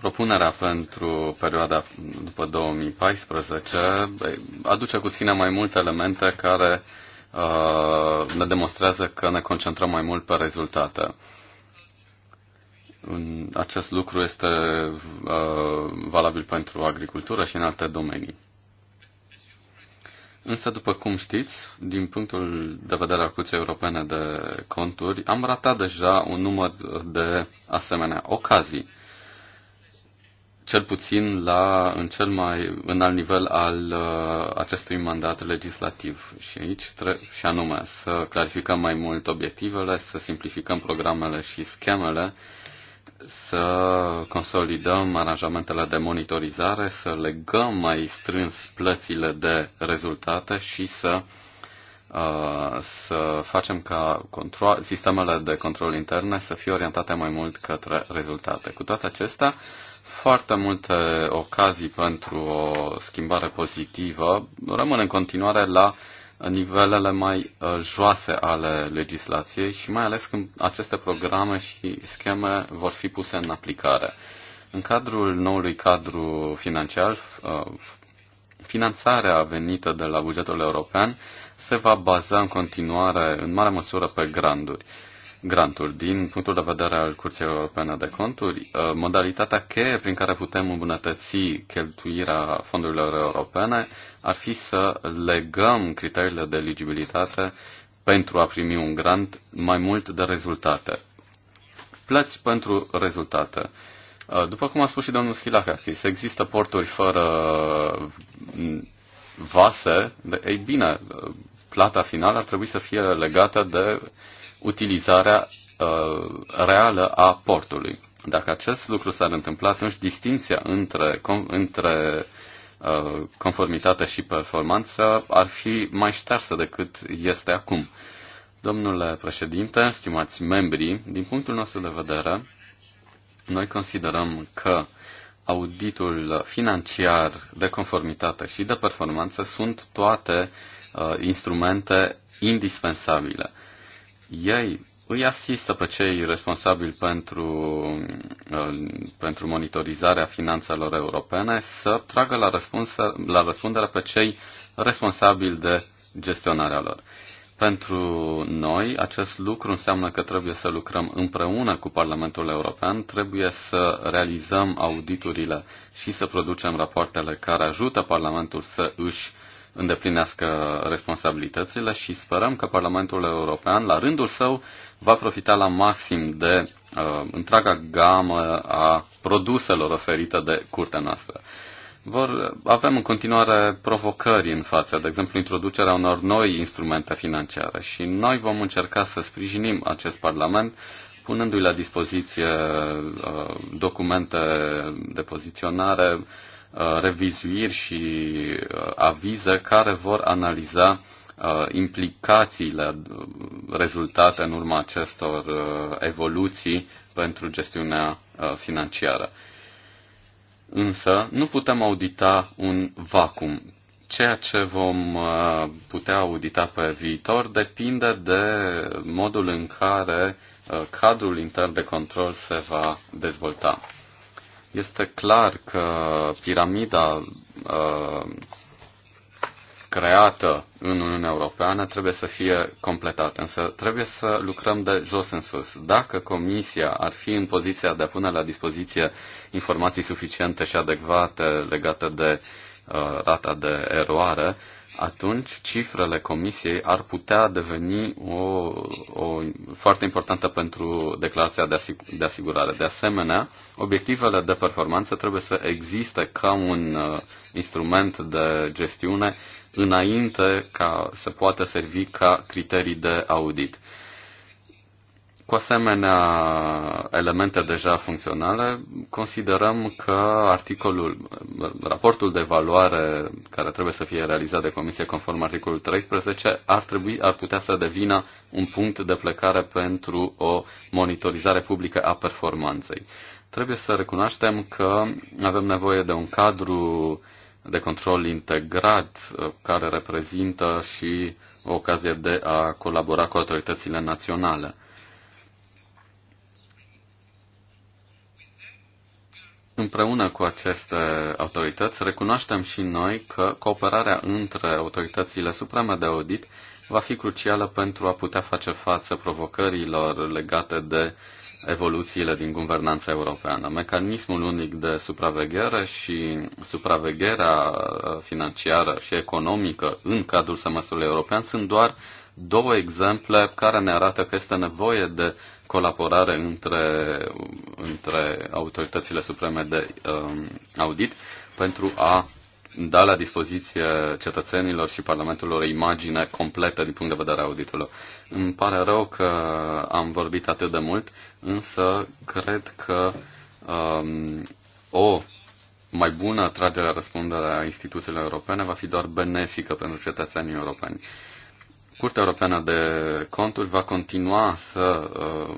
Propunerea pentru perioada după 2014 aduce cu sine mai multe elemente care uh, ne demonstrează că ne concentrăm mai mult pe rezultate. Acest lucru este uh, valabil pentru agricultură și în alte domenii. Însă, după cum știți, din punctul de vedere al Curții Europene de Conturi, am ratat deja un număr de asemenea ocazii cel puțin la, în cel mai înalt nivel al uh, acestui mandat legislativ. Și aici, tre- și anume, să clarificăm mai mult obiectivele, să simplificăm programele și schemele, să consolidăm aranjamentele de monitorizare, să legăm mai strâns plățile de rezultate și să uh, să facem ca control, sistemele de control interne să fie orientate mai mult către rezultate. Cu toate acestea, foarte multe ocazii pentru o schimbare pozitivă. Rămân în continuare la nivelele mai uh, joase ale legislației și mai ales când aceste programe și scheme vor fi puse în aplicare. În cadrul noului cadru financiar, uh, finanțarea venită de la bugetul european se va baza în continuare, în mare măsură, pe granduri granturi. Din punctul de vedere al Curții Europene de Conturi, uh, modalitatea cheie prin care putem îmbunătăți cheltuirea fondurilor europene ar fi să legăm criteriile de eligibilitate pentru a primi un grant mai mult de rezultate. Plăți pentru rezultate. Uh, după cum a spus și domnul Schilachakis, există porturi fără uh, vase, ei bine, plata finală ar trebui să fie legată de utilizarea uh, reală a portului. Dacă acest lucru s-ar întâmpla, atunci distinția între, com, între uh, conformitate și performanță ar fi mai ștersă decât este acum. Domnule președinte, stimați membri, din punctul nostru de vedere, noi considerăm că auditul financiar de conformitate și de performanță sunt toate uh, instrumente indispensabile. Uh, ei îi asistă pe cei responsabili pentru, uh, pentru monitorizarea finanțelor europene să tragă la, răspuns, la răspundere pe cei responsabili de gestionarea lor. Pentru noi, acest lucru înseamnă că trebuie să lucrăm împreună cu Parlamentul European, trebuie să realizăm auditurile și să producem rapoartele care ajută Parlamentul să își uh, îndeplinească responsabilitățile și sperăm că Parlamentul European, la rândul său, va profita la maxim de uh, întreaga gamă a produselor oferite de curtea noastră. Vor, avem în continuare provocări în față, de exemplu introducerea unor noi instrumente financiare și noi vom încerca să sprijinim acest Parlament punându-i la dispoziție uh, documente de poziționare, Uh, revizuiri și uh, avize care vor analiza uh, implicațiile rezultate în urma acestor evoluții pentru gestiunea financiară. Însă nu putem audita un vacuum. Ceea ce vom putea audita pe viitor depinde de modul în care cadrul intern de control se va dezvolta. Este clar că piramida uh, creată în Uniunea Europeană trebuie să fie completată, însă trebuie să lucrăm de jos în sus. Dacă Comisia ar fi în poziția de a pune la dispoziție informații suficiente și adecvate legate de uh, rata de eroare, uh, atunci cifrele comisiei ar putea deveni o, o foarte importantă pentru declarația de, asig- de asigurare. De asemenea, obiectivele de performanță trebuie să existe ca un uh, instrument de gestiune înainte ca să poată servi ca criterii de audit. Cu asemenea elemente deja funcționale, considerăm că articolul, raportul de evaluare care trebuie să fie realizat de comisie conform articolul 13 ar, trebui, ar putea să devină un punct de plecare pentru o monitorizare publică a performanței. Trebuie să recunoaștem că avem nevoie de un cadru de control integrat uh, care reprezintă și o ocazie de a colabora cu autoritățile naționale. Împreună cu aceste autorități, recunoaștem și noi că cooperarea între autoritățile supreme de audit va fi crucială pentru a putea face față provocărilor legate de evoluțiile din guvernanța europeană. Mecanismul unic de supraveghere și supravegherea uh, financiară și economică în cadrul semestrului european sunt doar două exemple care ne arată că este nevoie de colaborare între, între autoritățile supreme de um, audit pentru a da la dispoziție cetățenilor și parlamentelor o imagine completă din punct de vedere auditului. Îmi pare rău că am vorbit atât de mult, însă cred că um, o mai bună tragere a răspundere a instituțiilor europene va fi doar benefică pentru cetățenii europeni. Curtea Europeană de Conturi va continua să uh,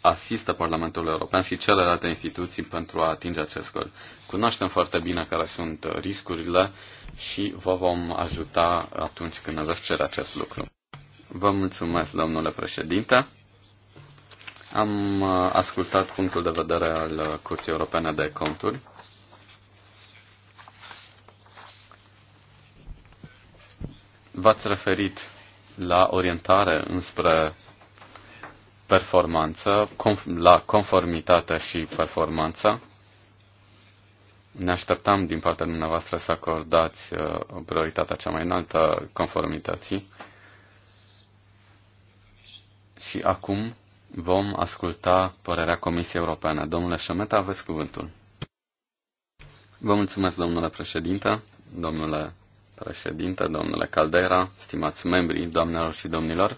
asistă Parlamentul European și celelalte instituții pentru a atinge acest scor. Cunoaștem foarte bine care sunt riscurile și vă vom ajuta atunci când ne veți cere acest lucru. Vă mulțumesc, domnule președinte. Am uh, ascultat punctul de vedere al Curții Europene de Conturi. V-ați referit la orientare înspre performanță, conf- la conformitate și performanță. Ne așteptam din partea dumneavoastră să acordați uh, prioritatea cea mai înaltă conformității. Și acum vom asculta părerea Comisiei Europene. Domnule Șemeta, aveți cuvântul. Vă mulțumesc, domnule președinte, domnule președinte, domnule Caldera, stimați membri, doamnelor și domnilor.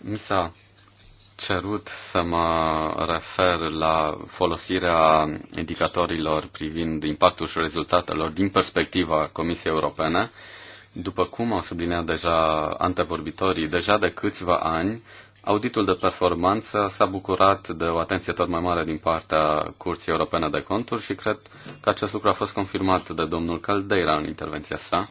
Mi s-a cerut să mă refer la folosirea indicatorilor privind impactul și rezultatelor din perspectiva Comisiei Europene. După cum au subliniat deja antevorbitorii, deja de câțiva ani Auditul de performanță s-a bucurat de o atenție tot mai mare din partea Curții Europene de Conturi și cred că acest lucru a fost confirmat de domnul Caldeira în intervenția sa.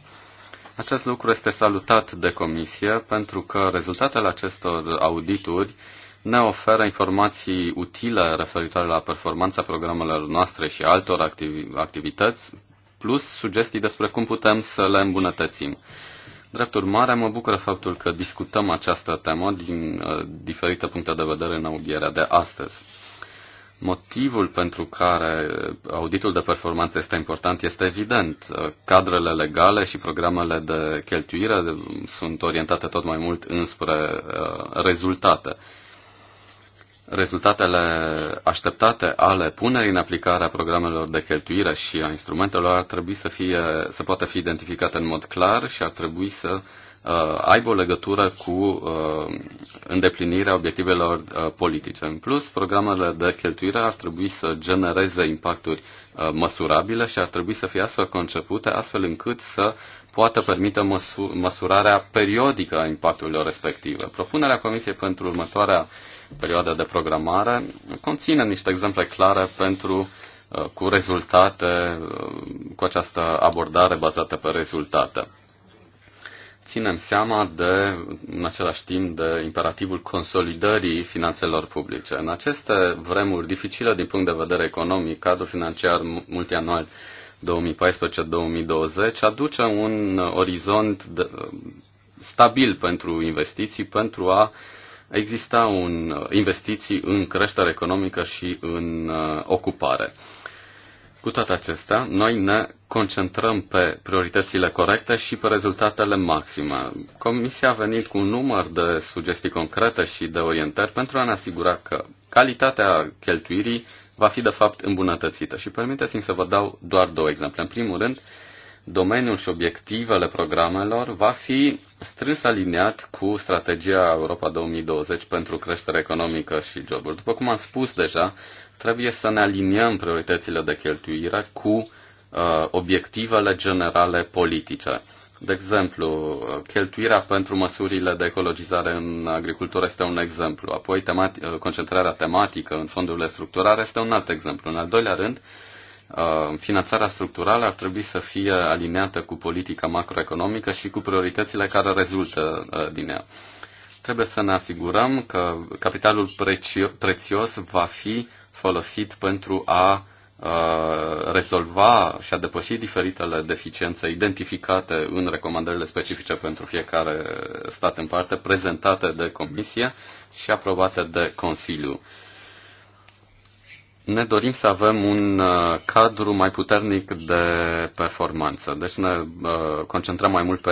Acest lucru este salutat de Comisie pentru că rezultatele acestor audituri ne oferă informații utile referitoare la performanța programelor noastre și altor activi- activități, plus sugestii despre cum putem să le îmbunătățim. Drept urmare, mă bucură faptul că discutăm această temă din uh, diferite puncte de vedere în audierea de astăzi. Motivul pentru care auditul de performanță este important este evident. Uh, cadrele legale și programele de cheltuire sunt orientate tot mai mult înspre uh, rezultate rezultatele așteptate ale punerii în aplicare a programelor de cheltuire și a instrumentelor ar trebui să, fie, să poată fi identificate în mod clar și ar trebui să uh, aibă o legătură cu uh, îndeplinirea obiectivelor uh, politice. În plus, programele de cheltuire ar trebui să genereze impacturi uh, măsurabile și ar trebui să fie astfel concepute, astfel încât să poată permite măsu- măsurarea periodică a impacturilor respective. Propunerea Comisiei pentru următoarea perioada de programare conține niște exemple clare pentru uh, cu rezultate, uh, cu această abordare bazată pe rezultate. Ținem seama de, în același timp, de imperativul consolidării finanțelor publice. În aceste vremuri dificile din punct de vedere economic, cadrul financiar multianual 2014-2020 aduce un orizont stabil pentru investiții, pentru a uh, exista un uh, investiții în creștere economică și în uh, ocupare. Cu toate acestea, noi ne concentrăm pe prioritățile corecte și pe rezultatele maxime. Comisia a venit cu un număr de sugestii concrete și de orientări pentru a ne asigura că calitatea cheltuirii va fi de fapt îmbunătățită. Și permiteți-mi să vă dau doar două exemple. În primul rând, domeniul și obiectivele programelor va fi strâns aliniat cu strategia Europa 2020 pentru creștere economică și joburi. După cum am spus deja, trebuie să ne aliniem prioritățile de cheltuire cu uh, obiectivele generale politice. De exemplu, cheltuirea pentru măsurile de ecologizare în agricultură este un exemplu, apoi temati- uh, concentrarea tematică în fondurile structurare este un alt exemplu. În al doilea rând, uh, Uh, finanțarea structurală ar trebui să fie aliniată cu politica macroeconomică și cu prioritățile care rezultă uh, din ea. Trebuie să ne asigurăm că capitalul prețios va fi folosit pentru a uh, rezolva și a depăși diferitele deficiențe identificate în recomandările specifice pentru fiecare stat în parte, prezentate de Comisie și aprobate de Consiliu ne dorim să avem un uh, cadru mai puternic de performanță. Deci ne uh, concentrăm mai mult pe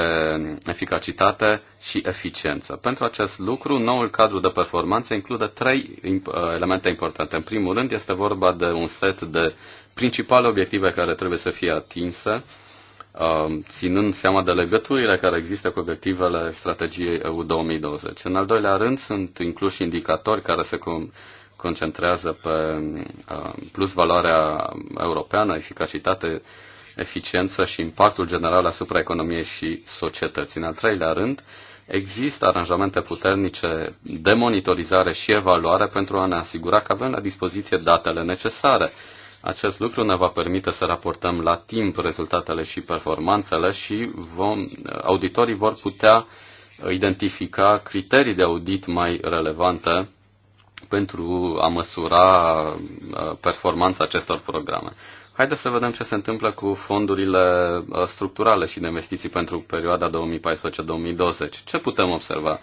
eficacitate și eficiență. Pentru acest lucru, noul cadru de performanță include trei uh, elemente importante. În primul rând, este vorba de un set de principale obiective care trebuie să fie atinse, ținând seama de legăturile care există cu obiectivele strategiei EU 2020. În al doilea rând, sunt incluși indicatori care se concentrează pe uh, plus valoarea europeană, eficacitate, eficiență și impactul general asupra economiei și societății. În al treilea rând, există aranjamente puternice de monitorizare și evaluare pentru a ne asigura că avem la dispoziție datele necesare. Acest lucru ne va permite să raportăm la timp rezultatele și performanțele și vom, auditorii vor putea identifica criterii de audit mai relevante pentru a măsura uh, performanța acestor programe. Haideți să vedem ce se întâmplă cu fondurile uh, structurale și de investiții pentru perioada 2014-2020. Ce putem observa?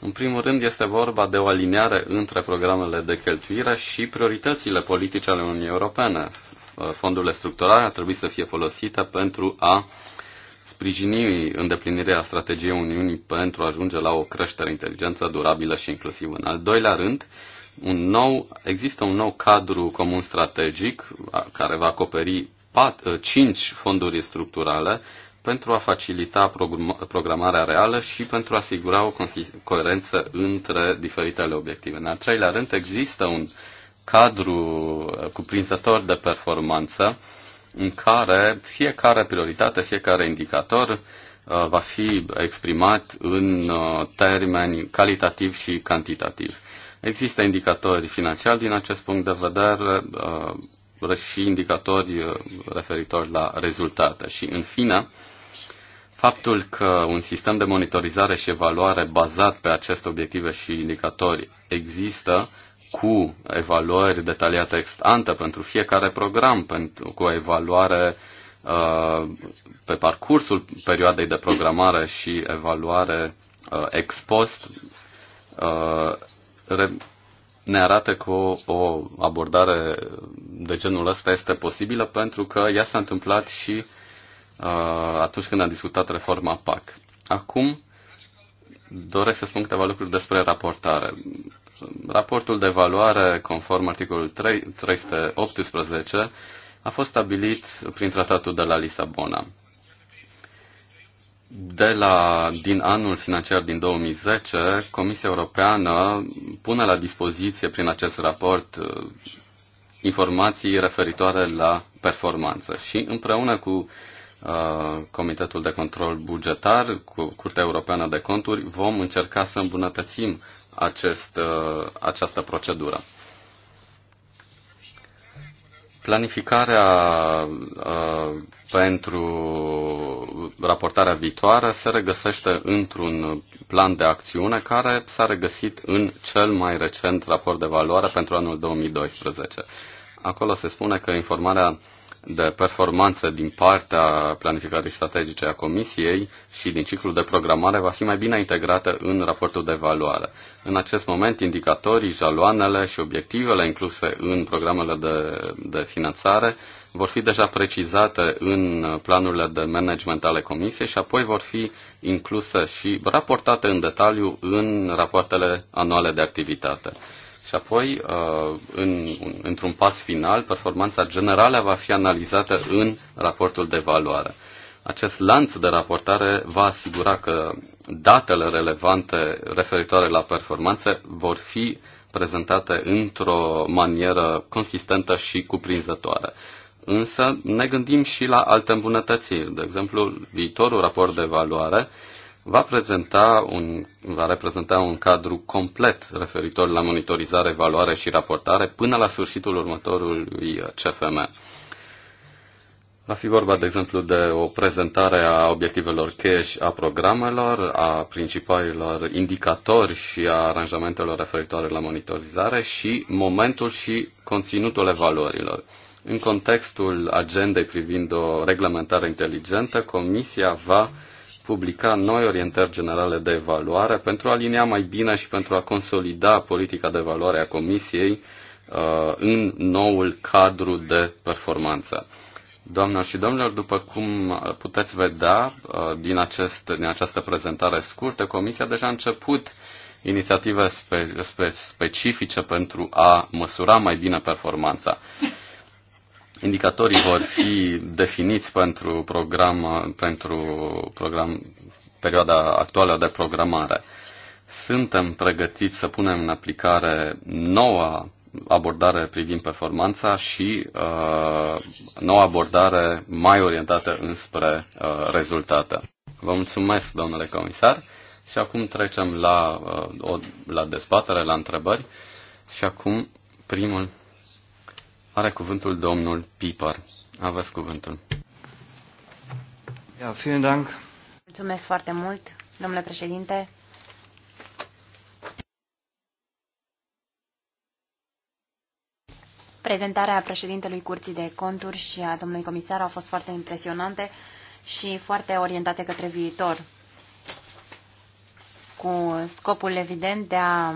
În primul rând este vorba de o alineare între programele de cheltuire și prioritățile politice ale Uniunii Europene. Uh, fondurile structurale ar trebui să fie folosite pentru a sprijini îndeplinirea strategiei Uniunii pentru a ajunge la o creștere inteligentă, durabilă și inclusivă. În al doilea rând, un nou, există un nou cadru comun strategic care va acoperi 4, 5 ă, fonduri structurale pentru a facilita programarea reală și pentru a asigura o coerență între diferitele obiective. În al treilea rând, există un cadru ă, cuprinzător de performanță în care fiecare prioritate, fiecare indicator ă, va fi exprimat în termeni calitativ și cantitativ. Există indicatori financiari din acest punct de vedere uh, și indicatori uh, referitori la rezultate. Și în fine, faptul că un sistem de monitorizare și evaluare bazat pe aceste obiective și indicatori există cu evaluări detaliate ex ante pentru fiecare program, pentru, cu o evaluare uh, pe parcursul perioadei de programare și evaluare uh, ex post, uh, ne arată că o, o abordare de genul ăsta este posibilă pentru că ea s-a întâmplat și uh, atunci când am discutat reforma PAC. Acum doresc să spun câteva lucruri despre raportare. Raportul de evaluare conform articolul 3, 318, a fost stabilit prin tratatul de la Lisabona de la, din anul financiar din 2010, Comisia Europeană pune la dispoziție prin acest raport uh, informații referitoare la performanță și împreună cu uh, Comitetul de Control Bugetar, cu Curtea Europeană de Conturi, vom încerca să îmbunătățim acest, uh, această procedură. Planificarea uh, pentru raportarea viitoare se regăsește într-un plan de acțiune care s-a regăsit în cel mai recent raport de valoare pentru anul 2012. Acolo se spune că informarea de performanță din partea planificării strategice a Comisiei și din ciclul de programare va fi mai bine integrată în raportul de evaluare. În acest moment, indicatorii, jaloanele și obiectivele incluse în programele de, de finanțare vor fi deja precizate în planurile de management ale Comisiei și apoi vor fi incluse și raportate în detaliu în rapoartele anuale de activitate. Și apoi, uh, în, într-un pas final, performanța generală va fi analizată în raportul de evaluare. Acest lanț de raportare va asigura că datele relevante referitoare la performanțe vor fi prezentate într-o manieră consistentă și cuprinzătoare. Însă ne gândim și la alte îmbunătățiri. De exemplu, viitorul raport de evaluare uh, va prezenta un, va reprezenta un cadru complet referitor la monitorizare, evaluare și raportare până la sfârșitul următorului CFM. Va fi vorba, de exemplu, de o prezentare a obiectivelor cheie și a programelor, a principalilor indicatori și a aranjamentelor referitoare la monitorizare și momentul și conținutul evaluărilor. În contextul agendei privind o reglementare inteligentă, Comisia va publica noi orientări generale de evaluare pentru a alinea mai bine și pentru a consolida politica de evaluare a Comisiei uh, în noul cadru de performanță. Doamnelor și domnilor, după cum puteți vedea uh, din, acest, din această prezentare scurtă, Comisia deja a început inițiative spe, spe, specifice pentru a măsura mai bine performanța. Indicatorii vor fi definiți pentru, program, pentru program, perioada actuală de programare. Suntem pregătiți să punem în aplicare noua abordare privind performanța și uh, noua abordare mai orientată înspre uh, rezultate. Vă mulțumesc, domnule comisar, și acum trecem la, uh, o, la dezbatere, la întrebări. Și acum primul are cuvântul domnul Piper. Aveți cuvântul. Ja, vielen Dank. Mulțumesc foarte mult, domnule președinte. Prezentarea președintelui Curții de Conturi și a domnului comisar au fost foarte impresionante și foarte orientate către viitor, cu scopul evident de a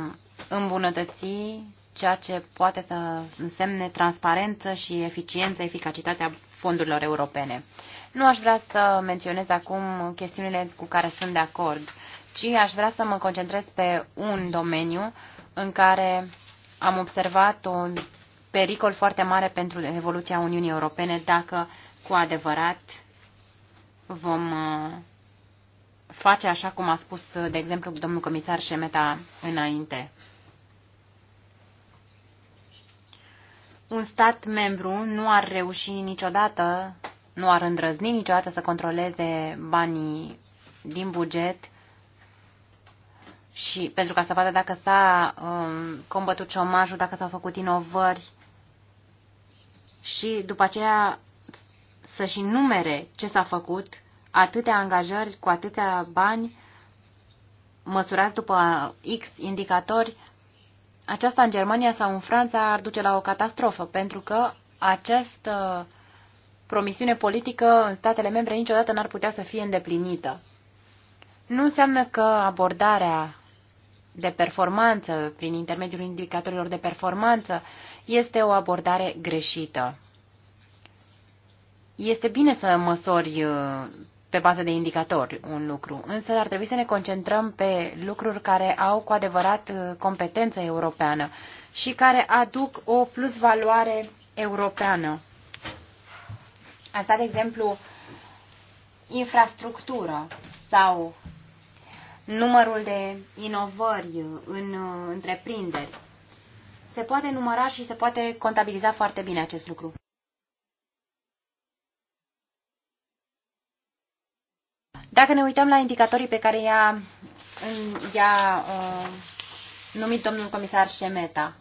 îmbunătăți ceea ce poate să însemne transparență și eficiență, eficacitatea fondurilor europene. Nu aș vrea să menționez acum chestiunile cu care sunt de acord, ci aș vrea să mă concentrez pe un domeniu în care am observat un pericol foarte mare pentru evoluția Uniunii Europene dacă cu adevărat vom uh, face așa cum a spus, de exemplu, domnul comisar Șemeta înainte. un stat membru nu ar reuși niciodată, nu ar îndrăzni niciodată să controleze banii din buget și pentru ca să vadă dacă s-a um, combătut șomajul, dacă s-au făcut inovări și după aceea să-și numere ce s-a făcut, atâtea angajări cu atâtea bani, măsurați după X indicatori, aceasta în Germania sau în Franța ar duce la o catastrofă, pentru că această promisiune politică în statele membre niciodată n-ar putea să fie îndeplinită. Nu înseamnă că abordarea de performanță prin intermediul indicatorilor de performanță este o abordare greșită. Este bine să măsori uh, pe bază de indicatori un lucru, însă ar trebui să ne concentrăm pe lucruri care au cu adevărat uh, competență europeană și care aduc o plus valoare europeană. Asta, de exemplu, infrastructură sau numărul de inovări uh, în uh, întreprinderi. Se poate număra și se poate contabiliza foarte bine acest lucru. Dacă ne uităm la indicatorii pe care i-a, uh, numit domnul comisar Șemeta,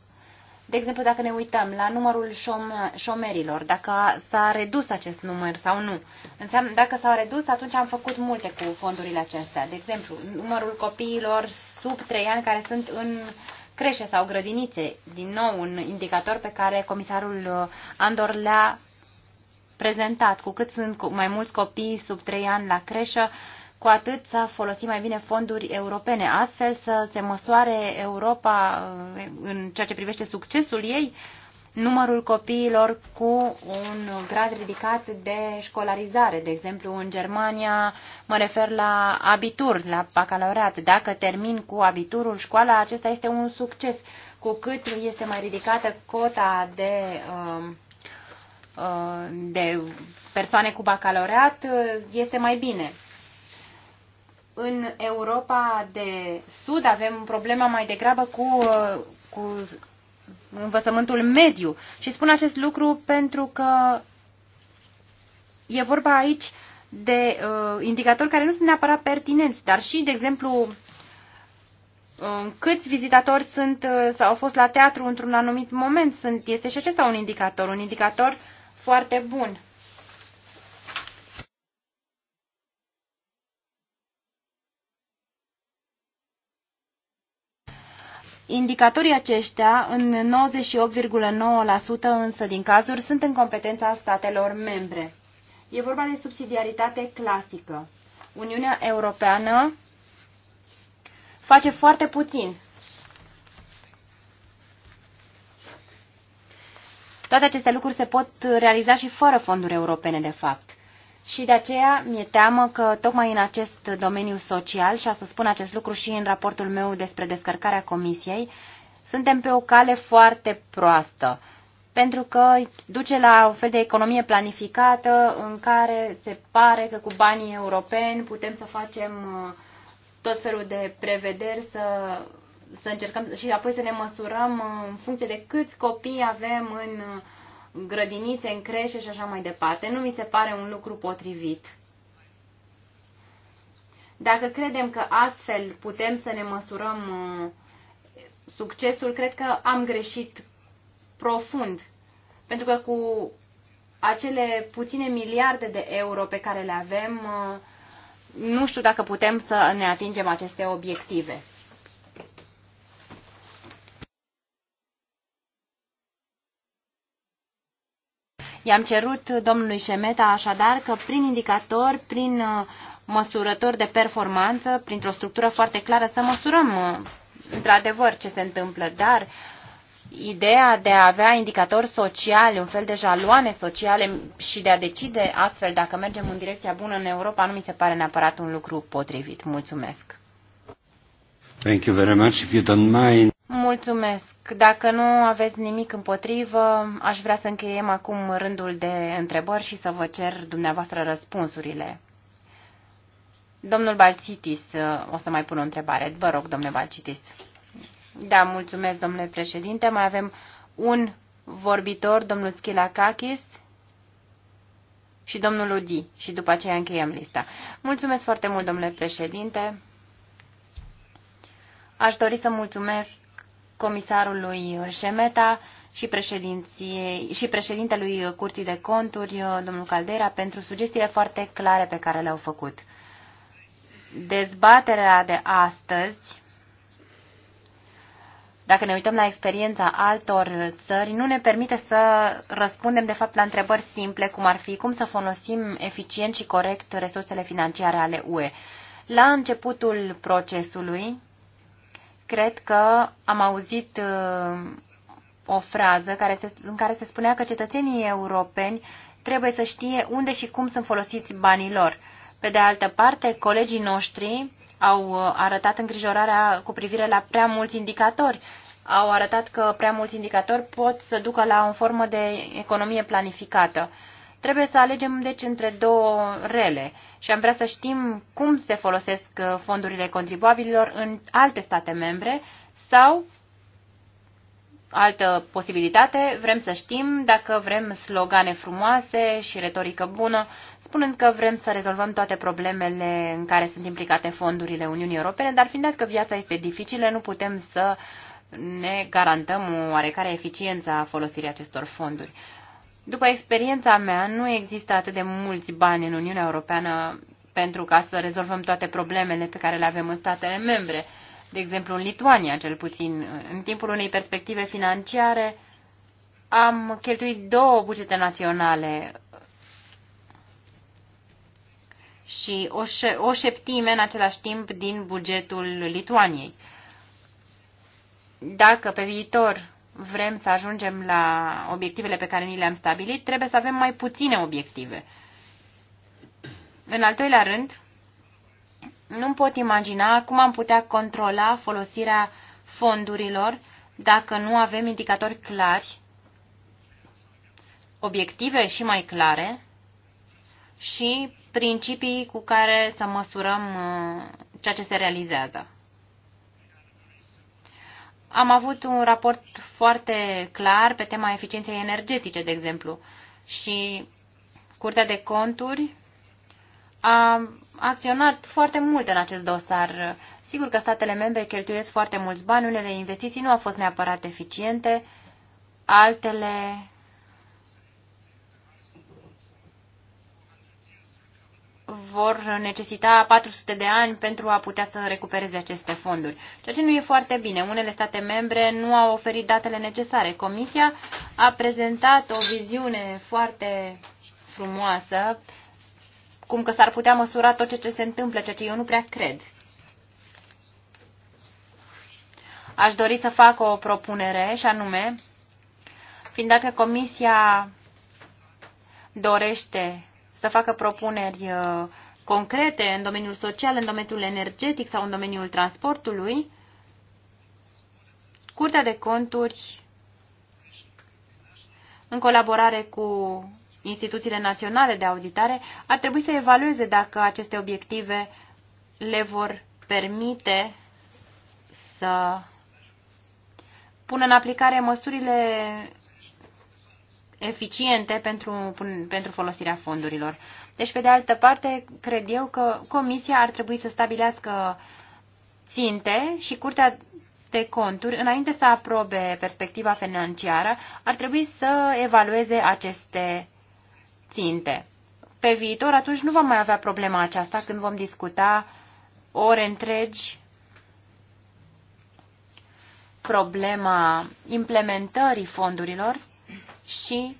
de exemplu, dacă ne uităm la numărul șom- șomerilor, dacă s-a redus acest număr sau nu, înseamnă, dacă s a redus, atunci am făcut multe cu fondurile acestea. De exemplu, numărul copiilor sub 3 ani care sunt în creșe sau grădinițe, din nou un indicator pe care comisarul uh, Andor le a prezentat. Cu cât sunt mai mulți copii sub 3 ani la creșă, cu atât să folosim mai bine fonduri europene. Astfel să se măsoare Europa uh, în ceea ce privește succesul ei, numărul copiilor cu un grad ridicat de școlarizare. De exemplu, în Germania mă refer la abitur, la bacalaureat. Dacă termin cu abiturul școala, acesta este un succes. Cu cât este mai ridicată cota de uh, Uh, de persoane cu bacalaureat uh, este mai bine. În Europa de Sud avem problema mai degrabă cu, uh, cu învățământul mediu. Și spun acest lucru pentru că e vorba aici de uh, indicatori care nu sunt neapărat pertinenți, dar și, de exemplu, câți vizitatori sunt sau au fost la teatru într-un anumit moment, sunt, este și acesta un indicator, un indicator uh, foarte bun. Indicatorii aceștia, în 98,9% însă din cazuri, sunt în competența statelor membre. E vorba de subsidiaritate clasică. Uniunea Europeană face foarte puțin Toate aceste lucruri se pot realiza și fără fonduri europene, de fapt. Și de aceea mi-e teamă că tocmai în acest domeniu social, și o să spun acest lucru și în raportul meu despre descărcarea comisiei, suntem pe o cale foarte proastă, pentru că duce la o fel de economie planificată în care se pare că cu banii europeni putem să facem uh, tot felul de prevederi, să să încercăm și apoi să ne măsurăm uh, în funcție de câți copii avem în uh, grădinițe, în creșe și așa mai departe. Nu mi se pare un lucru potrivit. Dacă credem că astfel putem să ne măsurăm uh, succesul, cred că am greșit profund. Pentru că cu acele puține miliarde de euro pe care le avem, nu știu dacă putem să ne atingem aceste obiective. I-am cerut domnului Șemeta așadar că prin indicatori, prin uh, măsurători de performanță, printr-o structură foarte clară, să măsurăm uh, într-adevăr ce se întâmplă, dar ideea de a avea indicatori sociali, un fel de jaloane sociale și de a decide astfel dacă mergem în direcția bună în Europa nu mi se pare neapărat un lucru potrivit. Mulțumesc! Thank you very much. If you don't mind. Mulțumesc! Dacă nu aveți nimic împotrivă, aș vrea să încheiem acum rândul de întrebări și să vă cer dumneavoastră răspunsurile. Domnul Balcitis, o să mai pun o întrebare. Vă rog, domnule Balcitis. Da, mulțumesc, domnule președinte. Mai avem un vorbitor, domnul Schilakakis și domnul Udi. Și după aceea încheiem lista. Mulțumesc foarte mult, domnule președinte. Aș dori să mulțumesc comisarului Șemeta și, și președintelui Curții de Conturi, domnul Caldera, pentru sugestiile foarte clare pe care le-au făcut. Dezbaterea de astăzi dacă ne uităm la experiența altor țări, nu ne permite să răspundem, de fapt, la întrebări simple, cum ar fi cum să folosim eficient și corect resursele financiare ale UE. La începutul procesului, cred că am auzit uh, o frază care se, în care se spunea că cetățenii europeni trebuie să știe unde și cum sunt folosiți banii lor. Pe de altă parte, colegii noștri au uh, arătat îngrijorarea cu privire la prea mulți indicatori. Au arătat că prea mulți indicatori pot să ducă la o formă de economie planificată. Trebuie să alegem, deci, între două rele și am vrea să știm cum se folosesc uh, fondurile contribuabililor în alte state membre sau altă posibilitate, vrem să știm dacă vrem slogane frumoase și retorică bună, spunând că vrem să rezolvăm toate problemele în care sunt implicate fondurile Uniunii Europene, dar fiind dat că viața este dificilă, nu putem să ne garantăm o oarecare eficiență a folosirii acestor fonduri. După experiența mea, nu există atât de mulți bani în Uniunea Europeană pentru ca să rezolvăm toate problemele pe care le avem în statele membre. De exemplu, în Lituania, cel puțin, în timpul unei perspective financiare, am cheltuit două bugete naționale și o, o șeptime în același timp din bugetul Lituaniei. Dacă pe viitor vrem să ajungem la obiectivele pe care ni le-am stabilit, trebuie să avem mai puține obiective. În al doilea rând, nu pot imagina cum am putea controla folosirea fondurilor dacă nu avem indicatori clari, obiective și mai clare și principii cu care să măsurăm uh, ceea ce se realizează. Am avut un raport foarte clar pe tema eficienței energetice, de exemplu, și Curtea de Conturi a acționat foarte mult în acest dosar. Sigur că statele membre cheltuiesc foarte mulți bani, unele investiții nu au fost neapărat eficiente, altele vor necesita 400 de ani pentru a putea să recupereze aceste fonduri, ceea ce nu e foarte bine. Unele state membre nu au oferit datele necesare. Comisia a prezentat o viziune foarte frumoasă, cum că s-ar putea măsura tot ce, ce se întâmplă, ceea ce eu nu prea cred. Aș dori să fac o propunere, și anume, fiind dacă Comisia dorește să facă propuneri uh, concrete în domeniul social, în domeniul energetic sau în domeniul transportului, Curtea de Conturi, în colaborare cu instituțiile naționale de auditare, ar trebui să evalueze dacă aceste obiective le vor permite să pună în aplicare măsurile eficiente pentru, pentru folosirea fondurilor. Deci, pe de altă parte, cred eu că Comisia ar trebui să stabilească ținte și Curtea de Conturi, înainte să aprobe perspectiva financiară, ar trebui să evalueze aceste ținte. Pe viitor, atunci nu vom mai avea problema aceasta când vom discuta ore întregi problema implementării fondurilor și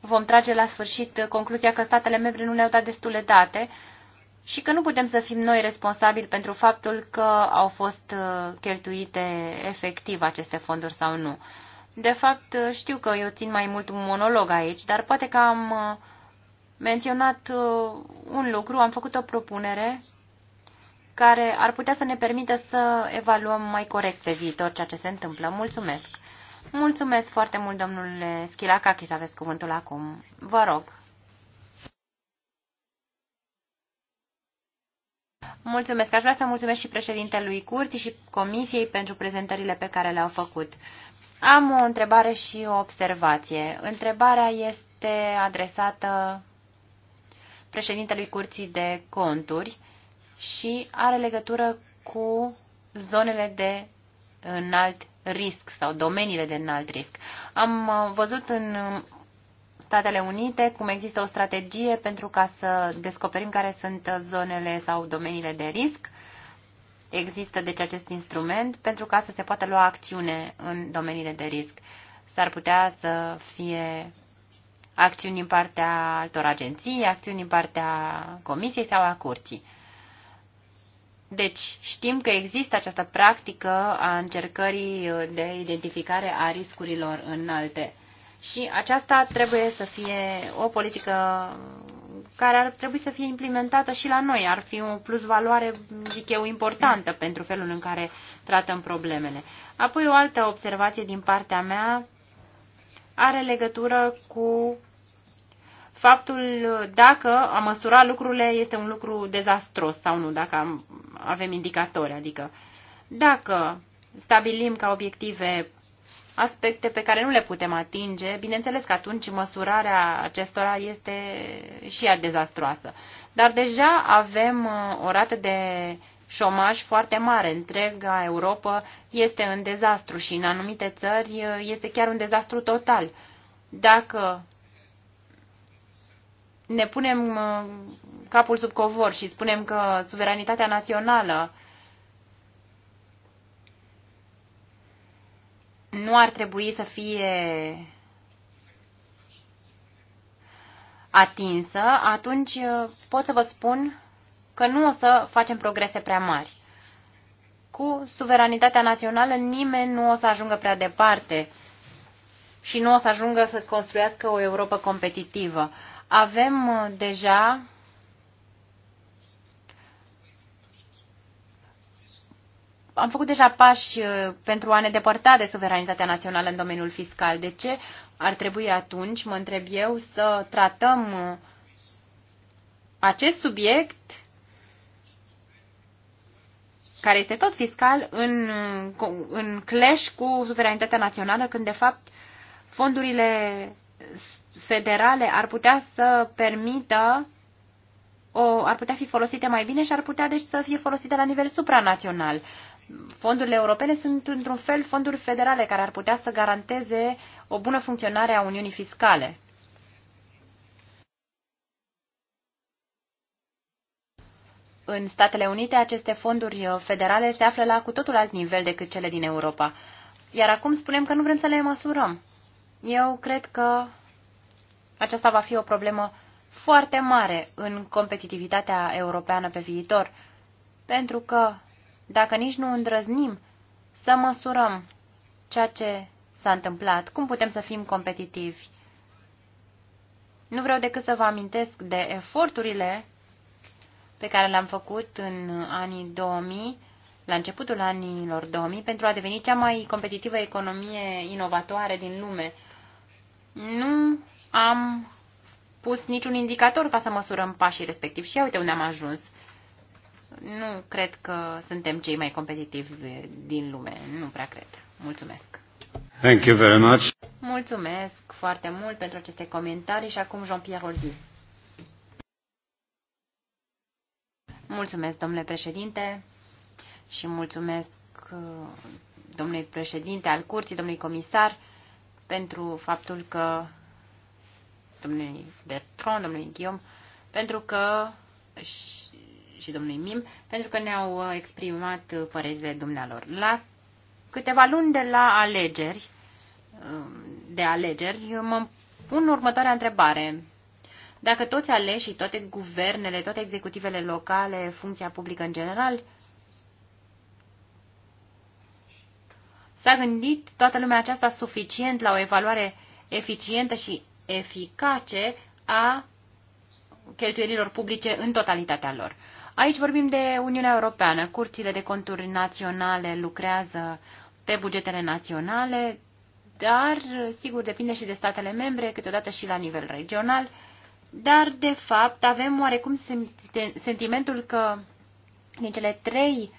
vom trage la sfârșit concluzia că statele membre nu ne-au dat destule date și că nu putem să fim noi responsabili pentru faptul că au fost uh, cheltuite efectiv aceste fonduri sau nu. De fapt, uh, știu că eu țin mai mult un monolog aici, dar poate că am uh, menționat un lucru, am făcut o propunere care ar putea să ne permită să evaluăm mai corect pe viitor ceea ce se întâmplă. Mulțumesc! Mulțumesc foarte mult, domnule Schilacachis, aveți cuvântul acum. Vă rog. Mulțumesc. Aș vrea să mulțumesc și președintelui Curții și Comisiei pentru prezentările pe care le-au făcut. Am o întrebare și o observație. Întrebarea este adresată președintelui Curții de Conturi și are legătură cu zonele de înalt risc sau domeniile de înalt risc. Am uh, văzut în Statele Unite cum există o strategie pentru ca să descoperim care sunt zonele sau domeniile de risc. Există deci acest instrument pentru ca să se poată lua acțiune în domeniile de risc. S-ar putea să fie acțiuni din partea altor agenții, acțiuni din partea comisiei sau a curții. Deci știm că există această practică a încercării de identificare a riscurilor înalte. Și aceasta trebuie să fie o politică care ar trebui să fie implementată și la noi. Ar fi o plus valoare, zic eu, importantă pentru felul în care tratăm problemele. Apoi o altă observație din partea mea are legătură cu faptul dacă a măsura lucrurile este un lucru dezastros sau nu, dacă am, avem indicatori. Adică dacă stabilim ca obiective aspecte pe care nu le putem atinge, bineînțeles că atunci măsurarea acestora este și ea dezastroasă. Dar deja avem uh, o rată de șomaj foarte mare. Întreaga Europa este în dezastru și în anumite țări uh, este chiar un dezastru total. Dacă ne punem uh, capul sub covor și spunem că suveranitatea națională nu ar trebui să fie atinsă, atunci uh, pot să vă spun că nu o să facem progrese prea mari. Cu suveranitatea națională nimeni nu o să ajungă prea departe și nu o să ajungă să construiască o Europa competitivă avem uh, deja am făcut deja pași uh, pentru a ne depărta de suveranitatea națională în domeniul fiscal. De ce ar trebui atunci, mă întreb eu, să tratăm uh, acest subiect care este tot fiscal în, în clash cu suveranitatea națională, când de fapt fondurile federale ar putea să permită o, ar putea fi folosite mai bine și ar putea deci să fie folosite la nivel supranațional. Fondurile europene sunt într-un fel fonduri federale care ar putea să garanteze o bună funcționare a Uniunii Fiscale. În Statele Unite, aceste fonduri uh, federale se află la cu totul alt nivel decât cele din Europa. Iar acum spunem că nu vrem să le măsurăm. Eu cred că aceasta va fi o problemă foarte mare în competitivitatea europeană pe viitor, pentru că dacă nici nu îndrăznim să măsurăm ceea ce s-a întâmplat, cum putem să fim competitivi? Nu vreau decât să vă amintesc de eforturile pe care le-am făcut în anii 2000, la începutul anilor 2000, pentru a deveni cea mai competitivă economie inovatoare din lume. Nu am pus niciun indicator ca să măsurăm pașii respectiv și ia uite unde am ajuns. Nu cred că suntem cei mai competitivi din lume, nu prea cred. Mulțumesc. Thank you very much. Mulțumesc foarte mult pentru aceste comentarii și acum Jean-Pierre Oldi. Mulțumesc, domnule președinte, și mulțumesc domnului președinte al curții, domnului comisar, pentru faptul că domnului Bertrand, domnului Guillaume, pentru că și, și domnului Mim, pentru că ne-au uh, exprimat uh, părerile dumnealor. La câteva luni de la alegeri, um, de alegeri, mă pun următoarea întrebare. Dacă toți aleșii, toate guvernele, toate executivele locale, funcția publică în general, s-a gândit toată lumea aceasta suficient la o evaluare eficientă și eficace a cheltuielilor publice în totalitatea lor. Aici vorbim de Uniunea Europeană. Curțile de conturi naționale lucrează pe bugetele naționale, dar, sigur, depinde și de statele membre, câteodată și la nivel regional, dar, de fapt, avem oarecum sentimentul că din cele trei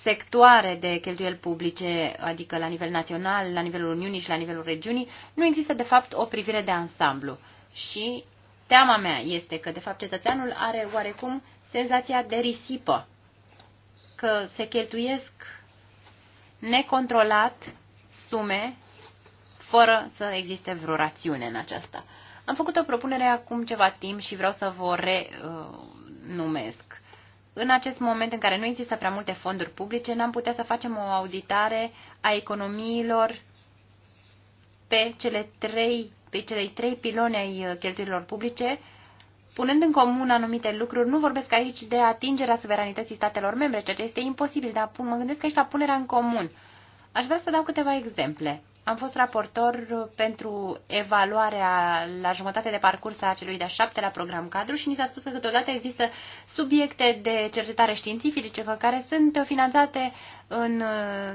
sectoare de cheltuieli publice, adică la nivel național, la nivelul Uniunii și la nivelul regiunii, nu există de fapt o privire de ansamblu. Și teama mea este că de fapt cetățeanul are oarecum senzația de risipă, că se cheltuiesc necontrolat sume fără să existe vreo rațiune în aceasta. Am făcut o propunere acum ceva timp și vreau să vă renumesc. Uh, în acest moment în care nu există prea multe fonduri publice, n-am putea să facem o auditare a economiilor pe cele trei, pe cele trei piloni ai uh, cheltuielor publice, punând în comun anumite lucruri, nu vorbesc aici de atingerea suveranității statelor membre, ceea ce este imposibil, dar mă gândesc aici la punerea în comun. Aș vrea să dau câteva exemple. Am fost raportor pentru evaluarea la jumătate de parcurs a celui de-a șaptelea program cadru și ni s-a spus că câteodată există subiecte de cercetare științifice care sunt finanțate în uh,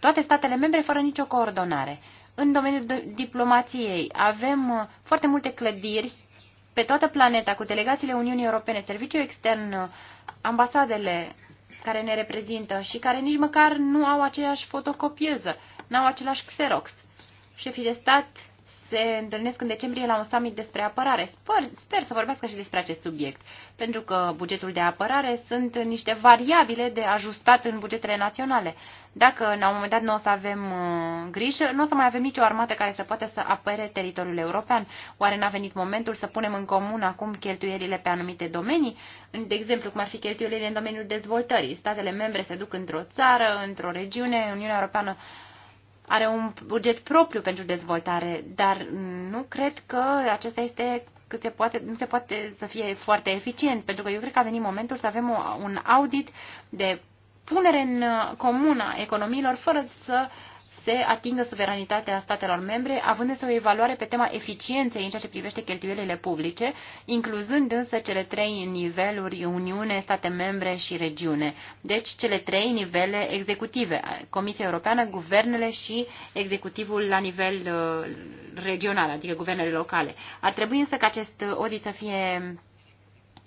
toate statele membre fără nicio coordonare. În domeniul diplomației avem uh, foarte multe clădiri pe toată planeta cu delegațiile Uniunii Europene, serviciu extern, uh, ambasadele care ne reprezintă și care nici măcar nu au aceeași fotocopieză n-au același Xerox. Șefii de stat se întâlnesc în decembrie la un summit despre apărare. Sper, sper să vorbească și despre acest subiect, pentru că bugetul de apărare sunt niște variabile de ajustat în bugetele naționale. Dacă la un moment dat nu o să avem uh, grijă, nu o să mai avem nicio armată care să poată să apere teritoriul european. Oare n-a venit momentul să punem în comun acum cheltuielile pe anumite domenii? De exemplu, cum ar fi cheltuielile în domeniul dezvoltării. Statele membre se duc într-o țară, într-o regiune, Uniunea Europeană uh, are un buget propriu pentru dezvoltare, dar nu cred că acesta este cât se poate, nu se poate să fie foarte eficient, pentru că eu cred că a venit momentul să avem un audit de punere în comună a economiilor fără să se atingă suveranitatea statelor membre, având însă o evaluare pe tema eficienței în ceea ce privește cheltuielile publice, incluzând însă cele trei niveluri Uniune, state membre și regiune. Deci cele trei nivele executive, Comisia Europeană, guvernele și executivul la nivel uh, regional, adică guvernele locale. Ar trebui însă ca acest audit să fie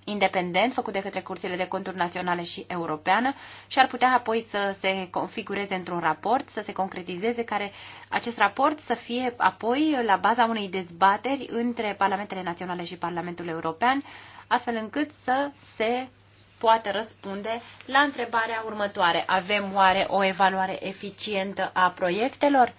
independent făcut de către curțile de conturi naționale și europeană și ar putea apoi să se configureze într-un raport, să se concretizeze, care acest raport să fie apoi la baza unei dezbateri între Parlamentele Naționale și Parlamentul European, astfel încât să se poată răspunde la întrebarea următoare. Avem oare o evaluare eficientă a proiectelor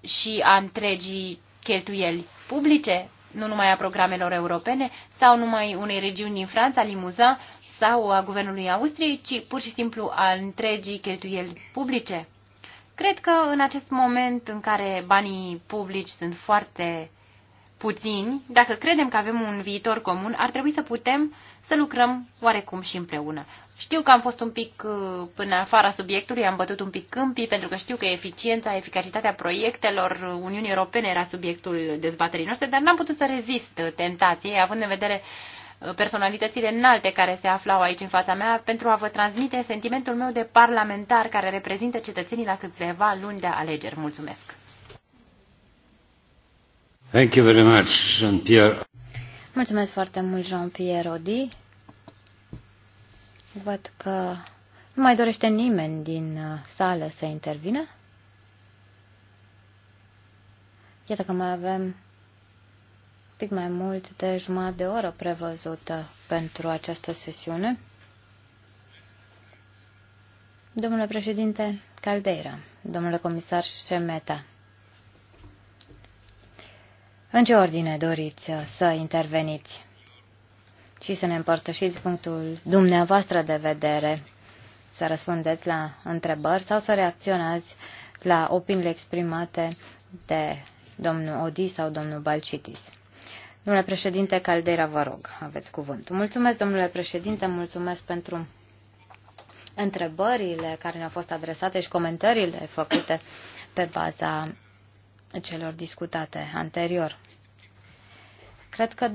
și a întregii cheltuieli publice? nu numai a programelor europene sau numai unei regiuni din Franța, Limuza sau a guvernului Austriei, ci pur și simplu a întregii cheltuieli publice. Cred că în acest moment în care banii publici sunt foarte puțini, dacă credem că avem un viitor comun, ar trebui să putem să lucrăm oarecum și împreună. Știu că am fost un pic uh, până afara subiectului, am bătut un pic câmpii, pentru că știu că eficiența, eficacitatea proiectelor uh, Uniunii Europene era subiectul dezbaterii noastre, dar n-am putut să rezist uh, tentației, având în vedere personalitățile înalte care se aflau aici în fața mea, pentru a vă transmite sentimentul meu de parlamentar care reprezintă cetățenii la câteva luni de alegeri. Mulțumesc! Thank you very much, Jean-Pierre. Mulțumesc foarte mult, Jean-Pierre Odi. Văd că nu mai dorește nimeni din uh, sală să intervină. Iată că mai avem pic mai mult de jumătate de oră prevăzută pentru această sesiune. Domnule președinte Caldeira, domnule comisar Șemeta, în ce ordine doriți uh, să interveniți? și să ne împărtășiți punctul dumneavoastră de vedere, să răspundeți la întrebări sau să reacționați la opiniile exprimate de domnul Odi sau domnul Balcitis. Domnule președinte Caldera, vă rog, aveți cuvântul. Mulțumesc, domnule președinte, mulțumesc pentru întrebările care ne-au fost adresate și comentariile făcute pe baza celor discutate anterior. Cred că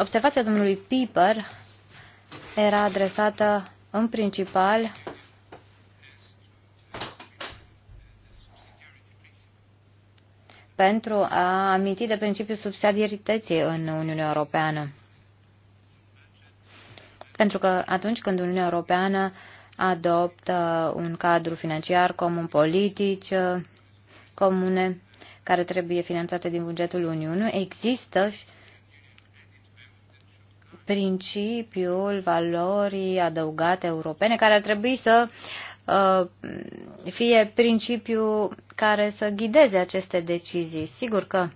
Observația domnului Piper era adresată în principal pentru a aminti de principiul subsidiarității în Uniunea Europeană. Pentru că atunci când Uniunea Europeană adoptă un cadru financiar comun, politic uh, comune, care trebuie finanțate din bugetul Uniunii, există și principiul valorii adăugate europene, care ar trebui să uh, fie principiul care să ghideze aceste decizii. Sigur că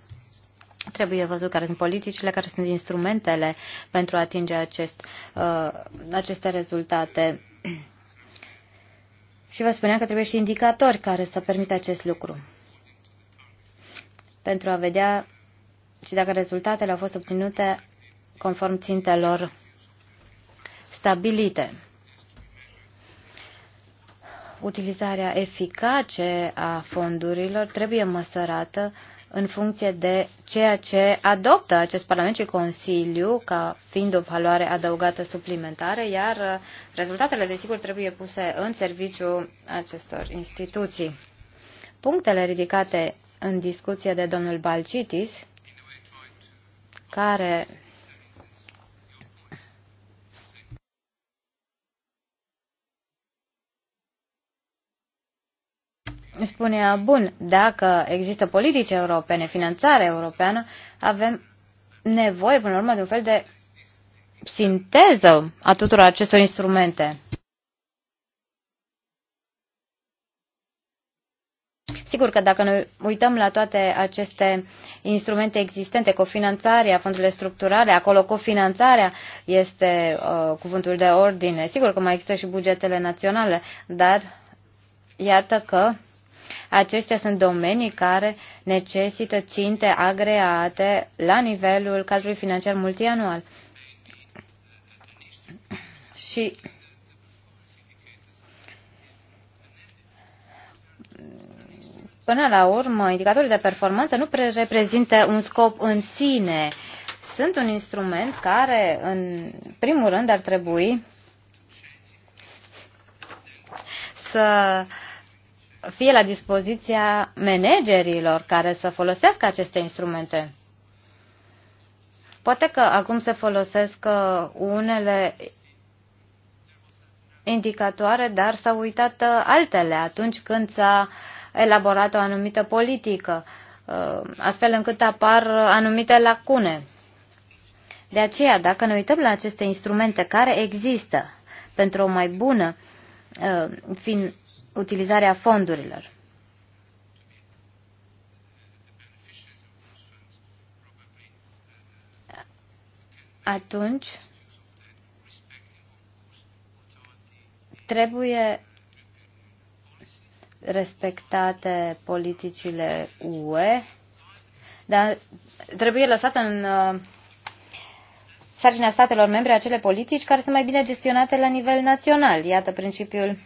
trebuie văzut care sunt politicile, care sunt instrumentele pentru a atinge acest, uh, aceste rezultate. Și vă spuneam că trebuie și indicatori care să permită acest lucru. Pentru a vedea și dacă rezultatele au fost obținute conform țintelor stabilite. Utilizarea eficace a fondurilor trebuie măsărată în funcție de ceea ce adoptă acest Parlament și Consiliu ca fiind o valoare adăugată suplimentară, iar rezultatele, desigur, trebuie puse în serviciu acestor instituții. Punctele ridicate în discuție de domnul Balcitis, care spunea, bun, dacă există politici europene, finanțare europeană, avem nevoie, până la urmă, de un fel de sinteză a tuturor acestor instrumente. Sigur că dacă noi uităm la toate aceste instrumente existente, cofinanțarea, fondurile structurale, acolo cofinanțarea este uh, cuvântul de ordine. Sigur că mai există și bugetele naționale, dar iată că Acestea sunt domenii care necesită ținte agreate la nivelul cadrului financiar multianual. Și Până la urmă, indicatorii de performanță nu reprezintă un scop în sine. Sunt un instrument care, în primul rând, ar trebui să fie la dispoziția managerilor care să folosească aceste instrumente. Poate că acum se folosesc uh, unele indicatoare, dar s-au uitat uh, altele atunci când s-a elaborat o anumită politică, uh, astfel încât apar anumite lacune. De aceea, dacă ne uităm la aceste instrumente care există pentru o mai bună fin utilizarea fondurilor. Atunci trebuie respectate politicile UE, dar trebuie lăsată în uh, sarcina statelor membre acele politici care sunt mai bine gestionate la nivel național. Iată principiul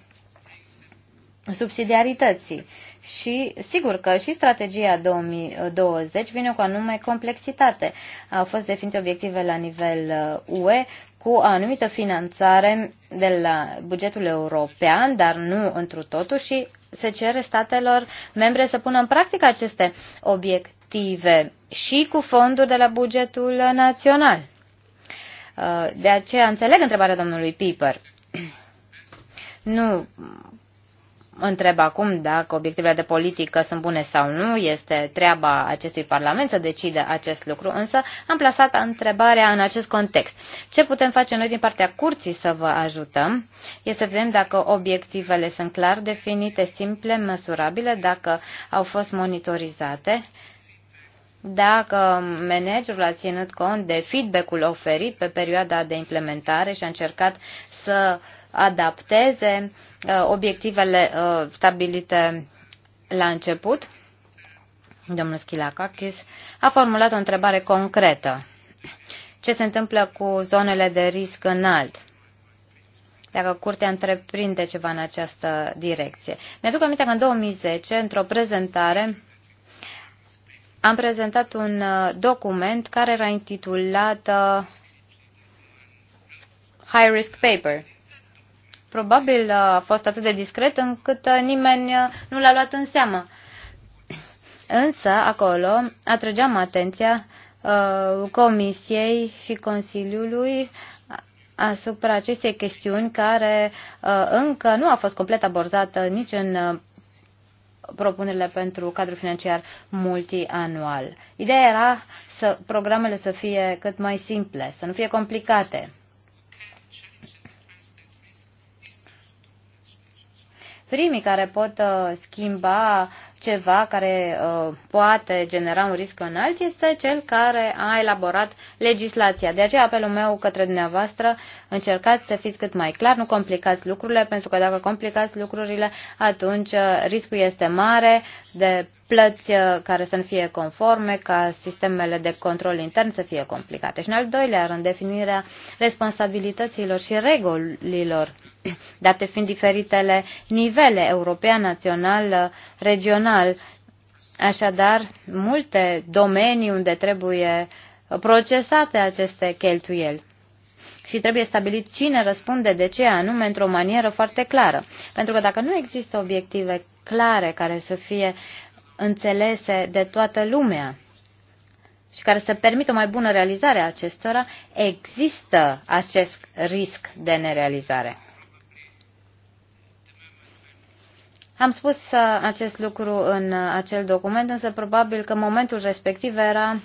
subsidiarității. Și sigur că și strategia 2020 vine cu anume complexitate. Au fost definite obiective la nivel uh, UE cu o anumită finanțare de la bugetul european, dar nu întru totul și se cere statelor membre să pună în practică aceste obiective și cu fonduri de la bugetul național. Uh, de aceea înțeleg întrebarea domnului Piper. [CLEARS THROAT] Nu întreb acum dacă obiectivele de politică sunt bune sau nu, este treaba acestui Parlament să decide acest lucru, însă am plasat întrebarea în acest context. Ce putem face noi din partea curții să vă ajutăm? Este să vedem dacă obiectivele sunt clar definite, simple, măsurabile, dacă au fost monitorizate, dacă managerul a ținut cont de feedback-ul oferit pe perioada de implementare și a încercat să uh, adapteze uh, obiectivele uh, stabilite la început. Domnul Schilacakis a formulat o întrebare concretă. Ce se întâmplă cu zonele de risc înalt? Dacă curtea întreprinde ceva în această direcție. Mi-aduc aminte că în 2010, într-o prezentare, am prezentat un uh, document care era intitulat High Risk Paper probabil a fost atât de discret încât uh, nimeni uh, nu l-a luat în seamă. Însă, acolo atrăgeam atenția uh, Comisiei și Consiliului asupra acestei chestiuni care uh, încă nu a fost complet abordată uh, nici în propunerile pentru cadrul financiar multianual. Ideea era să programele să fie cât mai simple, să nu fie complicate. primii care pot uh, schimba ceva care uh, poate genera un risc înalt este cel care a elaborat legislația. De aceea apelul meu către dumneavoastră, încercați să fiți cât mai clar, nu complicați lucrurile, pentru că dacă complicați lucrurile, atunci uh, riscul este mare de plăți uh, care să nu fie conforme, ca sistemele de control intern să fie complicate. Și în al doilea rând, definirea responsabilităților și regulilor, [CLEARS THROAT] date fiind diferitele nivele, european, național, regional. Așadar, multe domenii unde trebuie procesate aceste cheltuieli și trebuie stabilit cine răspunde de ce anume într-o manieră foarte clară. Pentru că dacă nu există obiective clare care să fie înțelese de toată lumea și care să permită o mai bună realizare a acestora, există acest risc de nerealizare. Am spus uh, acest lucru în uh, acel document, însă probabil că momentul respectiv era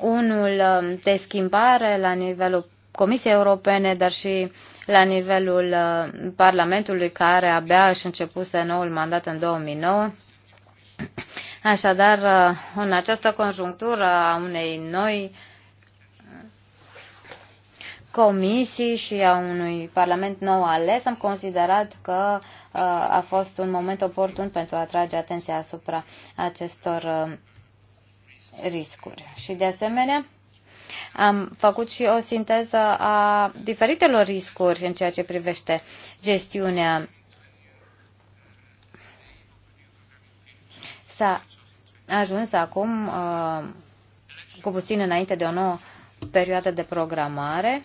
unul um, de schimbare la nivelul Comisiei Europene, dar și la nivelul uh, Parlamentului, care abia își începuse noul mandat în 2009 Așadar, uh, în această conjunctură a unei noi comisii și a unui parlament nou ales, am considerat că uh, a fost un moment oportun pentru a atrage atenția asupra acestor uh, riscuri. Și de asemenea, am făcut și o sinteză a diferitelor riscuri în ceea ce privește gestiunea S-a ajuns acum, uh, cu puțin înainte de o nouă perioadă de programare,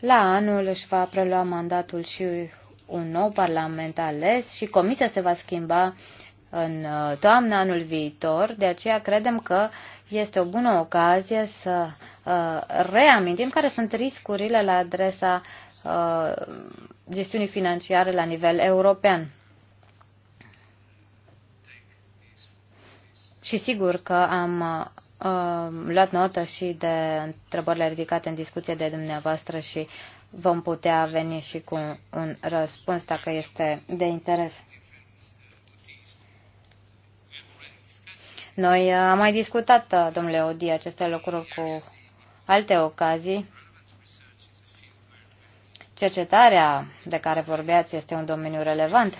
la anul își va prelua mandatul și un nou parlament ales și comisia se va schimba în uh, toamna anul viitor, de aceea credem că este o bună ocazie să uh, reamintim care sunt riscurile la adresa gestiunii financiare la nivel european. Și sigur că am uh, luat notă și de întrebările ridicate în discuție de dumneavoastră și vom putea veni și cu un răspuns dacă este de interes. Noi uh, am mai discutat, uh, domnule Odi, aceste lucruri cu alte ocazii. Cercetarea de care vorbeați este un domeniu relevant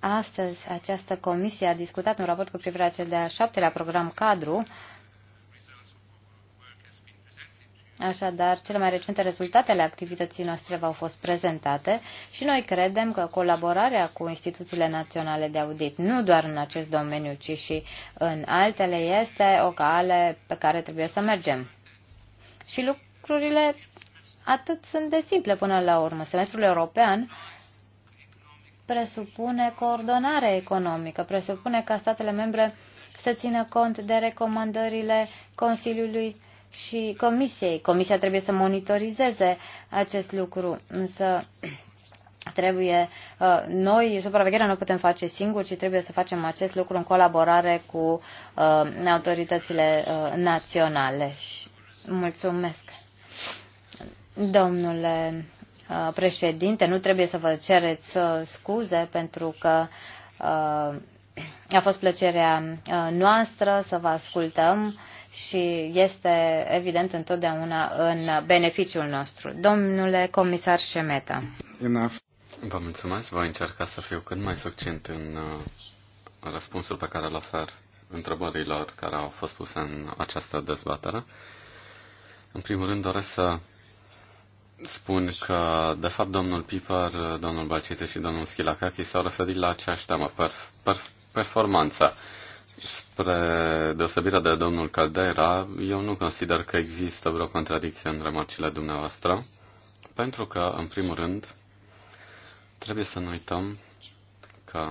Astăzi, această comisie a discutat un raport cu privire la cel de-a șaptelea program cadru. Așadar, cele mai recente rezultate ale activității noastre v-au fost prezentate și noi credem că colaborarea cu instituțiile naționale de audit, nu doar în acest domeniu, ci și în altele, este o cale pe care trebuie să mergem. Și lucrurile atât sunt de simple până la urmă. Semestrul european presupune coordonare economică, presupune ca statele membre să țină cont de recomandările Consiliului și Comisiei. Comisia trebuie să monitorizeze acest lucru, însă [CLEARS THROAT] trebuie uh, noi, supravegherea nu putem face singuri, ci trebuie să facem acest lucru în colaborare cu uh, autoritățile uh, naționale. Mulțumesc, domnule Uh, președinte, nu trebuie să vă cereți uh, scuze pentru că uh, a fost plăcerea noastră să vă ascultăm și este evident întotdeauna în beneficiul nostru. Domnule comisar Șemeta. Enough. Vă mulțumesc, voi încerca să fiu cât mai succint în răspunsul pe care îl ofer întrebărilor care au fost puse în această dezbatere. În primul rând doresc să spun că, de fapt, domnul Piper, domnul Balcite și domnul Schilacati s-au referit la aceeași temă, perf- perf- performanța. Spre deosebire de domnul Caldera, eu nu consider că există vreo contradicție în remarcile dumneavoastră, pentru că, în primul rând, trebuie să nu uităm că,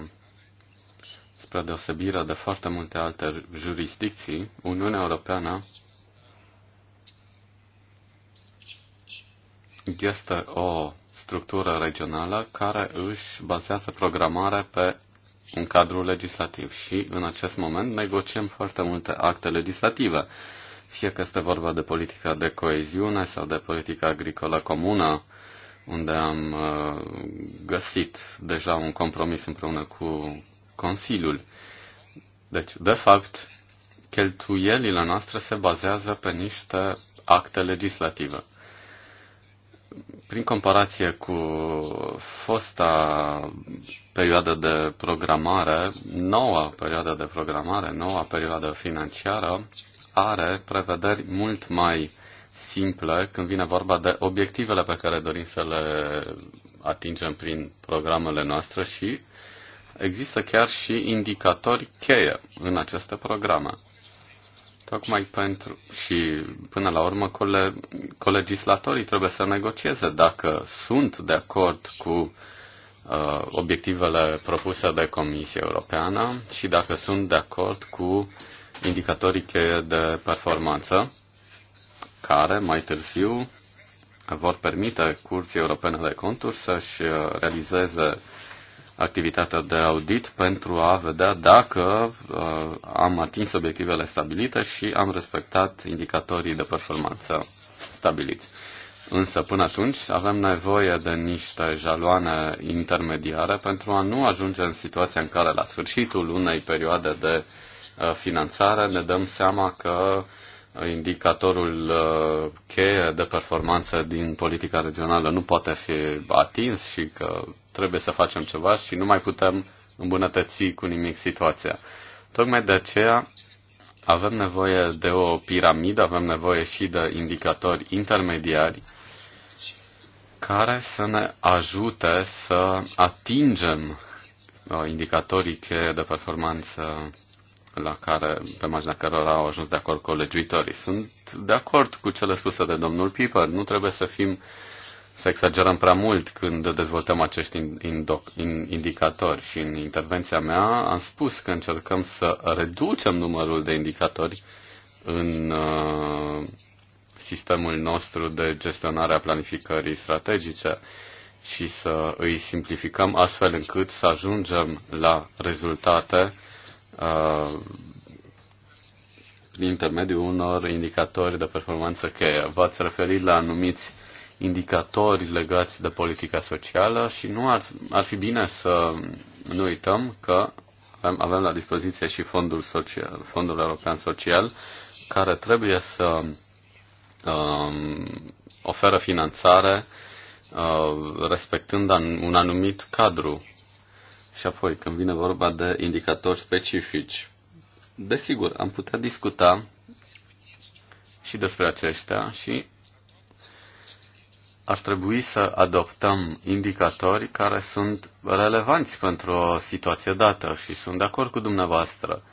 spre deosebire de foarte multe alte jurisdicții, Uniunea Europeană este o structură regională care își bazează programarea pe un cadru legislativ și în acest moment negociem foarte multe acte legislative. Fie că este vorba de politica de coeziune sau de politica agricolă comună, unde am uh, găsit deja un compromis împreună cu Consiliul. Deci, de fapt, cheltuielile noastre se bazează pe niște acte legislative prin comparație cu fosta perioadă de programare, noua perioadă de programare, noua perioadă financiară, are prevederi mult mai simple când vine vorba de obiectivele pe care dorim să le atingem prin programele noastre și există chiar și indicatori cheie în aceste programe. Tocmai pentru și până la urmă cole, colegislatorii trebuie să negocieze dacă sunt de acord cu uh, obiectivele propuse de Comisia Europeană și dacă sunt de acord cu indicatorii cheie de performanță care mai târziu vor permite Curții Europene de Conturi să-și realizeze activitatea de audit pentru a vedea dacă uh, am atins obiectivele stabilite și am respectat indicatorii de performanță stabiliți. Însă până atunci avem nevoie de niște jaloane intermediare pentru a nu ajunge în situația în care la sfârșitul unei perioade de uh, finanțare ne dăm seama că uh, indicatorul uh, cheie de performanță din politica regională nu poate fi atins și că trebuie să facem ceva și nu mai putem îmbunătăți cu nimic situația. Tocmai de aceea avem nevoie de o piramidă, avem nevoie și de indicatori intermediari care să ne ajute să atingem uh, indicatorii cheie de performanță la care, pe marginea cărora au ajuns de acord colegiuitorii. Sunt de acord cu cele spuse de domnul Piper. Nu trebuie să fim să exagerăm prea mult când dezvoltăm acești indicatori și în intervenția mea am spus că încercăm să reducem numărul de indicatori în uh, sistemul nostru de gestionare a planificării strategice și să îi simplificăm astfel încât să ajungem la rezultate prin uh, intermediul unor indicatori de performanță cheie. V-ați referit la anumiți indicatori legați de politica socială și nu ar, ar fi bine să nu uităm că avem, avem la dispoziție și fondul, social, fondul european social care trebuie să um, oferă finanțare uh, respectând an, un anumit cadru și apoi, când vine vorba de indicatori specifici, desigur, am putea discuta și despre aceștia și ar trebui să adoptăm indicatori care sunt relevanți pentru o situație dată și sunt de acord cu dumneavoastră.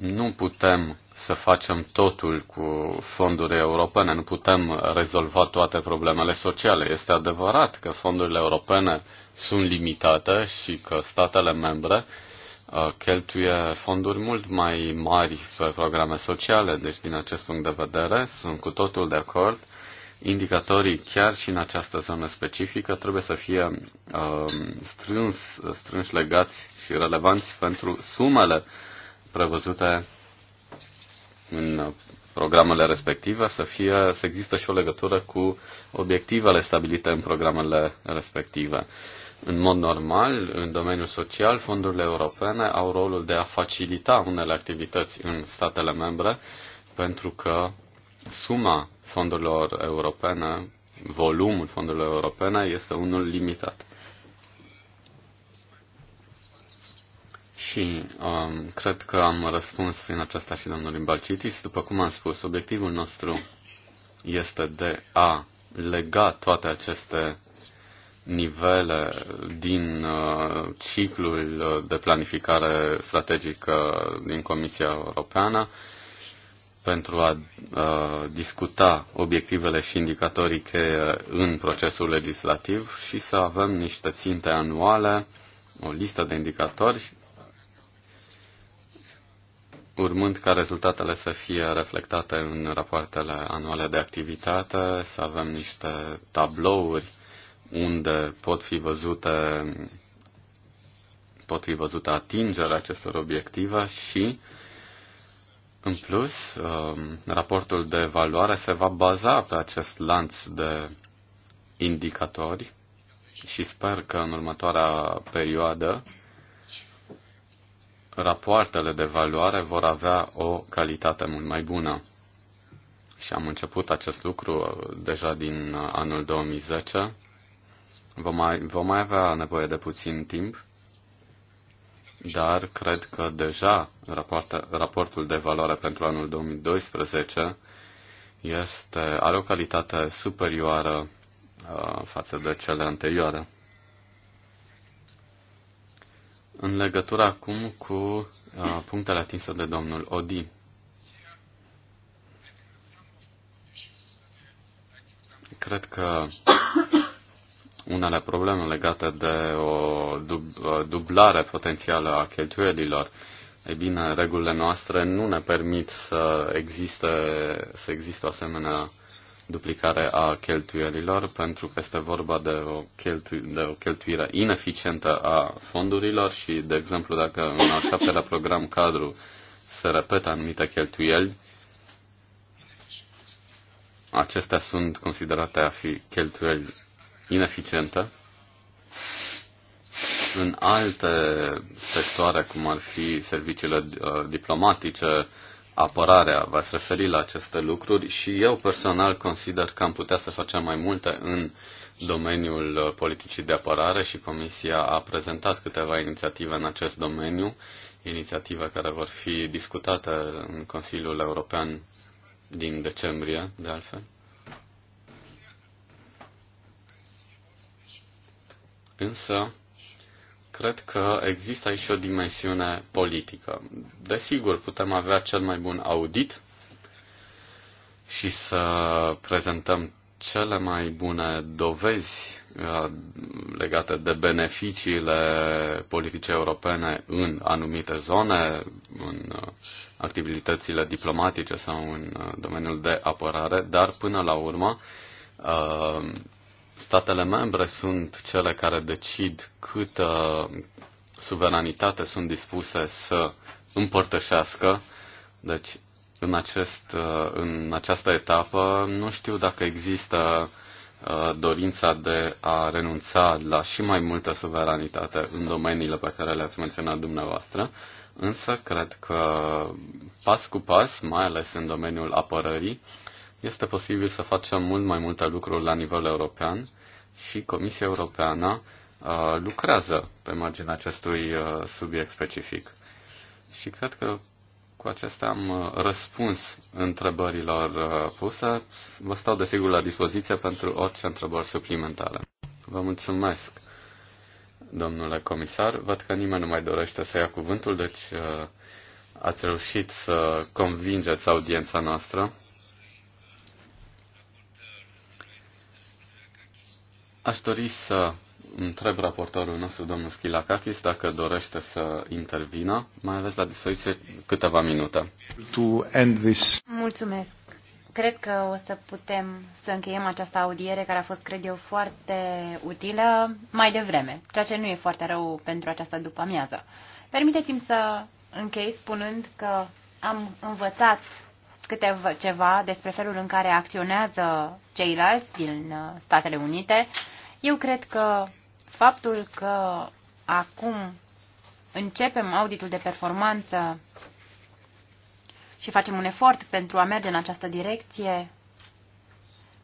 Nu putem să facem totul cu fonduri europene. Nu putem rezolva toate problemele sociale. Este adevărat că fondurile europene sunt limitate și că statele membre uh, cheltuie fonduri mult mai mari pe programe sociale, deci din acest punct de vedere sunt cu totul de acord. Indicatorii chiar și în această zonă specifică trebuie să fie uh, strâns, strâns legați și relevanți pentru sumele prevăzute în programele respective, să, fie, să există și o legătură cu obiectivele stabilite în programele respective. În mod normal, în domeniul social, fondurile europene au rolul de a facilita unele activități în statele membre, pentru că suma fondurilor europene, volumul fondurilor europene este unul limitat. Și um, cred că am răspuns prin aceasta și domnului Balcitis. După cum am spus, obiectivul nostru este de a lega toate aceste nivele din uh, ciclul de planificare strategică din Comisia Europeană pentru a uh, discuta obiectivele și indicatorii cheie în procesul legislativ și să avem niște ținte anuale, o listă de indicatori urmând ca rezultatele să fie reflectate în rapoartele anuale de activitate, să avem niște tablouri unde pot fi văzute pot fi văzute atingerea acestor obiective și, în plus, um, raportul de evaluare se va baza pe acest lanț de indicatori și sper că în următoarea perioadă rapoartele de evaluare vor avea o calitate mult mai bună. Și am început acest lucru uh, deja din uh, anul 2010. Vom mai, vom mai avea nevoie de puțin timp, dar cred că deja rapoarte, raportul de evaluare pentru anul 2012 este, are o calitate superioară uh, față de cele anterioare. În legătură acum cu uh, punctele atinse de domnul Odi. Cred că unele probleme legate de o uh, dublare potențială a cheltuielilor. Ei bine, regulile noastre nu ne permit să existe, să existe o asemenea duplicare a cheltuielilor, pentru că este vorba de o, cheltu- de o cheltuire ineficientă a fondurilor și, de exemplu, dacă în al șaptelea program cadru se repetă anumite cheltuieli, acestea sunt considerate a fi cheltuieli ineficiente. În alte sectoare, cum ar fi serviciile uh, diplomatice, apărarea, v-ați referit la aceste lucruri și eu personal consider că am putea să facem mai multe în domeniul uh, politicii de apărare și Comisia a prezentat câteva inițiative în acest domeniu, inițiative care vor fi discutate în Consiliul European din decembrie, de altfel. Însă, cred că există aici o dimensiune politică. Desigur, putem avea cel mai bun audit și să prezentăm cele mai bune dovezi uh, legate de beneficiile politice europene în anumite zone, în uh, activitățile diplomatice sau în uh, domeniul de apărare, dar până la urmă statele membre sunt cele care decid câtă suveranitate sunt dispuse să împărtășească. Deci, în, acest, în această etapă, nu știu dacă există uh, dorința de a renunța la și mai multă suveranitate în domeniile pe care le-ați menționat dumneavoastră, însă cred că pas cu pas, mai ales în domeniul apărării, este posibil să facem mult mai multe lucruri la nivel european și Comisia Europeană uh, lucrează pe marginea acestui uh, subiect specific. Și cred că cu acestea am uh, răspuns întrebărilor puse. Vă stau desigur la dispoziție pentru orice întrebări suplimentare. Vă mulțumesc, domnule comisar. Văd că nimeni nu mai dorește să ia cuvântul, deci ați reușit să convingeți audiența noastră. Aș dori să întreb raportorul nostru, domnul Schilakakis, dacă dorește să intervină. Mai aveți la dispoziție câteva minute. To end this. Mulțumesc. Cred că o să putem să încheiem această audiere care a fost, cred eu, foarte utilă mai devreme, ceea ce nu e foarte rău pentru această după-amiază. Permiteți-mi să închei spunând că am învățat câte ceva despre felul în care acționează ceilalți din Statele Unite, eu cred că faptul că acum începem auditul de performanță și facem un efort pentru a merge în această direcție,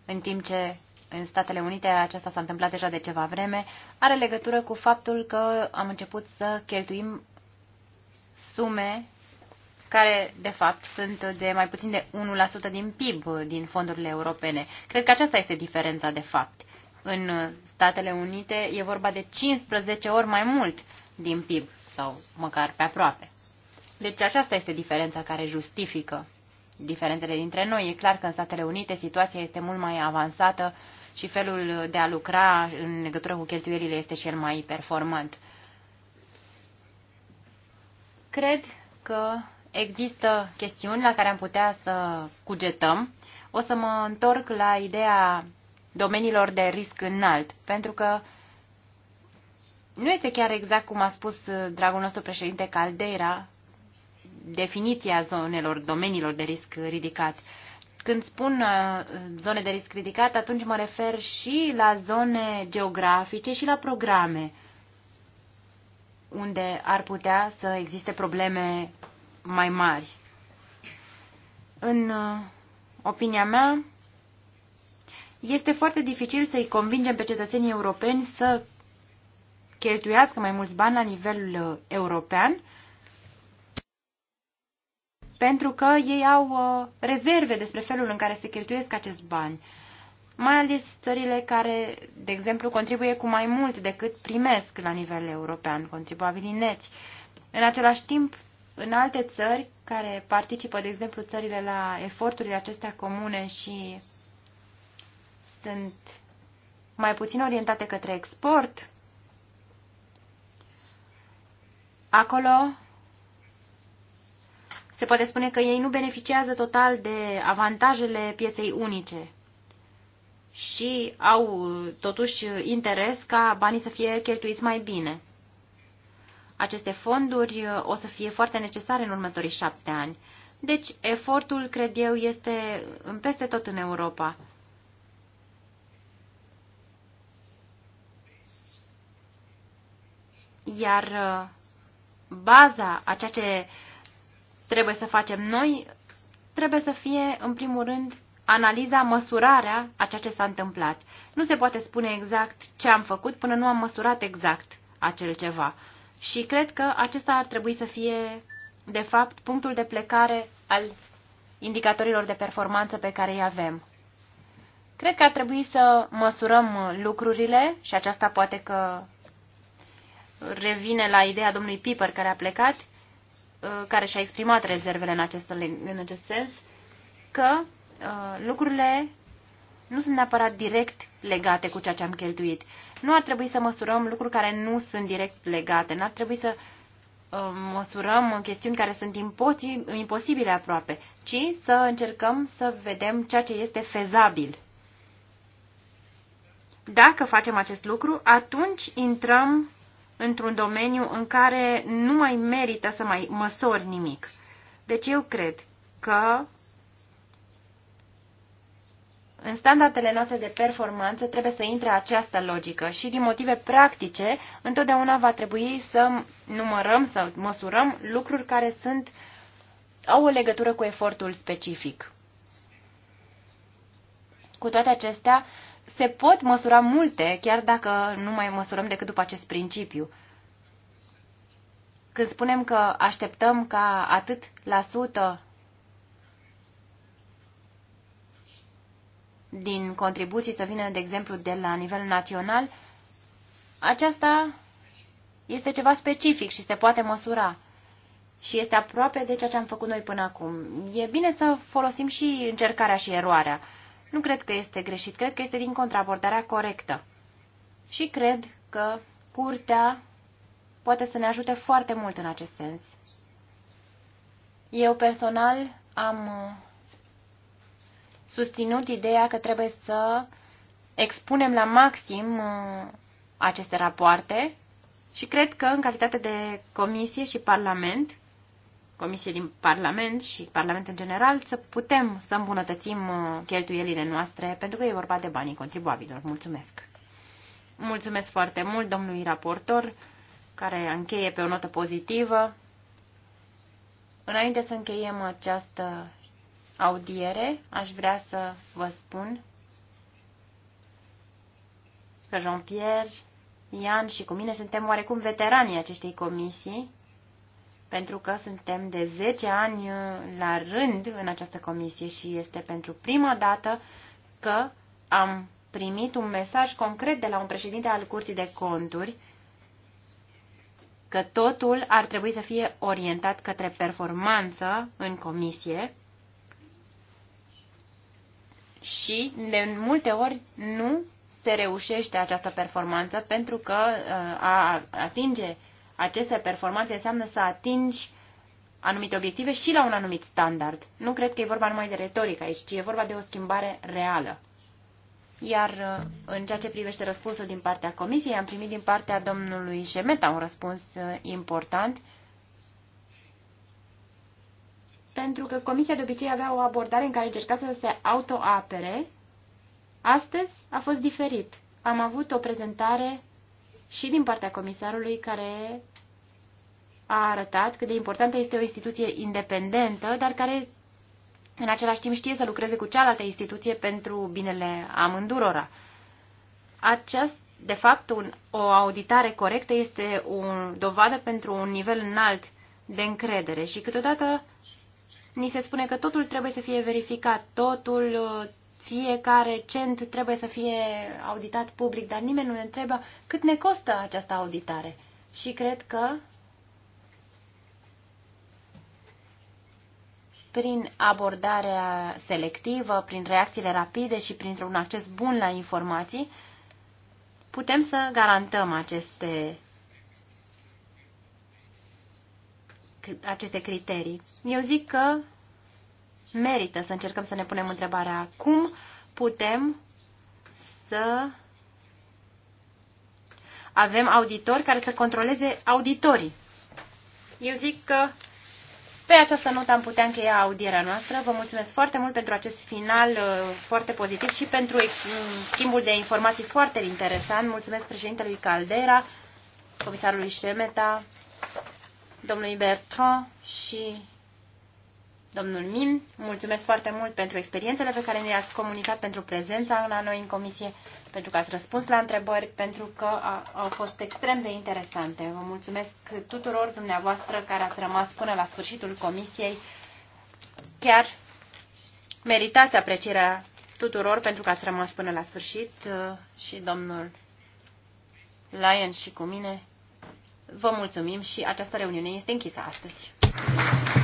în timp ce în Statele Unite aceasta s-a întâmplat deja de ceva vreme, are legătură cu faptul că am început să cheltuim sume care, de fapt, sunt de mai puțin de 1% din PIB din fondurile europene. Cred că aceasta este diferența, de fapt. În Statele Unite e vorba de 15 ori mai mult din PIB, sau măcar pe aproape. Deci aceasta este diferența care justifică diferențele dintre noi. E clar că în Statele Unite situația este mult mai avansată și felul de a lucra în legătură cu cheltuielile este cel mai performant. Cred că există chestiuni la care am putea să cugetăm. O să mă întorc la ideea domeniilor de risc înalt, pentru că nu este chiar exact cum a spus uh, dragul nostru președinte Caldeira definiția zonelor, domeniilor de risc ridicat. Când spun uh, zone de risc ridicat, atunci mă refer și la zone geografice și la programe unde ar putea să existe probleme mai mari. În uh, opinia mea, este foarte dificil să-i convingem pe cetățenii europeni să cheltuiască mai mulți bani la nivel uh, european, pentru că ei au uh, rezerve despre felul în care se cheltuiesc acești bani, mai ales țările care, de exemplu, contribuie cu mai mult decât primesc la nivel european, contribuabilii neți. În același timp, în alte țări care participă, de exemplu, țările la eforturile acestea comune și sunt mai puțin orientate către export, acolo se poate spune că ei nu beneficiază total de avantajele pieței unice și au totuși interes ca banii să fie cheltuiți mai bine. Aceste fonduri uh, o să fie foarte necesare în următorii șapte ani. Deci, efortul, cred eu, este peste tot în Europa. Iar uh, baza a ceea ce trebuie să facem noi trebuie să fie, în primul rând, analiza, măsurarea a ceea ce s-a întâmplat. Nu se poate spune exact ce am făcut până nu am măsurat exact acel ceva. Și cred că acesta ar trebui să fie, de fapt, punctul de plecare al indicatorilor de performanță pe care îi avem. Cred că ar trebui să măsurăm lucrurile și aceasta poate că revine la ideea domnului Piper care a plecat, uh, care și-a exprimat rezervele în acest, în acest sens, că uh, lucrurile nu sunt neapărat direct legate cu ceea ce am cheltuit. Nu ar trebui să măsurăm lucruri care nu sunt direct legate, n-ar trebui să uh, măsurăm chestiuni care sunt imposibile aproape, ci să încercăm să vedem ceea ce este fezabil. Dacă facem acest lucru, atunci intrăm într-un domeniu în care nu mai merită să mai măsori nimic. Deci eu cred că în standardele noastre de performanță trebuie să intre această logică și din motive practice întotdeauna va trebui să numărăm, să măsurăm lucruri care sunt, au o legătură cu efortul specific. Cu toate acestea, se pot măsura multe, chiar dacă nu mai măsurăm decât după acest principiu. Când spunem că așteptăm ca atât la sută din contribuții să vină, de exemplu, de la nivel național, aceasta este ceva specific și se poate măsura. Și este aproape de ceea ce am făcut noi până acum. E bine să folosim și încercarea și eroarea. Nu cred că este greșit, cred că este din contraportarea corectă. Și cred că curtea poate să ne ajute foarte mult în acest sens. Eu personal am uh, susținut ideea că trebuie să expunem la maxim uh, aceste rapoarte și cred că în calitate de comisie și parlament Comisie din Parlament și Parlament în general să putem să îmbunătățim uh, cheltuielile noastre, pentru că e vorba de banii contribuabilor. Mulțumesc! Mulțumesc foarte mult domnului raportor, care încheie pe o notă pozitivă. Înainte să încheiem această audiere, aș vrea să vă spun că Jean-Pierre, Ian și cu mine suntem oarecum veteranii acestei comisii pentru că suntem de 10 ani uh, la rând în această comisie și este pentru prima dată că am primit un mesaj concret de la un președinte al Curții de Conturi că totul ar trebui să fie orientat către performanță în comisie și de multe ori nu se reușește această performanță pentru că uh, a atinge aceste performanțe înseamnă să atingi anumite obiective și la un anumit standard. Nu cred că e vorba numai de retorică aici, ci e vorba de o schimbare reală. Iar uh, în ceea ce privește răspunsul din partea comisiei, am primit din partea domnului Șemeta un răspuns uh, important, pentru că comisia de obicei avea o abordare în care încerca să se autoapere. Astăzi a fost diferit. Am avut o prezentare și din partea comisarului care a arătat cât de importantă este o instituție independentă, dar care în același timp știe să lucreze cu cealaltă instituție pentru binele amândurora. Acest, de fapt, un, o auditare corectă este o dovadă pentru un nivel înalt de încredere și câteodată ni se spune că totul trebuie să fie verificat, totul, fiecare cent trebuie să fie auditat public, dar nimeni nu ne întreba cât ne costă această auditare. Și cred că prin abordarea selectivă, prin reacțiile rapide și printr-un acces bun la informații, putem să garantăm aceste, aceste criterii. Eu zic că merită să încercăm să ne punem întrebarea cum putem să avem auditori care să controleze auditorii. Eu zic că pe această notă am putea încheia audierea noastră. Vă mulțumesc foarte mult pentru acest final uh, foarte pozitiv și pentru schimbul de informații foarte interesant. Mulțumesc președintelui Caldera, comisarului Șemeta, domnului Bertrand și domnul Mim. Mulțumesc foarte mult pentru experiențele pe care ne ați comunicat, pentru prezența la noi în comisie pentru că ați răspuns la întrebări, pentru că a, au fost extrem de interesante. Vă mulțumesc tuturor dumneavoastră care ați rămas până la sfârșitul comisiei. Chiar meritați aprecierea tuturor pentru că ați rămas până la sfârșit uh, și domnul Lion și cu mine. Vă mulțumim și această reuniune este închisă astăzi.